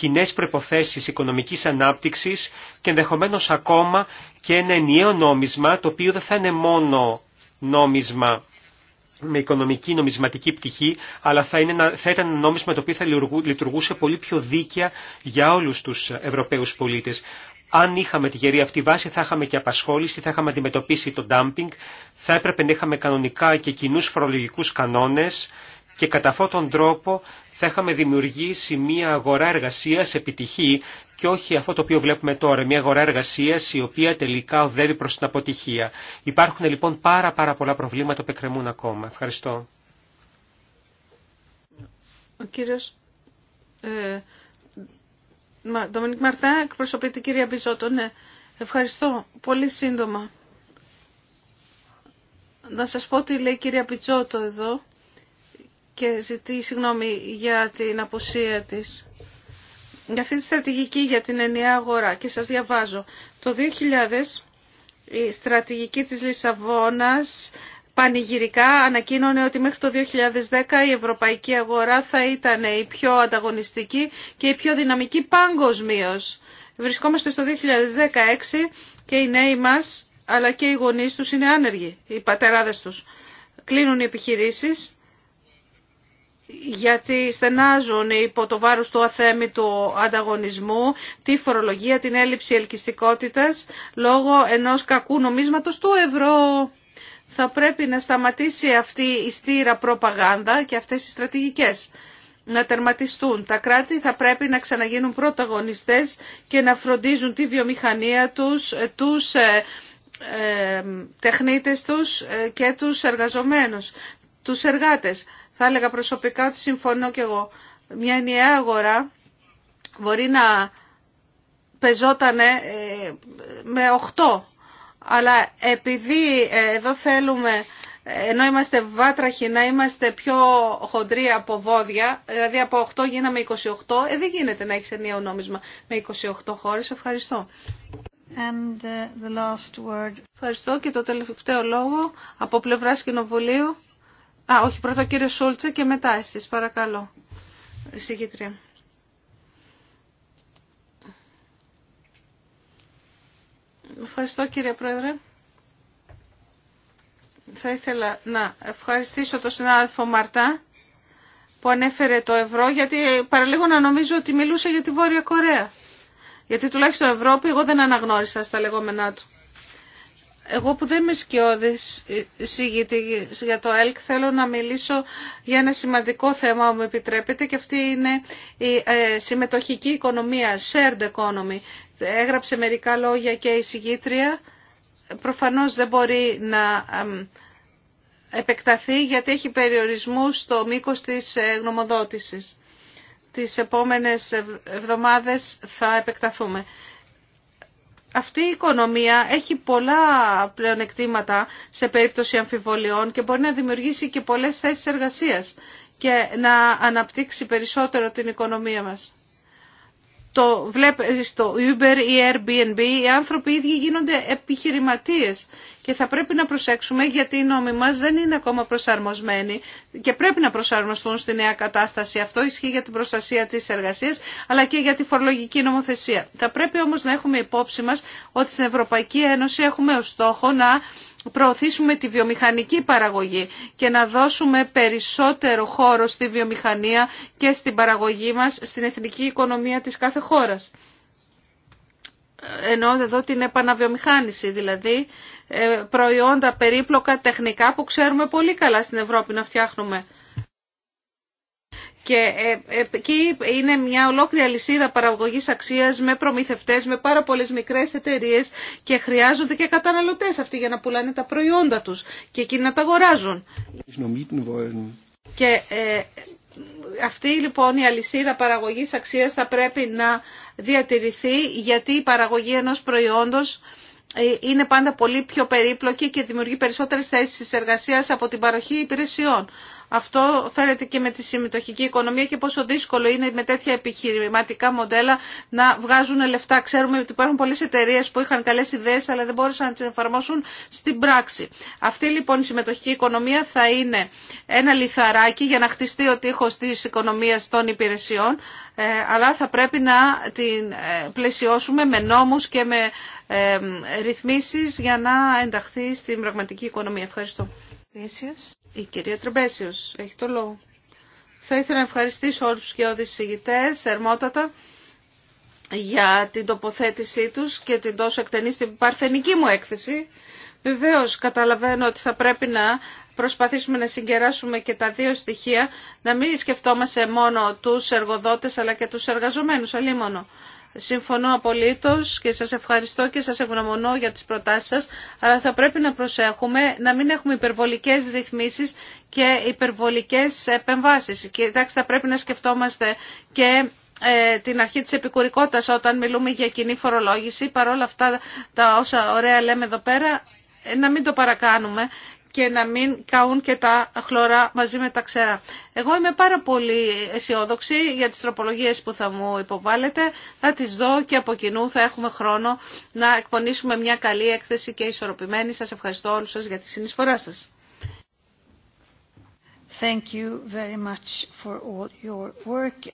κοινέ προποθέσει οικονομική ανάπτυξη, και ενδεχομένω ακόμα και ένα ενιαίο νόμισμα το οποίο δεν θα είναι μόνο νόμισμα με οικονομική νομισματική πτυχή, αλλά θα, είναι ένα, θα ήταν ένα νόμισμα το οποίο θα λειτουργούσε πολύ πιο δίκαια για όλου του Ευρωπαίου πολίτε. Αν είχαμε τη γερή αυτή βάση θα είχαμε και απασχόληση, θα είχαμε αντιμετωπίσει το dumping, θα έπρεπε να είχαμε κανονικά και κοινού φορολογικού κανόνε και κατά αυτόν τον τρόπο θα είχαμε δημιουργήσει μια αγορά εργασίας επιτυχή και όχι αυτό το οποίο βλέπουμε τώρα, μια αγορά εργασίας η οποία τελικά οδεύει προς την αποτυχία. Υπάρχουν λοιπόν πάρα πάρα πολλά προβλήματα που εκκρεμούν ακόμα. Ευχαριστώ. Ο κύριος ε, Ντομινίκ Μαρτά εκπροσωπεί την κυρία Μπιζότο. Ναι, ευχαριστώ. Πολύ σύντομα. Να σας πω τι λέει η κυρία Πιτσότο εδώ και ζητεί συγγνώμη για την αποσία της. Για αυτή τη στρατηγική για την ενιαία αγορά και σας διαβάζω. Το 2000 η στρατηγική της Λισαβόνας πανηγυρικά ανακοίνωνε ότι μέχρι το 2010 η ευρωπαϊκή αγορά θα ήταν η πιο ανταγωνιστική και η πιο δυναμική παγκοσμίω. Βρισκόμαστε στο 2016 και οι νέοι μας αλλά και οι γονείς τους είναι άνεργοι, οι πατεράδες τους. Κλείνουν οι επιχειρήσεις γιατί στενάζουν υπό το βάρος του του ανταγωνισμού τη φορολογία, την έλλειψη ελκυστικότητας λόγω ενός κακού νομίσματος του ευρώ. Θα πρέπει να σταματήσει αυτή η στήρα προπαγάνδα και αυτές οι στρατηγικές να τερματιστούν. Τα κράτη θα πρέπει να ξαναγίνουν πρωταγωνιστές και να φροντίζουν τη βιομηχανία τους, τους ε, ε τεχνίτες τους ε, και τους εργαζομένους, τους εργάτες. Θα έλεγα προσωπικά ότι συμφωνώ και εγώ. Μια ενιαία αγορά μπορεί να πεζότανε ε, με 8. Αλλά επειδή ε, εδώ θέλουμε, ε, ενώ είμαστε βάτραχοι, να είμαστε πιο χοντροί από βόδια, δηλαδή από 8 γίναμε 28, ε, δεν γίνεται να έχεις ενιαίο νόμισμα με 28 χώρες. Ευχαριστώ. And the last word. Ευχαριστώ και το τελευταίο λόγο από πλευράς Κοινοβουλίου. Α, όχι, πρώτα ο κύριος Σούλτσε και μετά εσείς, παρακαλώ. εισηγήτρια. Ευχαριστώ κύριε Πρόεδρε. Θα ήθελα να ευχαριστήσω τον συνάδελφο Μαρτά που ανέφερε το ευρώ γιατί παραλίγο να νομίζω ότι μιλούσε για τη Βόρεια Κορέα. Γιατί τουλάχιστον Ευρώπη εγώ δεν αναγνώρισα στα λεγόμενά του. Εγώ που δεν είμαι σκιώδης ε, για το ΕΛΚ θέλω να μιλήσω για ένα σημαντικό θέμα, αν μου επιτρέπετε, και αυτή είναι η ε, συμμετοχική οικονομία, shared economy. Έγραψε μερικά λόγια και η συγγήτρια. Προφανώς δεν μπορεί να επεκταθεί γιατί έχει περιορισμού στο μήκος της ε, γνωμοδότησης. Τις επόμενες εβδομάδες θα επεκταθούμε αυτή η οικονομία έχει πολλά πλεονεκτήματα σε περίπτωση αμφιβολιών και μπορεί να δημιουργήσει και πολλές θέσεις εργασίας και να αναπτύξει περισσότερο την οικονομία μας το στο Uber ή Airbnb, οι άνθρωποι ίδιοι γίνονται επιχειρηματίες και θα πρέπει να προσέξουμε γιατί οι νόμοι μας δεν είναι ακόμα προσαρμοσμένοι και πρέπει να προσαρμοστούν στη νέα κατάσταση. Αυτό ισχύει για την προστασία της εργασίας αλλά και για τη φορολογική νομοθεσία. Θα πρέπει όμως να έχουμε υπόψη μας ότι στην Ευρωπαϊκή Ένωση έχουμε ως στόχο να προωθήσουμε τη βιομηχανική παραγωγή και να δώσουμε περισσότερο χώρο στη βιομηχανία και στην παραγωγή μας στην εθνική οικονομία της κάθε χώρας. Ενώ εδώ την επαναβιομηχάνηση, δηλαδή ε, προϊόντα περίπλοκα τεχνικά που ξέρουμε πολύ καλά στην Ευρώπη να φτιάχνουμε. Και ε, ε, εκεί είναι μια ολόκληρη αλυσίδα παραγωγής αξίας με προμηθευτές, με πάρα πολλές μικρές εταιρείες και χρειάζονται και καταναλωτές αυτοί για να πουλάνε τα προϊόντα τους και εκείνοι να τα αγοράζουν. Και ε, αυτή λοιπόν η αλυσίδα παραγωγής αξίας θα πρέπει να διατηρηθεί γιατί η παραγωγή ενός προϊόντος είναι πάντα πολύ πιο περίπλοκη και δημιουργεί περισσότερες θέσεις εργασίας από την παροχή υπηρεσιών. Αυτό φέρεται και με τη συμμετοχική οικονομία και πόσο δύσκολο είναι με τέτοια επιχειρηματικά μοντέλα να βγάζουν λεφτά. Ξέρουμε ότι υπάρχουν πολλέ εταιρείε που είχαν καλέ ιδέε αλλά δεν μπόρεσαν να τι εφαρμόσουν στην πράξη. Αυτή λοιπόν η συμμετοχική οικονομία θα είναι ένα λιθαράκι για να χτιστεί ο τείχο τη οικονομία των υπηρεσιών ε, αλλά θα πρέπει να την ε, πλαισιώσουμε με νόμου και με ε, ρυθμίσει για να ενταχθεί στην πραγματική οικονομία. Ευχαριστώ. Η κυρία Τρεμπέσιος έχει το λόγο. Θα ήθελα να ευχαριστήσω όλους τους γεώδεις συγητές θερμότατα για την τοποθέτησή τους και την τόσο εκτενή στην παρθενική μου έκθεση. Βεβαίως καταλαβαίνω ότι θα πρέπει να προσπαθήσουμε να συγκεράσουμε και τα δύο στοιχεία, να μην σκεφτόμαστε μόνο τους εργοδότες αλλά και τους εργαζομένους αλίμονο. Συμφωνώ απολύτως και σας ευχαριστώ και σας ευγνωμονώ για τις προτάσεις σα, αλλά θα πρέπει να προσέχουμε να μην έχουμε υπερβολικές ρυθμίσει και υπερβολικές επεμβάσει. Και εντάξει θα πρέπει να σκεφτόμαστε και ε, την αρχή της επικουρικότητας όταν μιλούμε για κοινή φορολόγηση. Παρόλα αυτά τα όσα ωραία λέμε εδώ πέρα, ε, να μην το παρακάνουμε και να μην καούν και τα χλωρά μαζί με τα ξερά. Εγώ είμαι πάρα πολύ αισιόδοξη για τις τροπολογίες που θα μου υποβάλλετε. Θα τις δω και από κοινού θα έχουμε χρόνο να εκπονήσουμε μια καλή έκθεση και ισορροπημένη. Σας ευχαριστώ όλους σας για τη συνεισφορά σας. Thank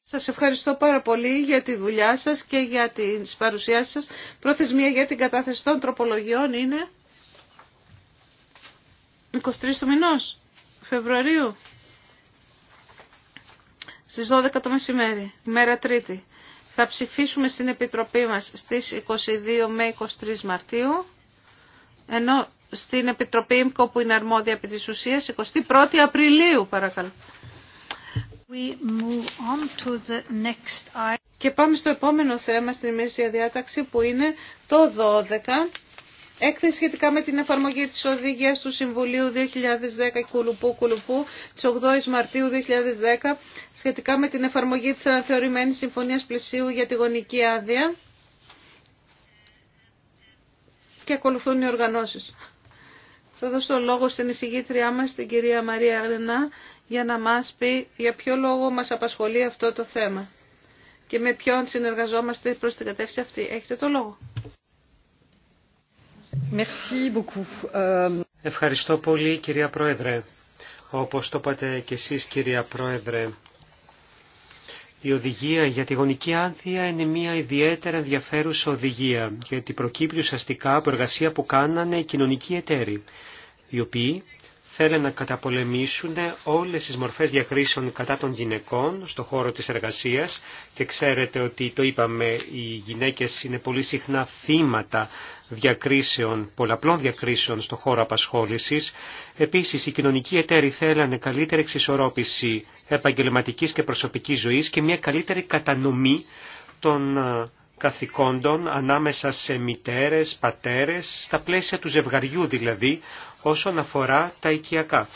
Σας ευχαριστώ πάρα πολύ για τη δουλειά σας και για τις παρουσιάσεις σας. Προθεσμία για την κατάθεση των τροπολογιών είναι... 23 του μηνός, Φεβρουαρίου, στις 12 το μεσημέρι, μέρα Τρίτη. Θα ψηφίσουμε στην Επιτροπή μας στις 22 με 23 Μαρτίου, ενώ στην Επιτροπή μκο που είναι αρμόδια επί της ουσίας, Απριλίου παρακαλώ. We move on to the next... Και πάμε στο επόμενο θέμα στην ημερήσια διάταξη που είναι το 12 Έκθεση σχετικά με την εφαρμογή της οδηγίας του Συμβουλίου 2010 Κουλουπού Κουλουπού της 8 Μαρτίου 2010 σχετικά με την εφαρμογή της αναθεωρημένης συμφωνίας πλησίου για τη γονική άδεια και ακολουθούν οι οργανώσεις. Θα δώσω το λόγο στην εισηγήτριά μας, την κυρία Μαρία Αγρινά για να μας πει για ποιο λόγο μας απασχολεί αυτό το θέμα και με ποιον συνεργαζόμαστε προς την κατεύθυνση αυτή. Έχετε το λόγο. Ευχαριστώ πολύ κυρία Πρόεδρε. Όπως το είπατε και εσείς κυρία Πρόεδρε, η οδηγία για τη γονική άνθεια είναι μια ιδιαίτερα ενδιαφέρουσα οδηγία, γιατί προκύπτει ουσιαστικά από εργασία που κάνανε οι κοινωνικοί εταίροι, οι οποίοι θέλουν να καταπολεμήσουν όλες τις μορφές διακρίσεων κατά των γυναικών στο χώρο της εργασίας και ξέρετε ότι το είπαμε οι γυναίκες είναι πολύ συχνά θύματα διακρίσεων, πολλαπλών διακρίσεων στο χώρο απασχόλησης. Επίσης, οι κοινωνικοί εταίροι θέλανε καλύτερη εξισορρόπηση επαγγελματικής και προσωπικής ζωής και μια καλύτερη κατανομή των καθηκόντων ανάμεσα σε μητέρες, πατέρες, στα πλαίσια του ζευγαριού δηλαδή, όσον αφορά τα οικιακά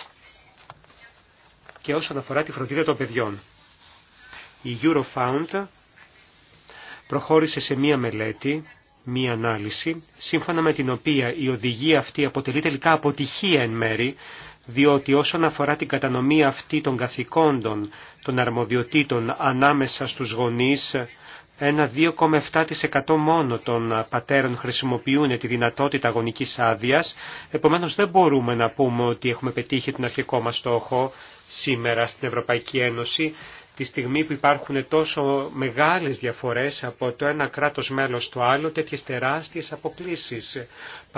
και όσον αφορά τη φροντίδα των παιδιών. Η Eurofound προχώρησε σε μία μελέτη, μία ανάλυση, σύμφωνα με την οποία η οδηγία αυτή αποτελεί τελικά αποτυχία εν μέρη, διότι όσον αφορά την κατανομή αυτή των καθηκόντων, των αρμοδιοτήτων ανάμεσα στους γονείς ένα 2,7% μόνο των πατέρων χρησιμοποιούν τη δυνατότητα αγωνικής άδειας, επομένως δεν μπορούμε να πούμε ότι έχουμε πετύχει τον αρχικό μας στόχο σήμερα στην Ευρωπαϊκή Ένωση, τη στιγμή που υπάρχουν τόσο μεγάλες διαφορές από το ένα κράτος μέλος στο άλλο, τέτοιες τεράστιες αποκλήσεις.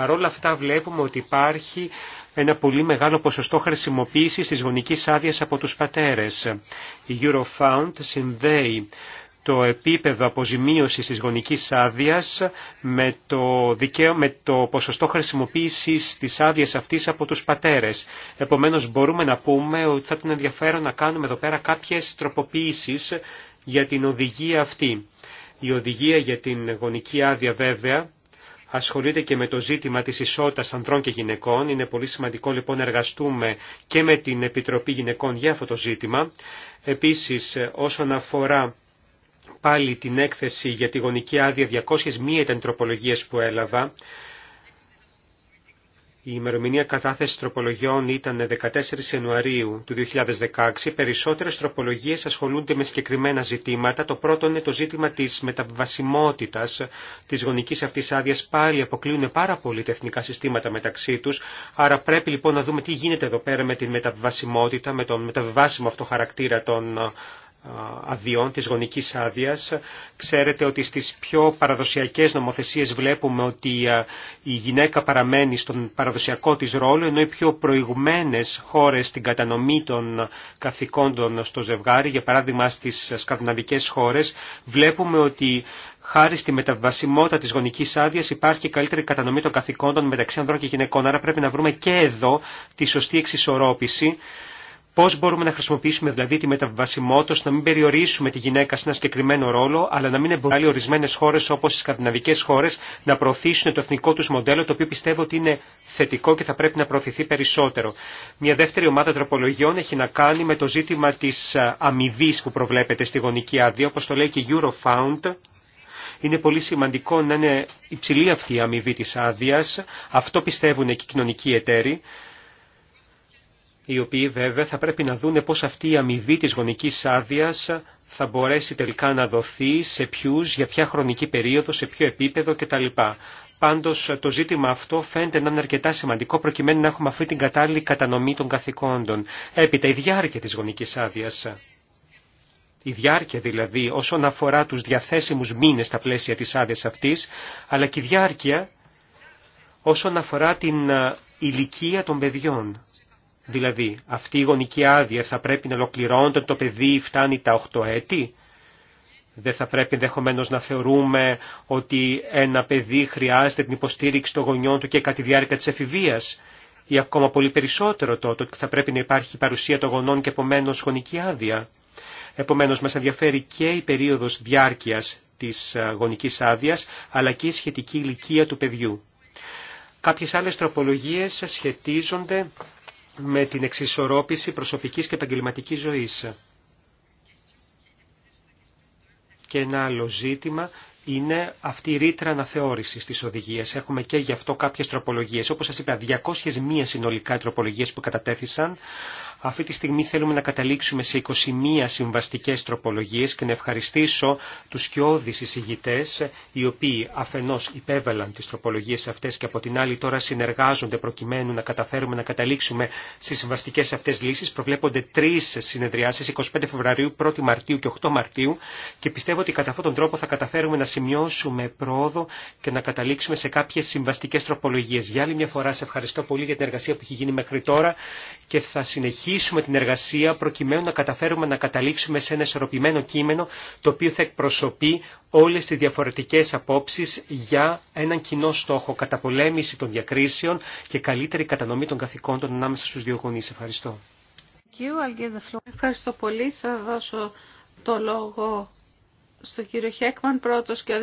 όλα αυτά βλέπουμε ότι υπάρχει ένα πολύ μεγάλο ποσοστό χρησιμοποίησης της γονικής άδειας από τους πατέρες. Η Eurofound συνδέει το επίπεδο αποζημίωσης της γονικής άδειας με το, δικαίω, με το ποσοστό χρησιμοποίησης της άδειας αυτής από τους πατέρες. Επομένως μπορούμε να πούμε ότι θα ήταν ενδιαφέρον να κάνουμε εδώ πέρα κάποιες τροποποίησεις για την οδηγία αυτή. Η οδηγία για την γονική άδεια βέβαια ασχολείται και με το ζήτημα της ισότητας ανδρών και γυναικών. Είναι πολύ σημαντικό λοιπόν να εργαστούμε και με την Επιτροπή Γυναικών για αυτό το ζήτημα. Επίσης όσον αφορά πάλι την έκθεση για τη γονική άδεια 201 ήταν τροπολογίες που έλαβα. Η ημερομηνία κατάθεση τροπολογιών ήταν 14 Ιανουαρίου του 2016. Περισσότερες τροπολογίες ασχολούνται με συγκεκριμένα ζητήματα. Το πρώτο είναι το ζήτημα της μεταβασιμότητας της γονικής αυτής άδειας. Πάλι αποκλείουν πάρα πολύ τα συστήματα μεταξύ τους. Άρα πρέπει λοιπόν να δούμε τι γίνεται εδώ πέρα με την μεταβασιμότητα, με τον μεταβάσιμο αυτό χαρακτήρα των αδειών, της γονικής άδειας. Ξέρετε ότι στις πιο παραδοσιακές νομοθεσίες βλέπουμε ότι η γυναίκα παραμένει στον παραδοσιακό της ρόλο, ενώ οι πιο προηγουμένες χώρες στην κατανομή των καθηκόντων στο ζευγάρι, για παράδειγμα στις σκανδιναβικές χώρες, βλέπουμε ότι χάρη στη μεταβασιμότητα της γονικής άδειας υπάρχει καλύτερη κατανομή των καθηκόντων μεταξύ ανδρών και γυναικών. Άρα πρέπει να βρούμε και εδώ τη σωστή εξισορρόπηση Πώ μπορούμε να χρησιμοποιήσουμε δηλαδή τη μεταβασιμότητα να μην περιορίσουμε τη γυναίκα σε ένα συγκεκριμένο ρόλο, αλλά να μην εμποδίσουμε ορισμένε χώρε όπω οι σκανδιναβικέ χώρε να προωθήσουν το εθνικό του μοντέλο, το οποίο πιστεύω ότι είναι θετικό και θα πρέπει να προωθηθεί περισσότερο. Μια δεύτερη ομάδα τροπολογιών έχει να κάνει με το ζήτημα τη ε, αμοιβή που προβλέπεται στη γονική άδεια, όπω το λέει και η Eurofound, είναι πολύ σημαντικό να είναι υψηλή αυτή η αμοιβή τη άδεια. Αυτό πιστεύουν και οι κοινωνικοί εταίροι οι οποίοι βέβαια θα πρέπει να δούνε πώς αυτή η αμοιβή της γονικής άδεια θα μπορέσει τελικά να δοθεί, σε ποιους, για ποια χρονική περίοδο, σε ποιο επίπεδο κτλ. Πάντως το ζήτημα αυτό φαίνεται να είναι αρκετά σημαντικό προκειμένου να έχουμε αυτή την κατάλληλη κατανομή των καθηκόντων. Έπειτα η διάρκεια της γονικής άδεια. Η διάρκεια δηλαδή όσον αφορά τους διαθέσιμους μήνες στα πλαίσια της άδεια αυτής, αλλά και η διάρκεια όσον αφορά την ε, ηλικία των παιδιών. Δηλαδή, αυτή η γονική άδεια θα πρέπει να ολοκληρώνεται το παιδί φτάνει τα 8 έτη. Δεν θα πρέπει ενδεχομένω να θεωρούμε ότι ένα παιδί χρειάζεται την υποστήριξη των γονιών του και κατά τη διάρκεια τη εφηβεία. ή ακόμα πολύ περισσότερο τότε ότι θα πρέπει να υπάρχει παρουσία των γονών και επομένω γονική άδεια. Επομένω, μα ενδιαφέρει και η περίοδο διάρκεια τη ε, γονική άδεια, αλλά και η σχετική ηλικία του παιδιού. Κάποιες άλλες τροπολογίες σχετίζονται με την εξισορρόπηση προσωπικής και επαγγελματική ζωής. Και ένα άλλο ζήτημα είναι αυτή η ρήτρα αναθεώρηση τη οδηγία. Έχουμε και γι' αυτό κάποιε τροπολογίε. Όπω σα είπα, 201 συνολικά τροπολογίες τροπολογίε που κατατέθησαν. Αυτή τη στιγμή θέλουμε να καταλήξουμε σε 21 συμβαστικές τροπολογίες και να ευχαριστήσω τους σκιώδεις εισηγητές, οι οποίοι αφενός υπέβαλαν τις τροπολογίες αυτές και από την άλλη τώρα συνεργάζονται προκειμένου να καταφέρουμε να καταλήξουμε στις συμβαστικές αυτές λύσεις. Προβλέπονται τρεις συνεδριάσεις, 25 Φεβρουαρίου, 1 Μαρτίου και 8 Μαρτίου και πιστεύω ότι κατά αυτόν τον τρόπο θα καταφέρουμε να σημειώσουμε πρόοδο και να καταλήξουμε σε κάποιες συμβαστικές τροπολογίες. Για μια φορά σε ευχαριστώ πολύ για την εργασία που έχει γίνει μέχρι τώρα και θα συνεχίσουμε συνεχίσουμε την εργασία προκειμένου να καταφέρουμε να καταλήξουμε σε ένα ισορροπημένο κείμενο το οποίο θα εκπροσωπεί όλες τις διαφορετικές απόψεις για έναν κοινό στόχο, καταπολέμηση των διακρίσεων και καλύτερη κατανομή των καθηκόντων ανάμεσα στους δύο γονείς. Ευχαριστώ. Ευχαριστώ πολύ. Θα δώσω το λόγο στον κύριο Χέκμαν, πρώτος και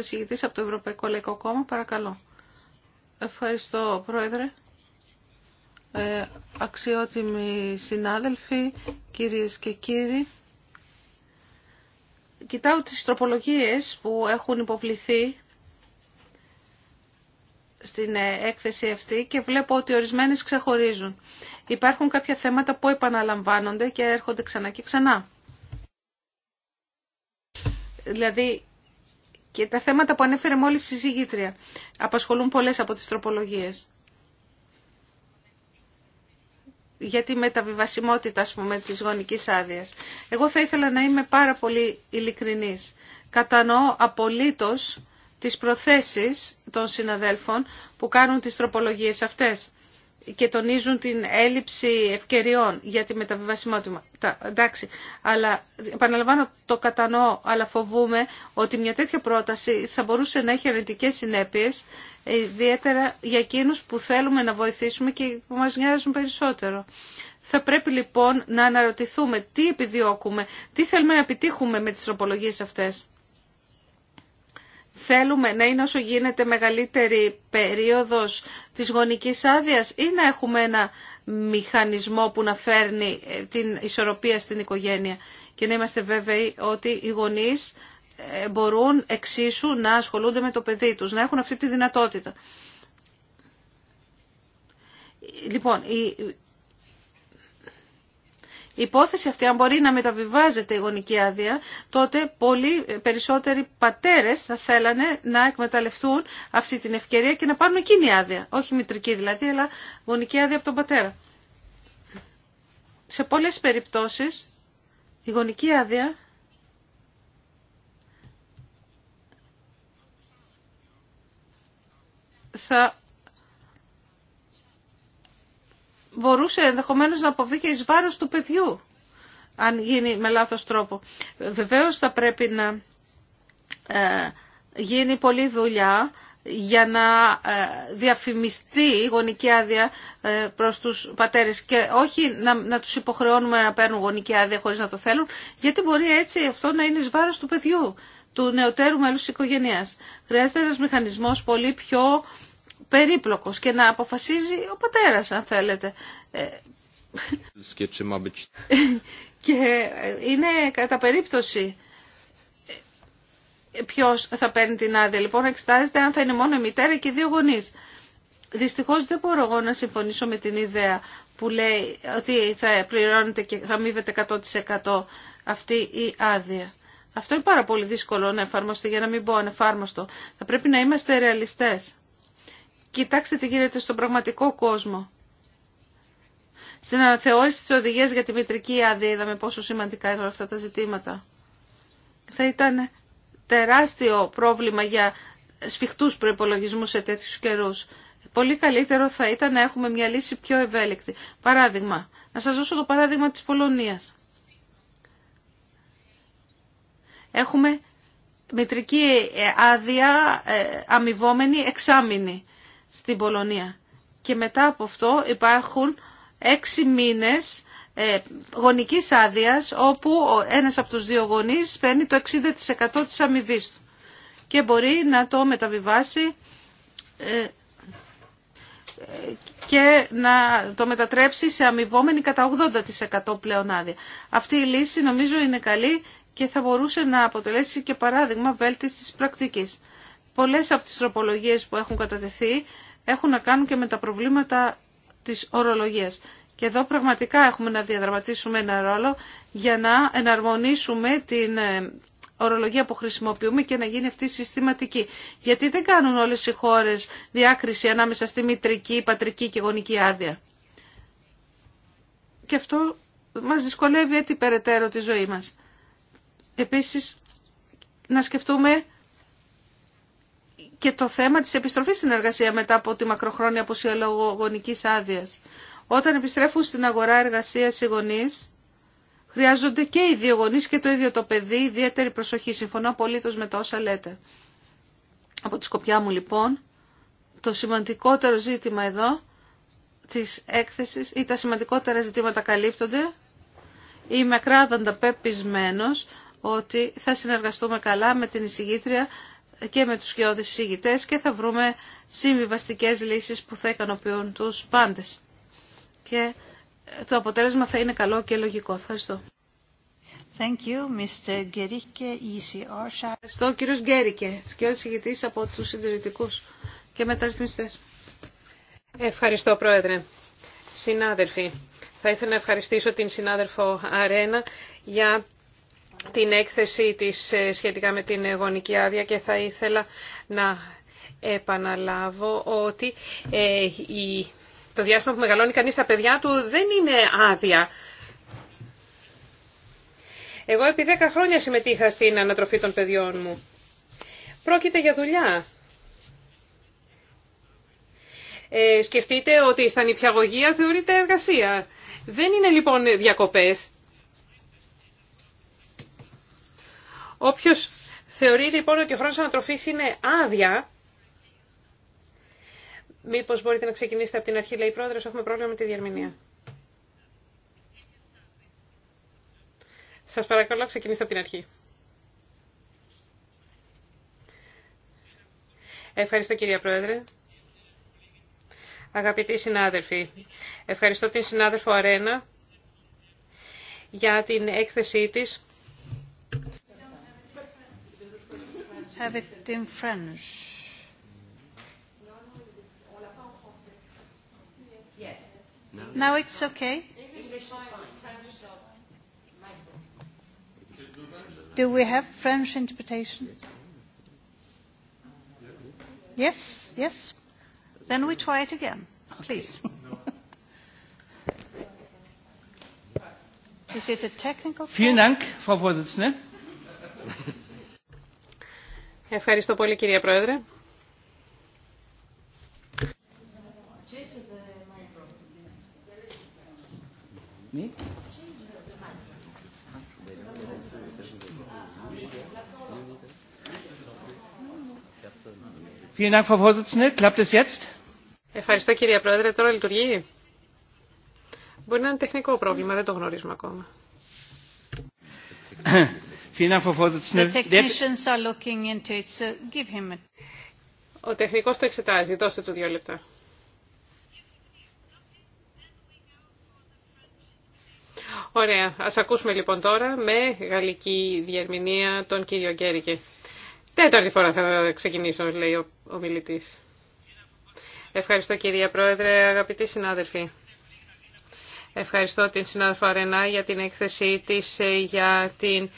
από το Ευρωπαϊκό Λαϊκό Κόμμα. Παρακαλώ. Ευχαριστώ, Πρόεδρε. Ε, αξιότιμοι συνάδελφοι, κυρίες και κύριοι, κοιτάω τις τροπολογίες που έχουν υποβληθεί στην ε, έκθεση αυτή και βλέπω ότι ορισμένες ξεχωρίζουν. Υπάρχουν κάποια θέματα που επαναλαμβάνονται και έρχονται ξανά και ξανά. Δηλαδή και τα θέματα που ανέφερε μόλις η συζήτρια απασχολούν πολλές από τις τροπολογίες για τη μεταβιβασιμότητα ας πούμε, της γονικής άδειας. Εγώ θα ήθελα να είμαι πάρα πολύ ειλικρινής. Κατανοώ απολύτως τις προθέσεις των συναδέλφων που κάνουν τις τροπολογίες αυτές και τονίζουν την έλλειψη ευκαιριών για τη μεταβιβασιμότητα. Εντάξει, αλλά επαναλαμβάνω το κατανοώ, αλλά φοβούμε ότι μια τέτοια πρόταση θα μπορούσε να έχει αρνητικέ συνέπειε, ε, ιδιαίτερα για εκείνου που θέλουμε να βοηθήσουμε και που μα νοιάζουν περισσότερο. Θα πρέπει λοιπόν να αναρωτηθούμε τι επιδιώκουμε, τι θέλουμε να επιτύχουμε με τις τροπολογίες αυτές. Θέλουμε να είναι όσο γίνεται μεγαλύτερη περίοδος της γονικής άδειας ή να έχουμε ένα μηχανισμό που να φέρνει ε, την ισορροπία στην οικογένεια και να είμαστε βέβαιοι ότι οι γονείς ε, μπορούν εξίσου να ασχολούνται με το παιδί τους, να έχουν αυτή τη δυνατότητα. Λοιπόν, η υπόθεση αυτή, αν μπορεί να μεταβιβάζεται η γονική άδεια, τότε πολλοί περισσότεροι πατέρες θα θέλανε να εκμεταλλευτούν αυτή την ευκαιρία και να πάρουν εκείνη άδεια. Όχι μητρική δηλαδή, αλλά γονική άδεια από τον πατέρα. Σε πολλές περιπτώσεις η γονική άδεια θα μπορούσε ενδεχομένω να αποβεί και εις βάρος του παιδιού, αν γίνει με λάθος τρόπο. Βεβαίως θα πρέπει να ε, γίνει πολλή δουλειά για να ε, διαφημιστεί η γονική άδεια ε, προς τους πατέρες και όχι να, να τους υποχρεώνουμε να παίρνουν γονική άδεια χωρίς να το θέλουν, γιατί μπορεί έτσι αυτό να είναι εις βάρος του παιδιού, του νεωτέρου μέλους της οικογένειας. Χρειάζεται ένας μηχανισμός πολύ πιο περίπλοκος και να αποφασίζει ο πατέρας αν θέλετε. Ε, και είναι κατά περίπτωση ε, ποιος θα παίρνει την άδεια. Λοιπόν, εξετάζεται αν θα είναι μόνο η μητέρα και οι δύο γονείς. Δυστυχώς δεν μπορώ εγώ να συμφωνήσω με την ιδέα που λέει ότι θα πληρώνεται και θα μείβεται 100% αυτή η άδεια. Αυτό είναι πάρα πολύ δύσκολο να εφαρμοστεί για να μην πω ανεφάρμοστο. Θα πρέπει να είμαστε ρεαλιστές. Κοιτάξτε τι γίνεται στον πραγματικό κόσμο. Στην αναθεώρηση της οδηγίας για τη μητρική άδεια είδαμε πόσο σημαντικά είναι όλα αυτά τα ζητήματα. Θα ήταν τεράστιο πρόβλημα για σφιχτούς προπολογισμού σε τέτοιους καιρούς. Πολύ καλύτερο θα ήταν να έχουμε μια λύση πιο ευέλικτη. Παράδειγμα, να σας δώσω το παράδειγμα της Πολωνίας. Έχουμε μητρική άδεια ε, αμοιβόμενη εξάμηνη στην Πολωνία. Και μετά από αυτό υπάρχουν έξι μήνες ε, γονικής άδειας όπου ένας από τους δύο γονείς παίρνει το 60% της αμοιβή του και μπορεί να το μεταβιβάσει ε, και να το μετατρέψει σε αμοιβόμενη κατά 80% πλέον άδεια. Αυτή η λύση νομίζω είναι καλή και θα μπορούσε να αποτελέσει και παράδειγμα βέλτιστης πρακτικής. Πολλές από τις τροπολογίες που έχουν κατατεθεί έχουν να κάνουν και με τα προβλήματα της ορολογίας. Και εδώ πραγματικά έχουμε να διαδραματίσουμε ένα ρόλο για να εναρμονίσουμε την ε, ορολογία που χρησιμοποιούμε και να γίνει αυτή συστηματική. Γιατί δεν κάνουν όλες οι χώρες διάκριση ανάμεσα στη μητρική, πατρική και γονική άδεια. Και αυτό μας δυσκολεύει έτσι περαιτέρω τη ζωή μας. Επίσης, να σκεφτούμε και το θέμα της επιστροφής στην εργασία μετά από τη μακροχρόνια απουσία λόγω άδειας. Όταν επιστρέφουν στην αγορά εργασίας οι γονείς, χρειάζονται και οι δύο γονείς και το ίδιο το παιδί ιδιαίτερη προσοχή. Συμφωνώ απολύτως με τα όσα λέτε. Από τη σκοπιά μου λοιπόν, το σημαντικότερο ζήτημα εδώ της έκθεσης ή τα σημαντικότερα ζητήματα καλύπτονται. Είμαι ακράδαντα πεπισμένος ότι θα συνεργαστούμε καλά με την εισηγήτρια και με τους γεώδεις συγητές και θα βρούμε συμβιβαστικές λύσεις που θα ικανοποιούν τους πάντες. Και το αποτέλεσμα θα είναι καλό και λογικό. Ευχαριστώ. Thank you, Mr. Gericke, e Ευχαριστώ, κύριο Γκέρικε, σκιώδη ηγητής από τους συντηρητικού και μεταρρυθμιστέ. Ευχαριστώ, Πρόεδρε. Συνάδελφοι, θα ήθελα να ευχαριστήσω την συνάδελφο Αρένα για την έκθεση της ε, σχετικά με την γονική άδεια και θα ήθελα να επαναλάβω ότι ε, το διάστημα που μεγαλώνει κανείς τα παιδιά του δεν είναι άδεια. Εγώ επί χρόνια συμμετείχα στην ανατροφή των παιδιών μου. Πρόκειται για δουλειά. Ε, σκεφτείτε ότι στα νηπιαγωγεία θεωρείται εργασία. Δεν είναι λοιπόν διακοπές. Όποιο θεωρεί λοιπόν ότι ο χρόνο ανατροφή είναι άδεια, μήπως μπορείτε να ξεκινήσετε από την αρχή, λέει η πρόεδρο έχουμε πρόβλημα με τη διαρμηνία. Σας παρακαλώ, ξεκινήστε από την αρχή. Ευχαριστώ κυρία Πρόεδρε. Αγαπητοί συνάδελφοι, ευχαριστώ την συνάδελφο Αρένα για την έκθεσή της have it in French. No, Yes. Now it's okay. Do we have French interpretation? Yes, yes. Then we try it again, please. Is it a technical? Vielen Dank, Frau Vorsitzende. Ευχαριστώ πολύ κυρία Πρόεδρε. Ευχαριστώ κυρία Πρόεδρε. Τώρα λειτουργεί. Μπορεί να είναι τεχνικό πρόβλημα, δεν το γνωρίζουμε ακόμα. Ο τεχνικός το εξετάζει. Δώστε του δύο λεπτά. Ωραία. Ας ακούσουμε λοιπόν τώρα με γαλλική διερμηνία τον κύριο Γκέρικε. Τέταρτη φορά θα ξεκινήσω, λέει ο, ο μιλητής. Ευχαριστώ κυρία Πρόεδρε, αγαπητοί συνάδελφοι. Ευχαριστώ την συνάδελφα Αρενά για την έκθεσή της, ε, για την,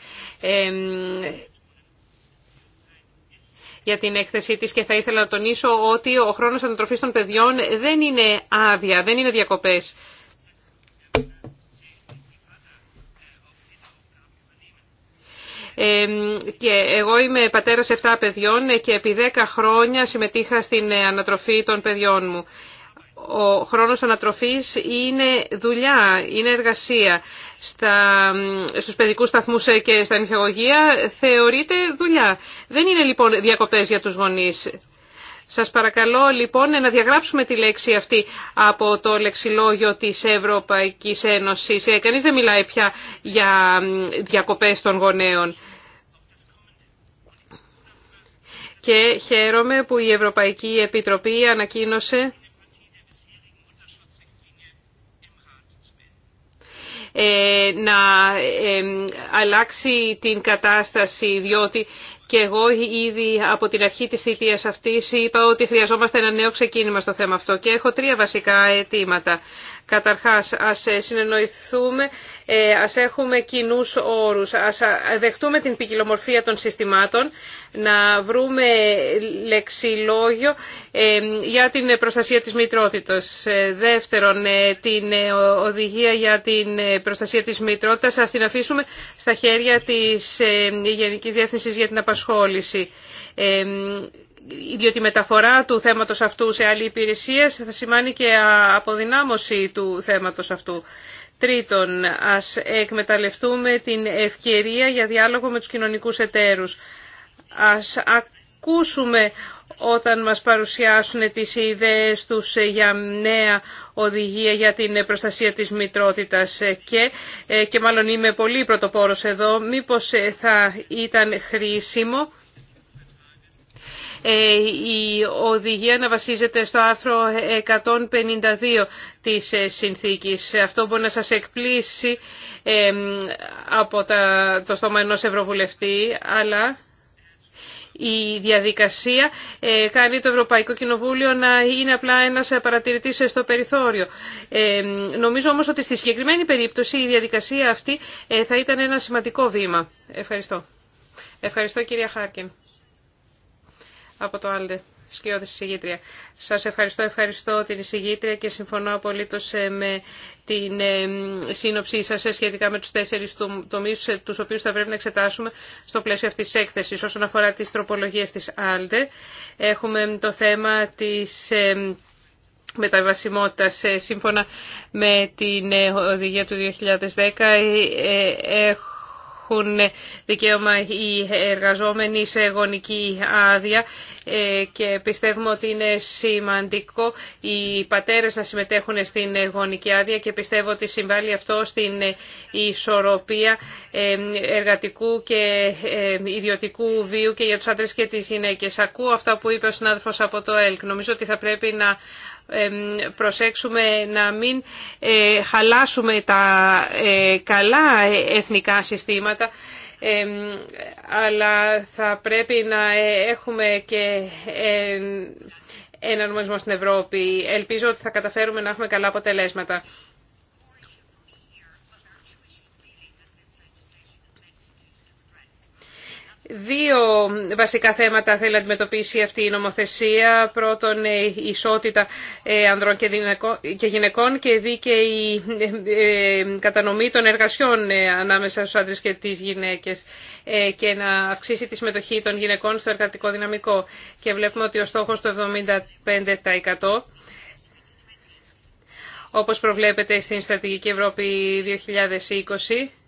για την έκθεσή της και θα ήθελα να τονίσω ότι ο χρόνος ανατροφής των παιδιών δεν είναι άδεια, δεν είναι διακοπές. και εγώ είμαι πατέρας 7 παιδιών και επί 10 χρόνια συμμετείχα στην ανατροφή των παιδιών μου ο χρόνος ανατροφής είναι δουλειά, είναι εργασία. Στα, στους παιδικούς σταθμούς και στα νηχαγωγεία θεωρείται δουλειά. Δεν είναι λοιπόν διακοπές για τους γονείς. Σας παρακαλώ λοιπόν να διαγράψουμε τη λέξη αυτή από το λεξιλόγιο της Ευρωπαϊκής Ένωσης. Ε, κανείς δεν μιλάει πια για διακοπές των γονέων. Και χαίρομαι που η Ευρωπαϊκή Επιτροπή ανακοίνωσε Ε, να ε, αλλάξει την κατάσταση διότι και εγώ ήδη από την αρχή της θητείας αυτής είπα ότι χρειαζόμαστε ένα νέο ξεκίνημα στο θέμα αυτό και έχω τρία βασικά αιτήματα. Καταρχάς, ας ε, συνεννοηθούμε, ε, ας έχουμε κοινού όρους, ας δεχτούμε την ποικιλομορφία των συστημάτων, να βρούμε λεξιλόγιο ε, για την προστασία της μητρότητας. Δεύτερον, την οδηγία για την προστασία της μητρότητας, ας την αφήσουμε στα χέρια της Γενικής Διεύθυνσης για την Απασχόληση απασχόληση. διότι η μεταφορά του θέματος αυτού σε άλλη υπηρεσία θα σημαίνει και αποδυνάμωση του θέματος αυτού. Τρίτον, ας εκμεταλλευτούμε την ευκαιρία για διάλογο με τους κοινωνικούς εταίρους ακούσουμε όταν μας παρουσιάσουν τις ιδέες τους ε, για νέα οδηγία για την ε, προστασία της μητρότητας ε, και, και μάλλον είμαι πολύ πρωτοπόρος εδώ, μήπως θα ήταν χρήσιμο η οδηγία να βασίζεται στο άρθρο 152 της συνθήκης. Αυτό μπορεί να σας εκπλήσει από το στόμα ενός Ευρωβουλευτή, αλλά η διαδικασία ε, κάνει το Ευρωπαϊκό Κοινοβούλιο να είναι απλά ένας παρατηρητής στο περιθώριο. Ε, νομίζω όμως ότι στη συγκεκριμένη περίπτωση η διαδικασία αυτή ε, θα ήταν ένα σημαντικό βήμα. Ευχαριστώ. Ευχαριστώ κυρία Χάρκιν από το Άλτε σκιώδη εισηγήτρια. Σας ευχαριστώ, ευχαριστώ την εισηγήτρια και συμφωνώ απολύτω ε, με την ε, σύνοψή σας ε, σχετικά με τους τέσσερις τομεί, του οποίους θα πρέπει να εξετάσουμε στο πλαίσιο αυτής της έκθεσης. Όσον αφορά τι τροπολογίε τη ΑΛΔΕ, έχουμε το θέμα της μεταβασιμότητας σύμφωνα με την οδηγία του 2010 έχουν δικαίωμα οι εργαζόμενοι σε γονική άδεια ε, και πιστεύουμε ότι είναι σημαντικό οι πατέρες να συμμετέχουν στην γονική άδεια και πιστεύω ότι συμβάλλει αυτό στην ισορροπία ε, εργατικού και ε, ιδιωτικού βίου και για τους άντρες και τις γυναίκες. Ακούω αυτά που είπε ο συνάδελφος από το ΕΛΚ. Νομίζω ότι θα πρέπει να προσέξουμε να μην ε, χαλάσουμε τα ε, καλά εθνικά συστήματα αλλά θα πρέπει να ε, έχουμε και νομισμό στην Ευρώπη. Ελπίζω ότι θα καταφέρουμε να έχουμε καλά αποτελέσματα. Δύο βασικά θέματα θέλει να αντιμετωπίσει αυτή η νομοθεσία. Πρώτον, ε, η ισότητα ε, ανδρών και γυναικών και δίκαιη ε, κατανομή των εργασιών ανάμεσα στους άντρες και τις γυναίκες και να αυξήσει τη συμμετοχή των γυναικών στο εργατικό δυναμικό. Και βλέπουμε ότι ο στόχος του 75% όπως προβλέπεται στην Στρατηγική Ευρώπη 2020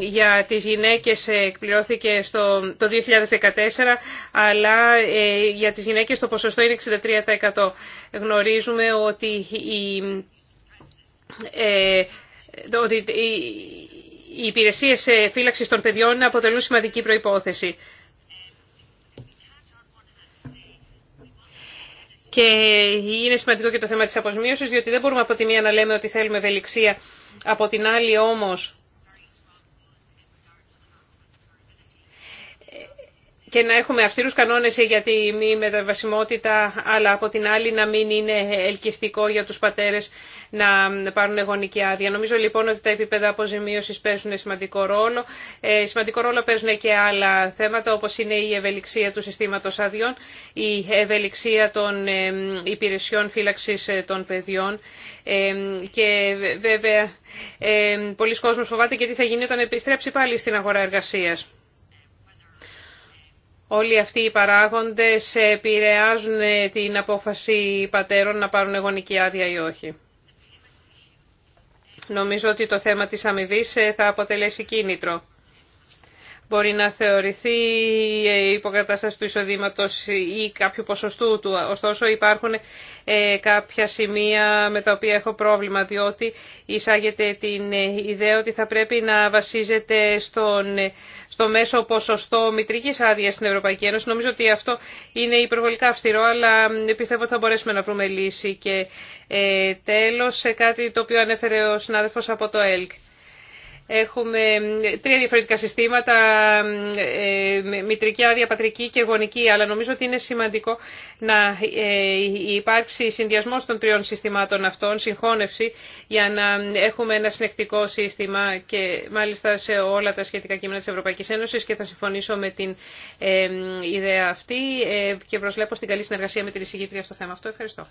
για τις γυναίκες ε, εκπληρώθηκε στο, το 2014, αλλά ε, για τις γυναίκες το ποσοστό είναι 63%. Γνωρίζουμε ότι η, ε, ότι οι υπηρεσίες φύλαξης των παιδιών αποτελούν σημαντική προϋπόθεση. Και είναι σημαντικό και το θέμα της αποσμίωσης, διότι δεν μπορούμε από τη μία να λέμε ότι θέλουμε ευελιξία, από την άλλη όμως και να έχουμε αυστηρούς κανόνες για τη μη μεταβασιμότητα, αλλά από την άλλη να μην είναι ελκυστικό για τους πατέρες να πάρουν γονική άδεια. Νομίζω λοιπόν ότι τα επίπεδα αποζημίωσης παίζουν σημαντικό ρόλο. Ε, σημαντικό ρόλο παίζουν και άλλα θέματα όπως είναι η ευελιξία του συστήματος αδειών, η ευελιξία των ε, υπηρεσιών φύλαξης ε, των παιδιών και βέβαια πολλοί κόσμοι φοβάται και τι θα γίνει όταν επιστρέψει πάλι στην αγορά εργασίας. Όλοι αυτοί οι παράγοντες επηρεάζουν ε, την απόφαση πατέρων να πάρουν γονική άδεια ή όχι. Νομίζω ότι το θέμα της αμοιβή ε, θα αποτελέσει κίνητρο μπορεί να θεωρηθεί υποκατάσταση του εισοδήματος ή κάποιου ποσοστού του. Ωστόσο υπάρχουν ε, κάποια σημεία με τα οποία έχω πρόβλημα, διότι εισάγεται την ε, ιδέα ότι θα πρέπει να βασίζεται ε, στο μέσο ποσοστό μητρικής άδειας στην Ευρωπαϊκή Ένωση. Νομίζω ότι αυτό είναι υπερβολικά αυστηρό, αλλά πιστεύω ότι θα μπορέσουμε να βρούμε λύση. Και ε, τέλος, σε κάτι το οποίο ανέφερε ο συνάδελφος από το ΕΛΚ. Έχουμε τρία διαφορετικά συστήματα, ε, μητρική άδεια, και γονική, αλλά νομίζω ότι είναι σημαντικό να ε, υπάρξει συνδυασμός των τριών συστημάτων αυτών, συγχώνευση, για να έχουμε ένα συνεκτικό σύστημα και μάλιστα σε όλα τα σχετικά κείμενα της Ευρωπαϊκής Ένωσης και θα συμφωνήσω με την ε, ιδέα αυτή και προσλέπω στην καλή συνεργασία με την εισηγήτρια στο θέμα αυτό. Ευχαριστώ.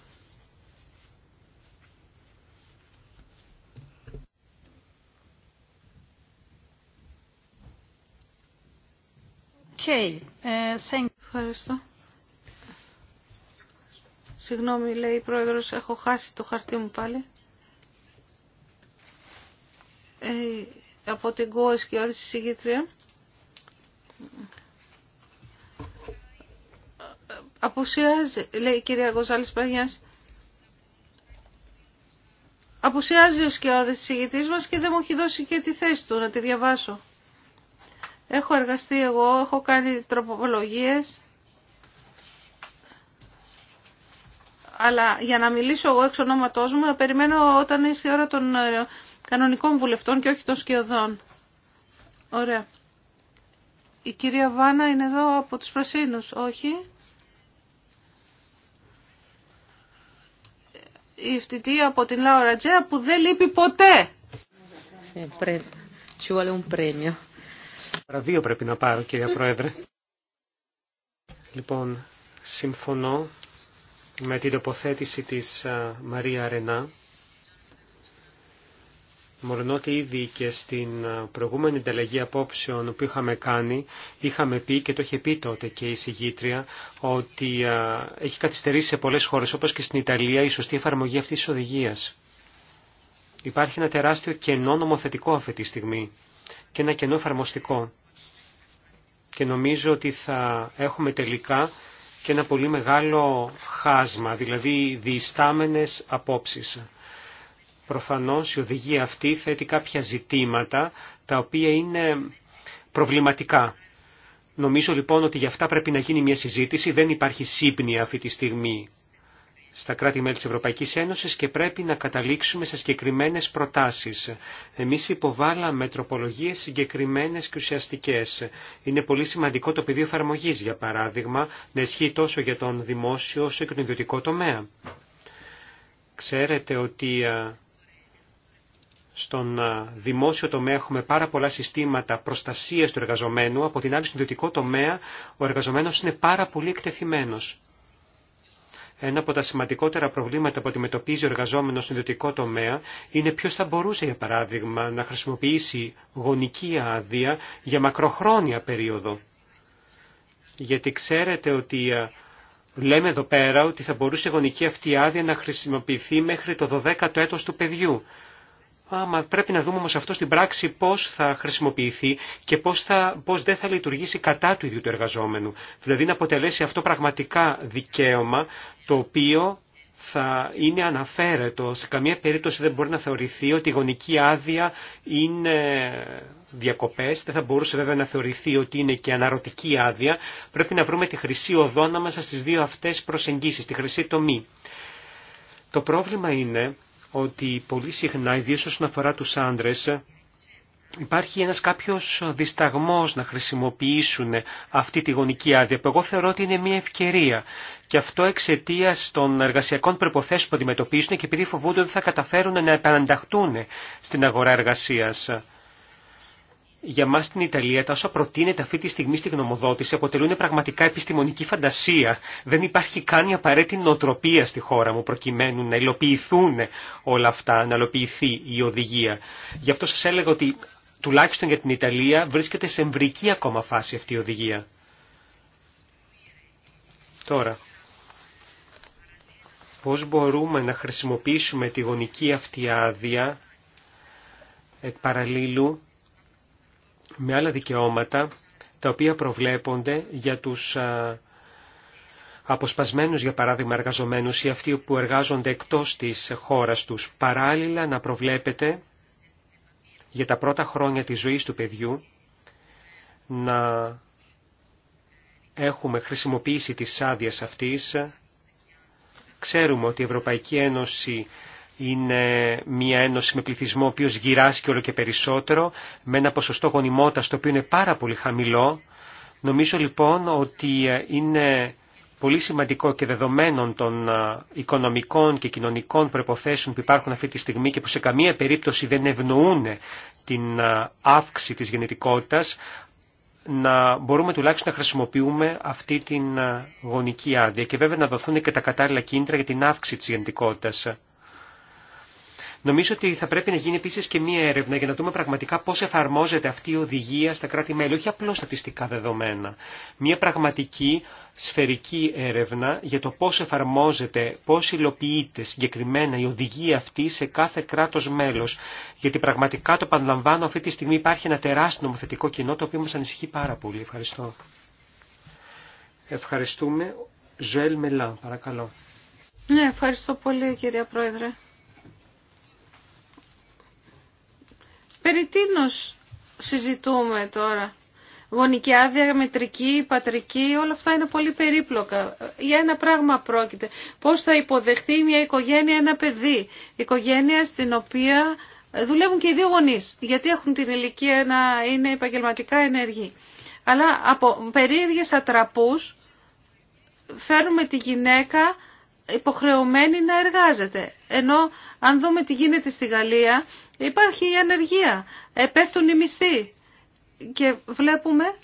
Uh, thank Ευχαριστώ. Συγγνώμη, λέει η Πρόεδρος, έχω χάσει το χαρτί μου πάλι. Ε, από την ΚΟΕΣ και όδηση συγγήτρια. Αποουσιάζει, λέει η κυρία γοζάλης Παγιάς. Αποουσιάζει ο σκιώδης συγγητής μας και δεν μου έχει δώσει και τη θέση του να τη διαβάσω. Έχω εργαστεί εγώ, έχω κάνει τροπολογίες. Αλλά για να μιλήσω εγώ εξ ονόματός μου, να περιμένω όταν ήρθε η ώρα των ε, κανονικών βουλευτών και όχι των σκιωδών. Ωραία. Η κυρία Βάνα είναι εδώ από τους Πρασίνους, όχι. Η ευθυντή από την Λαορατζέα που δεν λείπει ποτέ. τι un premio δύο πρέπει να πάρω, κυρία Πρόεδρε. Λοιπόν, συμφωνώ με την τοποθέτηση της Μαρία Ρενά. ότι ήδη και στην προηγούμενη ανταλλαγή απόψεων που είχαμε κάνει, είχαμε πει και το είχε πει τότε και η συγγήτρια, ότι έχει καθυστερήσει σε πολλές χώρες, όπως και στην Ιταλία, η σωστή εφαρμογή αυτής της οδηγίας. Υπάρχει ένα τεράστιο κενό νομοθετικό αυτή τη στιγμή και ένα κενό εφαρμοστικό. Και νομίζω ότι θα έχουμε τελικά και ένα πολύ μεγάλο χάσμα, δηλαδή διστάμενες απόψεις. Προφανώς η οδηγία αυτή θέτει κάποια ζητήματα τα οποία είναι προβληματικά. Νομίζω λοιπόν ότι για αυτά πρέπει να γίνει μια συζήτηση, δεν υπάρχει σύμπνοια αυτή τη στιγμή στα κράτη-μέλη της Ευρωπαϊκής Ένωσης και πρέπει να καταλήξουμε σε συγκεκριμένες προτάσεις. Εμείς υποβάλαμε τροπολογίες συγκεκριμένες και ουσιαστικές. Είναι πολύ σημαντικό το πεδίο εφαρμογή, για παράδειγμα, να ισχύει τόσο για τον δημόσιο όσο και τον ιδιωτικό τομέα. Ξέρετε ότι ε, στον ε, δημόσιο τομέα έχουμε πάρα πολλά συστήματα προστασίας του εργαζομένου, από την άλλη στον ιδιωτικό τομέα ο εργαζομένος είναι πάρα πολύ εκτεθειμένος. Ένα από τα σημαντικότερα προβλήματα που αντιμετωπίζει ο εργαζόμενο στον ιδιωτικό τομέα είναι ποιο θα μπορούσε, για παράδειγμα, να χρησιμοποιήσει γονική άδεια για μακροχρόνια περίοδο. Γιατί ξέρετε ότι ε, λέμε εδώ πέρα ότι θα μπορούσε η γονική αυτή άδεια να χρησιμοποιηθεί μέχρι το 12ο έτος του παιδιού. Άμα πρέπει να δούμε όμως αυτό στην πράξη πώς θα χρησιμοποιηθεί και πώς, θα, πώς δεν θα λειτουργήσει κατά του ίδιου του εργαζόμενου. Δηλαδή να αποτελέσει αυτό πραγματικά δικαίωμα το οποίο θα είναι αναφέρετο. Σε καμία περίπτωση δεν μπορεί να θεωρηθεί ότι η γονική άδεια είναι διακοπές. Δεν θα μπορούσε βέβαια να θεωρηθεί ότι είναι και αναρωτική άδεια. Πρέπει να βρούμε τη χρυσή οδόνα μας στις δύο αυτές προσεγγίσεις, τη χρυσή τομή. Το πρόβλημα είναι ότι πολύ συχνά, ιδίως όσον αφορά τους άντρες, υπάρχει ένας κάποιος δισταγμός να χρησιμοποιήσουν αυτή τη γονική άδεια, που εγώ θεωρώ ότι είναι μια ευκαιρία. Και αυτό εξαιτία των εργασιακών προποθέσεων που αντιμετωπίζουν και επειδή φοβούνται ότι θα καταφέρουν να επανανταχτούν στην αγορά εργασίας για μας στην Ιταλία τα όσα προτείνεται αυτή τη στιγμή στη γνωμοδότηση αποτελούν πραγματικά επιστημονική φαντασία. Δεν υπάρχει καν η απαραίτητη νοοτροπία στη χώρα μου προκειμένου να υλοποιηθούν όλα αυτά, να υλοποιηθεί η οδηγία. Γι' αυτό σα έλεγα ότι τουλάχιστον για την Ιταλία βρίσκεται σε εμβρική ακόμα φάση αυτή η οδηγία. Τώρα, πώς μπορούμε να χρησιμοποιήσουμε τη γονική αυτή άδεια εκ παραλίλου με άλλα δικαιώματα τα οποία προβλέπονται για τους αποσπασμένους για παράδειγμα εργαζομένους ή αυτοί που εργάζονται εκτός της χώρας τους. Παράλληλα να προβλέπεται για τα πρώτα χρόνια της ζωής του παιδιού να έχουμε χρησιμοποιήσει τις άδειες αυτής. Ξέρουμε ότι η Ευρωπαϊκή Ένωση είναι μια ένωση με πληθυσμό ο οποίος γυράσκει όλο και περισσότερο, με ένα ποσοστό γονιμότητας το οποίο είναι πάρα πολύ χαμηλό. Νομίζω λοιπόν ότι ε, είναι πολύ σημαντικό και δεδομένων των ε, οικονομικών και κοινωνικών προϋποθέσεων που υπάρχουν αυτή τη στιγμή και που σε καμία περίπτωση δεν ευνοούν την ε, αύξηση της γενετικότητας, να μπορούμε τουλάχιστον να χρησιμοποιούμε αυτή την γονική άδεια και βέβαια να δοθούν και τα κατάλληλα κίνητρα για την αύξηση της γενετικότητας. Νομίζω ότι θα πρέπει να γίνει επίση και μία έρευνα για να δούμε πραγματικά πώ εφαρμόζεται αυτή η οδηγία στα κράτη-μέλη, όχι απλώ στατιστικά δεδομένα. Μία πραγματική σφαιρική έρευνα για το πώ εφαρμόζεται, πώ υλοποιείται συγκεκριμένα η οδηγία αυτή σε κάθε κράτο μέλο. Γιατί πραγματικά το πανλαμβάνω αυτή τη στιγμή υπάρχει ένα τεράστιο νομοθετικό κοινό το οποίο μα ανησυχεί πάρα πολύ. Ευχαριστώ. Ευχαριστούμε. Ζωέλ Μελά, παρακαλώ. Ναι, ευχαριστώ πολύ κυρία Πρόεδρε. Περί τίνος συζητούμε τώρα. Γονική άδεια, μετρική, πατρική, όλα αυτά είναι πολύ περίπλοκα. Για ένα πράγμα πρόκειται. Πώς θα υποδεχτεί μια οικογένεια ένα παιδί. Οικογένεια στην οποία δουλεύουν και οι δύο γονείς. Γιατί έχουν την ηλικία να είναι επαγγελματικά ενεργοί. Αλλά από περίεργες ατραπούς φέρνουμε τη γυναίκα υποχρεωμένη να εργάζεται. Ενώ αν δούμε τι γίνεται στη Γαλλία υπάρχει η ανεργία, πέφτουν οι μισθοί και βλέπουμε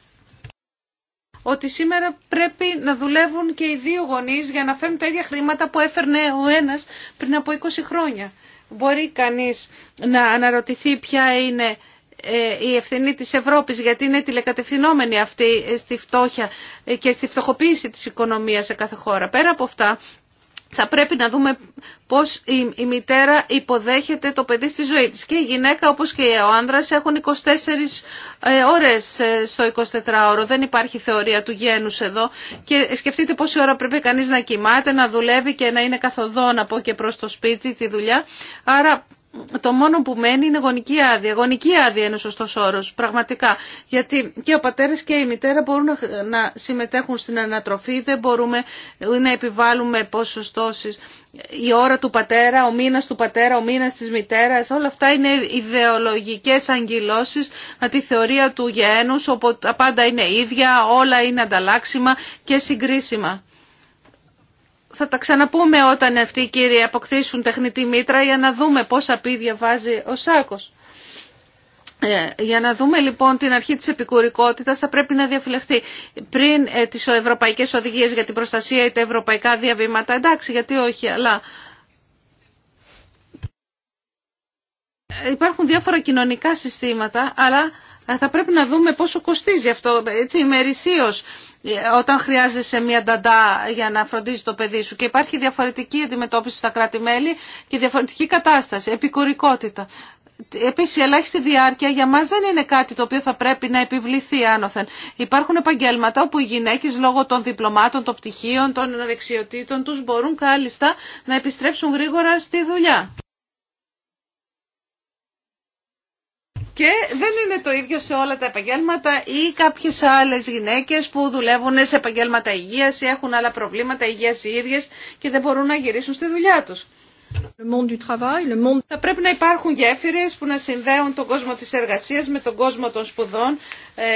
ότι σήμερα πρέπει να δουλεύουν και οι δύο γονείς για να φέρουν τα ίδια χρήματα που έφερνε ο ένας πριν από 20 χρόνια. Μπορεί κανείς να αναρωτηθεί ποια είναι ε, η ευθυνή της Ευρώπης γιατί είναι τηλεκατευθυνόμενη αυτή στη φτώχεια και στη φτωχοποίηση της οικονομίας σε κάθε χώρα. Πέρα από αυτά θα πρέπει να δούμε πώς η, μητέρα υποδέχεται το παιδί στη ζωή της. Και η γυναίκα όπως και ο άνδρας έχουν 24 ε, ώρες ε, στο 24ωρο. Δεν υπάρχει θεωρία του γένους εδώ. Και σκεφτείτε πόση ώρα πρέπει κανείς να κοιμάται, να δουλεύει και να είναι καθοδόν από και προς το σπίτι τη δουλειά. Άρα το μόνο που μένει είναι γονική άδεια. Γονική άδεια είναι ο σωστό όρος, πραγματικά. Γιατί και ο πατέρας και η μητέρα μπορούν να συμμετέχουν στην ανατροφή, δεν μπορούμε ε, να επιβάλλουμε ποσοστώσεις. Η ώρα του πατέρα, ο μήνας του πατέρα, ο μήνας της μητέρας, όλα αυτά είναι ιδεολογικέ αγγυλώσει με τη θεωρία του γένους, όπου τα πάντα είναι ίδια, όλα είναι ανταλλάξιμα και συγκρίσιμα θα τα ξαναπούμε όταν αυτοί οι κύριοι αποκτήσουν τεχνητή μήτρα για να δούμε πόσα πίδια βάζει ο Σάκος. Ε, για να δούμε λοιπόν την αρχή της επικουρικότητας θα πρέπει να διαφυλαχθεί πριν ε, τις ευρωπαϊκές οδηγίες για την προστασία ή τα ευρωπαϊκά διαβήματα. Εντάξει, γιατί όχι, αλλά υπάρχουν διάφορα κοινωνικά συστήματα, αλλά ε, θα πρέπει να δούμε πόσο κοστίζει αυτό, έτσι, ημερησίως ε, όταν χρειάζεσαι μια νταντά για να φροντίζει το παιδί σου και υπάρχει διαφορετική αντιμετώπιση στα κράτη-μέλη και διαφορετική κατάσταση, επικουρικότητα. Επίση, η ελάχιστη διάρκεια για μα δεν είναι κάτι το οποίο θα πρέπει να επιβληθεί άνωθεν. Υπάρχουν επαγγέλματα όπου οι γυναίκε λόγω των διπλωμάτων, των πτυχίων, των δεξιοτήτων του μπορούν κάλλιστα να επιστρέψουν γρήγορα στη δουλειά. Και δεν είναι το ίδιο σε όλα τα επαγγέλματα ή κάποιες άλλες γυναίκες που δουλεύουν σε επαγγέλματα υγείας ή έχουν άλλα προβλήματα υγείας οι ίδιες και δεν μπορούν να γυρίσουν στη δουλειά τους. Le monde du travail, le monde... Θα πρέπει να υπάρχουν γέφυρες που να συνδέουν τον κόσμο της εργασίας με τον κόσμο των σπουδών. Ε,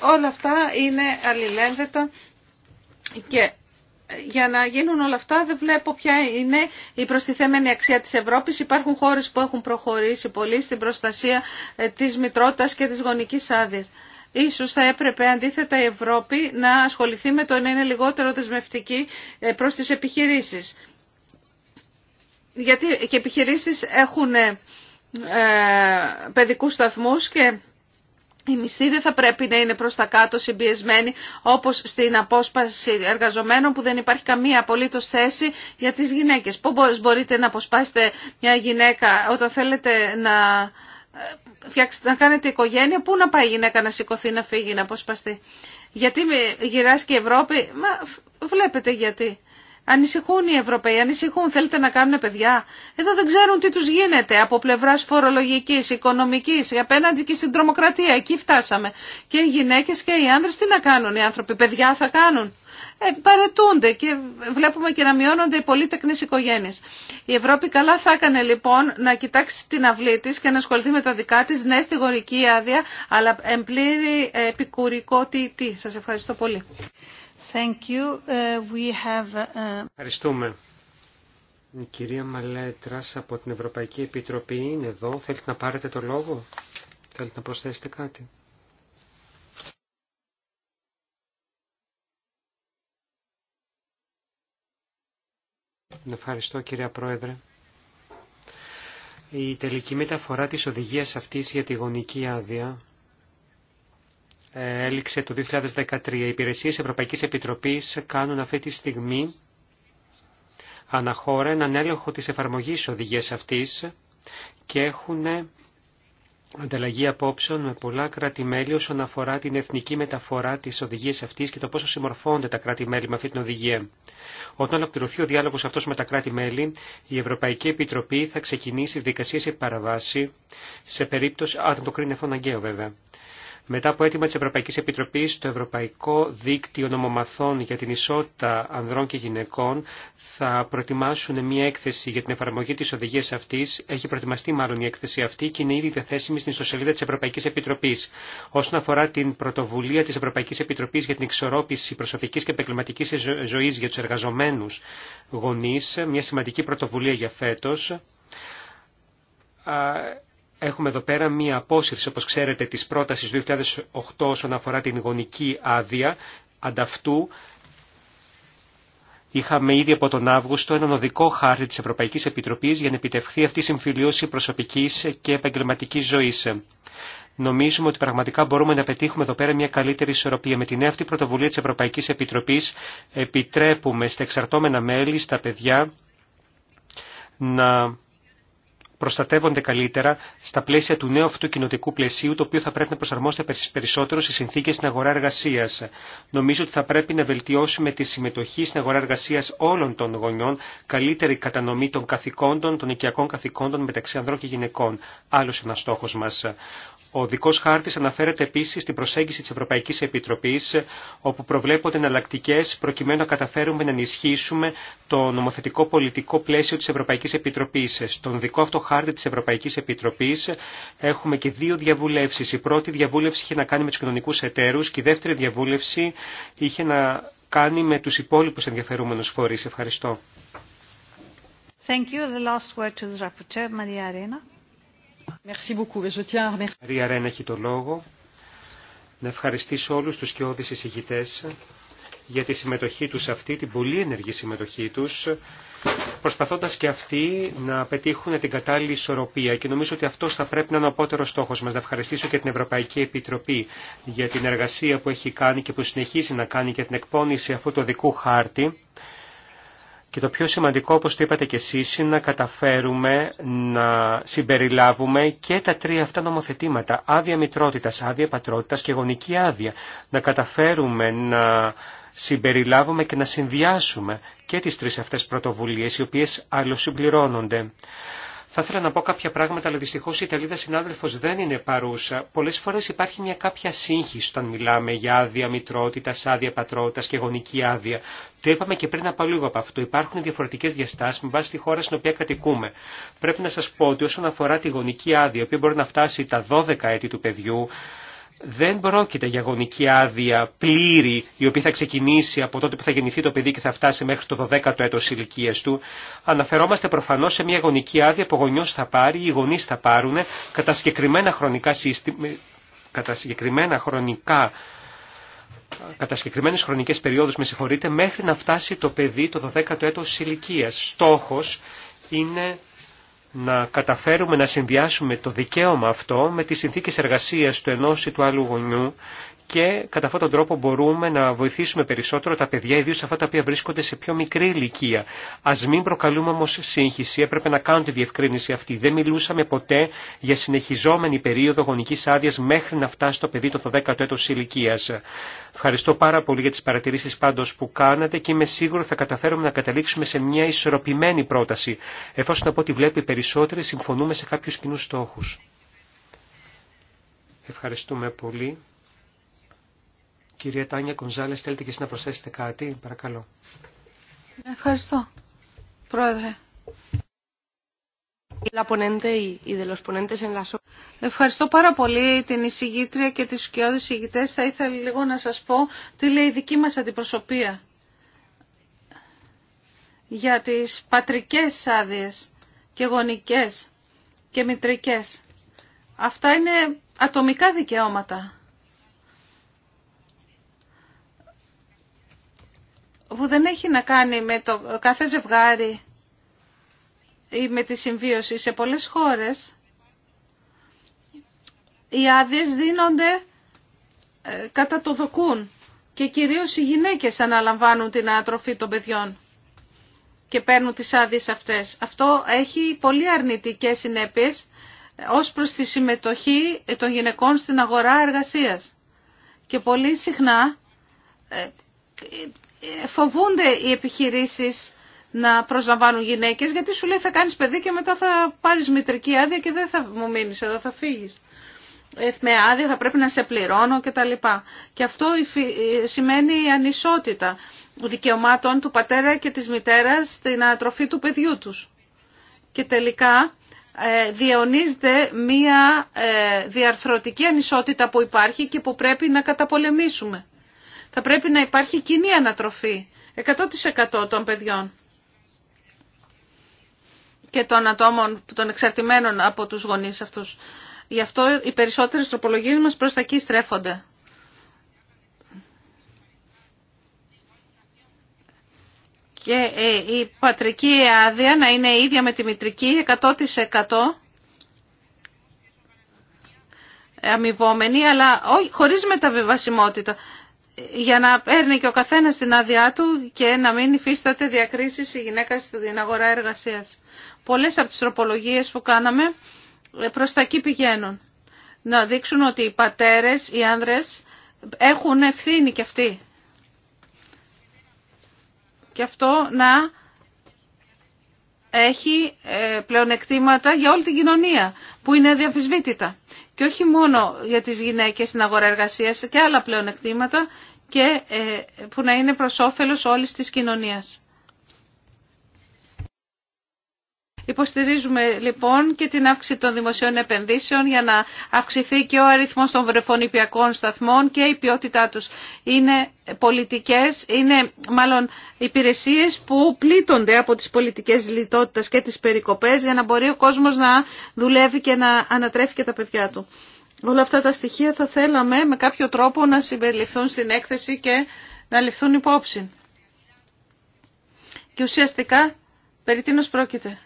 όλα αυτά είναι αλληλένδετα και για να γίνουν όλα αυτά δεν βλέπω ποια είναι η προστιθέμενη αξία της Ευρώπης. Υπάρχουν χώρες που έχουν προχωρήσει πολύ στην προστασία ε, της μητρότητας και της γονικής άδειας. Ίσως θα έπρεπε αντίθετα η Ευρώπη να ασχοληθεί με το να είναι λιγότερο δεσμευτική ε, προς τις επιχειρήσεις. Γιατί και επιχειρήσεις έχουν ε, παιδικούς σταθμούς και οι μισθοί δεν θα πρέπει να είναι προς τα κάτω συμπιεσμένοι όπως στην απόσπαση εργαζομένων που δεν υπάρχει καμία απολύτως θέση για τις γυναίκες. Πώς μπορείτε να αποσπάσετε μια γυναίκα όταν θέλετε να, ε, να κάνετε οικογένεια, πού να πάει η γυναίκα να σηκωθεί, να φύγει, να αποσπαστεί. Γιατί γυράς η Ευρώπη, μα βλέπετε γιατί. Ανησυχούν οι Ευρωπαίοι, ανησυχούν, θέλετε να κάνουν παιδιά. Εδώ δεν ξέρουν τι τους γίνεται από πλευράς φορολογικής, οικονομικής, απέναντι και στην τρομοκρατία. Εκεί φτάσαμε. Και οι γυναίκες και οι άνδρες τι να κάνουν οι άνθρωποι, παιδιά θα κάνουν. Ε, παρετούνται και βλέπουμε και να μειώνονται οι πολύτεκνες οικογένειες. Η Ευρώπη καλά θα έκανε λοιπόν να κοιτάξει την αυλή της και να ασχοληθεί με τα δικά της, ναι στη γορική άδεια, αλλά εμπλήρη επικουρικότητη. Σας ευχαριστώ πολύ. Uh, uh, Ευχαριστούμε. Η κυρία Μαλέτρα, από την Ευρωπαϊκή Επιτροπή είναι εδώ. Θέλετε να πάρετε το λόγο. Θέλετε να προσθέσετε κάτι. Ευχαριστώ κυρία Πρόεδρε. Η τελική μεταφορά της οδηγίας αυτής για τη γονική άδεια έληξε το 2013. Οι υπηρεσίε Ευρωπαϊκή Επιτροπής κάνουν αυτή τη στιγμή αναχώρα έναν έλεγχο τη εφαρμογή οδηγία αυτή και έχουν ανταλλαγή απόψεων με πολλά κράτη-μέλη όσον αφορά την εθνική μεταφορά τη οδηγία αυτή και το πόσο συμμορφώνται τα κράτη-μέλη με αυτή την οδηγία. Όταν ολοκληρωθεί ο διάλογο αυτό με τα κράτη-μέλη, η Ευρωπαϊκή Επιτροπή θα ξεκινήσει δικασίε επί παραβάση, σε περίπτωση, αν το κρίνει αυτό αναγκαίο βέβαια. Μετά από αίτημα της Ευρωπαϊκής Επιτροπής, το Ευρωπαϊκό Δίκτυο Νομομαθών για την Ισότητα Ανδρών και Γυναικών θα προετοιμάσουν μια έκθεση για την εφαρμογή της οδηγίας αυτής. Έχει προετοιμαστεί μάλλον η έκθεση αυτή και είναι ήδη διαθέσιμη στην ιστοσελίδα της Ευρωπαϊκής Επιτροπής. Όσον αφορά την πρωτοβουλία της Ευρωπαϊκής Επιτροπής για την εξορρόπηση προσωπικής και επαγγελματικής ζωής για τους εργαζομένους γονείς, μια σημαντική πρωτοβουλία για φέτος, Έχουμε εδώ πέρα μία απόσυρση, όπως ξέρετε, της πρότασης 2008 όσον αφορά την γονική άδεια. Ανταυτού είχαμε ήδη από τον Αύγουστο έναν οδικό χάρτη της Ευρωπαϊκής Επιτροπής για να επιτευχθεί αυτή η συμφιλίωση προσωπικής και επαγγελματικής ζωής. Νομίζουμε ότι πραγματικά μπορούμε να πετύχουμε εδώ πέρα μια καλύτερη ισορροπία. Με την νέα αυτή πρωτοβουλία της Ευρωπαϊκής Επιτροπής επιτρέπουμε στα εξαρτώμενα μέλη, στα παιδιά, να προστατεύονται καλύτερα στα πλαίσια του νέου αυτού κοινοτικού πλαισίου, το οποίο θα πρέπει να προσαρμόστε περισσότερο στι συνθήκε στην αγορά εργασία. Νομίζω ότι θα πρέπει να βελτιώσουμε τη συμμετοχή στην αγορά εργασία όλων των γονιών, καλύτερη κατανομή των καθηκόντων, των οικιακών καθηκόντων μεταξύ ανδρών και γυναικών. Άλλο ένα στόχο μα. Ο δικό χάρτη αναφέρεται επίση στην προσέγγιση τη Ευρωπαϊκή Επιτροπή, όπου προβλέπονται εναλλακτικέ προκειμένου να καταφέρουμε να ενισχύσουμε το νομοθετικό πολιτικό πλαίσιο τη Ευρωπαϊκή Επιτροπή. Στον δικό αυτό χάρτη τη Ευρωπαϊκή Επιτροπή έχουμε και δύο διαβουλεύσει. Η πρώτη διαβούλευση είχε να κάνει με του κοινωνικού εταίρου και η δεύτερη διαβούλευση είχε να κάνει με του υπόλοιπου ενδιαφερούμενου φορεί. Ευχαριστώ. Thank you. The last word to the rapporteur, Maria Arena. Μαρία Ρέν έχει το λόγο. Να ευχαριστήσω όλους τους κοιόδης εισηγητές για τη συμμετοχή τους αυτή, την πολύ ενεργή συμμετοχή τους, προσπαθώντας και αυτοί να πετύχουν την κατάλληλη ισορροπία. Και νομίζω ότι αυτό θα πρέπει να είναι ο απότερο στόχος μας. Να ευχαριστήσω και την Ευρωπαϊκή Επιτροπή για την εργασία που έχει κάνει και που συνεχίζει να κάνει για την εκπόνηση αυτού του δικού χάρτη και το πιο σημαντικό, όπως το είπατε και εσείς, είναι να καταφέρουμε να συμπεριλάβουμε και τα τρία αυτά νομοθετήματα, άδεια μητρότητας, άδεια πατρότητας και γονική άδεια. Να καταφέρουμε να συμπεριλάβουμε και να συνδυάσουμε και τις τρεις αυτές πρωτοβουλίες, οι οποίες αλλοσυμπληρώνονται. Θα ήθελα να πω κάποια πράγματα, αλλά δυστυχώ η Ιταλίδα συνάδελφο δεν είναι παρούσα. Πολλέ φορέ υπάρχει μια κάποια σύγχυση όταν μιλάμε για άδεια μητρότητα, άδεια πατρότητα και γονική άδεια. Το είπαμε και πριν από λίγο από αυτό. Υπάρχουν διαφορετικέ διαστάσει με βάση τη χώρα στην οποία κατοικούμε. Πρέπει να σα πω ότι όσον αφορά τη γονική άδεια, η οποία μπορεί να φτάσει τα 12 έτη του παιδιού, δεν πρόκειται για γονική άδεια πλήρη, η οποία θα ξεκινήσει από τότε που θα γεννηθεί το παιδί και θα φτάσει μέχρι το 12ο έτος ηλικία του. Αναφερόμαστε προφανώς σε μια γονική άδεια που ο γονιός θα πάρει, οι γονείς θα πάρουν κατά συγκεκριμένα χρονικά σύστημα, κατά συγκεκριμένα χρονικά κατά συγκεκριμένες χρονικές περιόδους, με συγχωρείτε, μέχρι να φτάσει το παιδί το 12ο έτος ηλικία. Στόχος είναι να καταφέρουμε να συνδυάσουμε το δικαίωμα αυτό με τις συνθήκες εργασίας του ενός ή του άλλου γονιού και κατά αυτόν τον τρόπο μπορούμε να βοηθήσουμε περισσότερο τα παιδιά, ιδίω αυτά τα οποία βρίσκονται σε πιο μικρή ηλικία. Α μην προκαλούμε όμω σύγχυση, έπρεπε να κάνω τη διευκρίνηση αυτή. Δεν μιλούσαμε ποτέ για συνεχιζόμενη περίοδο γονική άδεια μέχρι να φτάσει το παιδί το 12ο έτο ηλικία. Ευχαριστώ πάρα πολύ για τι παρατηρήσει πάντω που κάνατε και είμαι σίγουρο θα καταφέρουμε να καταλήξουμε σε μια ισορροπημένη πρόταση, εφόσον από ό,τι βλέπει περισσότεροι συμφωνούμε σε κάποιου κοινού στόχου. Ευχαριστούμε πολύ. Κυρία Τάνια Κονζάλες, θέλετε και εσείς να προσθέσετε κάτι, παρακαλώ. Ευχαριστώ, Πρόεδρε. Ευχαριστώ πάρα πολύ την εισηγήτρια και τις σκιώδεις εισηγητές. Θα ήθελα λίγο να σας πω τι λέει η δική μας αντιπροσωπεία για τις πατρικές άδειες και γονικές και μητρικές. Αυτά είναι ατομικά δικαιώματα. που δεν έχει να κάνει με το κάθε ζευγάρι ή με τη συμβίωση. Σε πολλές χώρες οι άδειε δίνονται ε, κατά το δοκούν και κυρίως οι γυναίκες αναλαμβάνουν την άτροφη των παιδιών και παίρνουν τις άδειε αυτές. Αυτό έχει πολύ αρνητικές συνέπειες ε, ως προς τη συμμετοχή ε, των γυναικών στην αγορά εργασίας. Και πολύ συχνά ε, φοβούνται οι επιχειρήσεις να προσλαμβάνουν γυναίκες γιατί σου λέει θα κάνεις παιδί και μετά θα πάρεις μητρική άδεια και δεν θα μου μείνεις εδώ, θα φύγεις. Ε, με άδεια θα πρέπει να σε πληρώνω κτλ. Και αυτό ε, σημαίνει ανισότητα δικαιωμάτων του πατέρα και της μητέρας στην ανατροφή του παιδιού τους. Και τελικά διαιωνίζεται μία διαρθρωτική ανισότητα που υπάρχει και που πρέπει να καταπολεμήσουμε. Θα πρέπει να υπάρχει κοινή ανατροφή 100% των παιδιών και των ατόμων των εξαρτημένων από τους γονείς αυτούς. Γι' αυτό οι περισσότερες τροπολογίες μας προς τα εκεί στρέφονται. Και ε, η πατρική άδεια να είναι ίδια με τη μητρική 100% αμοιβόμενη, αλλά χωρίς μεταβιβασιμότητα για να παίρνει και ο καθένα την άδειά του και να μην υφίσταται διακρίσεις η γυναίκα στην αγορά εργασίας. Πολλέ από τι τροπολογίε που κάναμε ε, προ τα εκεί πηγαίνουν. Να δείξουν ότι οι πατέρες, οι άνδρες έχουν ευθύνη κι αυτοί. Και αυτό να έχει ε, πλεονεκτήματα για όλη την κοινωνία που είναι διαφυσβήτητα και όχι μόνο για τις γυναίκες στην αγορά εργασίας και άλλα πλεονεκτήματα και ε, που να είναι προς όφελος όλης της κοινωνίας. Υποστηρίζουμε λοιπόν και την αύξηση των δημοσίων επενδύσεων για να αυξηθεί και ο αριθμός των υπηακών σταθμών και η ποιότητά τους. Είναι πολιτικές, είναι μάλλον υπηρεσίες που πλήττονται από τις πολιτικές λιτότητες και τις περικοπές για να μπορεί ο κόσμος να δουλεύει και να ανατρέφει και τα παιδιά του. Όλα αυτά τα στοιχεία θα θέλαμε με κάποιο τρόπο να συμπεριληφθούν στην έκθεση και να ληφθούν υπόψη. Και ουσιαστικά περί τίνος πρόκειται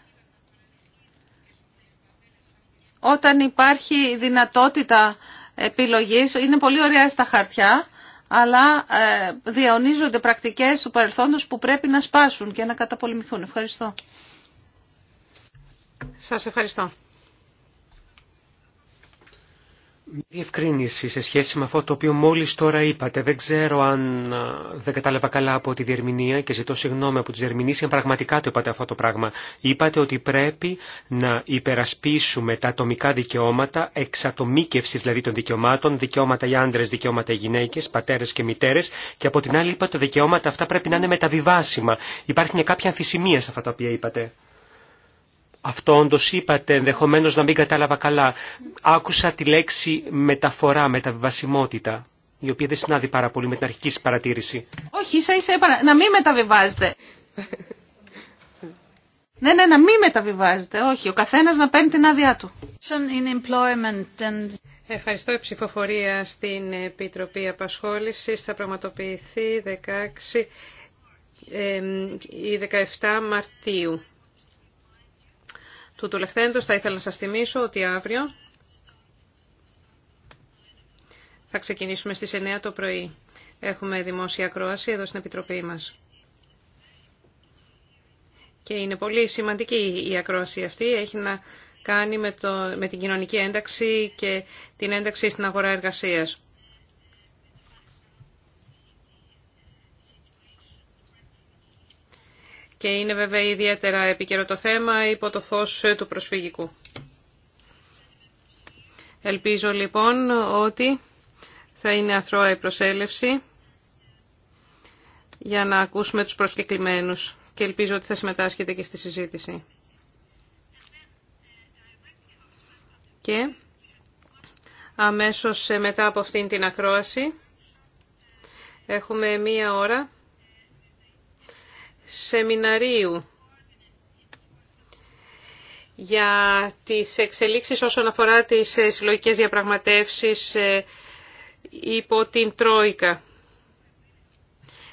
όταν υπάρχει δυνατότητα επιλογής, είναι πολύ ωραία στα χαρτιά, αλλά ε, διαονίζονται πρακτικές του παρελθόντος που πρέπει να σπάσουν και να καταπολεμηθούν. Ευχαριστώ. Σας ευχαριστώ διευκρίνηση σε σχέση με αυτό το οποίο μόλις τώρα είπατε. Δεν ξέρω αν δεν κατάλαβα καλά από τη διερμηνία και ζητώ συγγνώμη από τη διερμηνείς αν πραγματικά το είπατε αυτό το πράγμα. Είπατε ότι πρέπει να υπερασπίσουμε τα ατομικά δικαιώματα, εξατομίκευση δηλαδή των δικαιωμάτων, δικαιώματα οι άντρε, δικαιώματα οι γυναίκες, πατέρες και μητέρες και από την άλλη είπατε τα δικαιώματα αυτά πρέπει να είναι μεταβιβάσιμα. Υπάρχει μια κάποια αμφισημία σε αυτά τα οποία είπατε. Αυτό όντω είπατε, ενδεχομένω να μην κατάλαβα καλά. Άκουσα τη λέξη μεταφορά, μεταβιβασιμότητα, η οποία δεν συνάδει πάρα πολύ με την αρχική σα παρατήρηση. Όχι, ίσα ίσα να μην μεταβιβάζετε. ναι, ναι, να μην μεταβιβάζετε. Όχι, ο καθένα να παίρνει την άδειά του. Ευχαριστώ. Η ψηφοφορία στην Επιτροπή Απασχόληση θα πραγματοποιηθεί 16 ή 17 Μαρτίου. Του τουλεχθέντος θα ήθελα να σας θυμίσω ότι αύριο θα ξεκινήσουμε στις 9 το πρωί. Έχουμε δημόσια ακρόαση εδώ στην Επιτροπή μας. Και είναι πολύ σημαντική η ακρόαση αυτή. Έχει να κάνει με, το, με την κοινωνική ένταξη και την ένταξη στην αγορά εργασίας. και είναι βέβαια ιδιαίτερα επικαιρό το θέμα υπό το φως του προσφυγικού. Ελπίζω λοιπόν ότι θα είναι αθρώα η προσέλευση για να ακούσουμε τους προσκεκλημένους και ελπίζω ότι θα συμμετάσχετε και στη συζήτηση. Και αμέσως ε, μετά από αυτήν την ακρόαση έχουμε μία ώρα σεμιναρίου για τις εξελίξεις όσον αφορά τις ε, συλλογικές διαπραγματεύσεις ε, υπό την Τρόικα.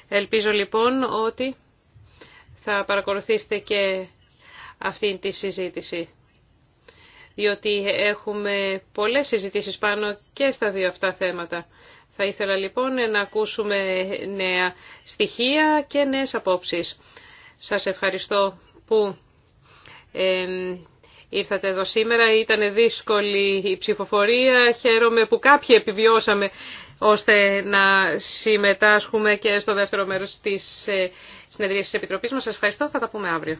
Ελπίζω λοιπόν ότι θα παρακολουθήσετε και αυτήν τη συζήτηση, διότι έχουμε πολλές συζητήσεις πάνω και στα δύο αυτά θέματα. Θα ήθελα λοιπόν να ακούσουμε νέα στοιχεία και νέες απόψεις. Σας ευχαριστώ που ήρθατε εδώ σήμερα. Ήταν δύσκολη η ψηφοφορία. Χαίρομαι που κάποιοι επιβιώσαμε ώστε να συμμετάσχουμε και στο δεύτερο μέρος της ε, συνεδρίας της Επιτροπής μας. Σας ευχαριστώ. Θα τα πούμε αύριο.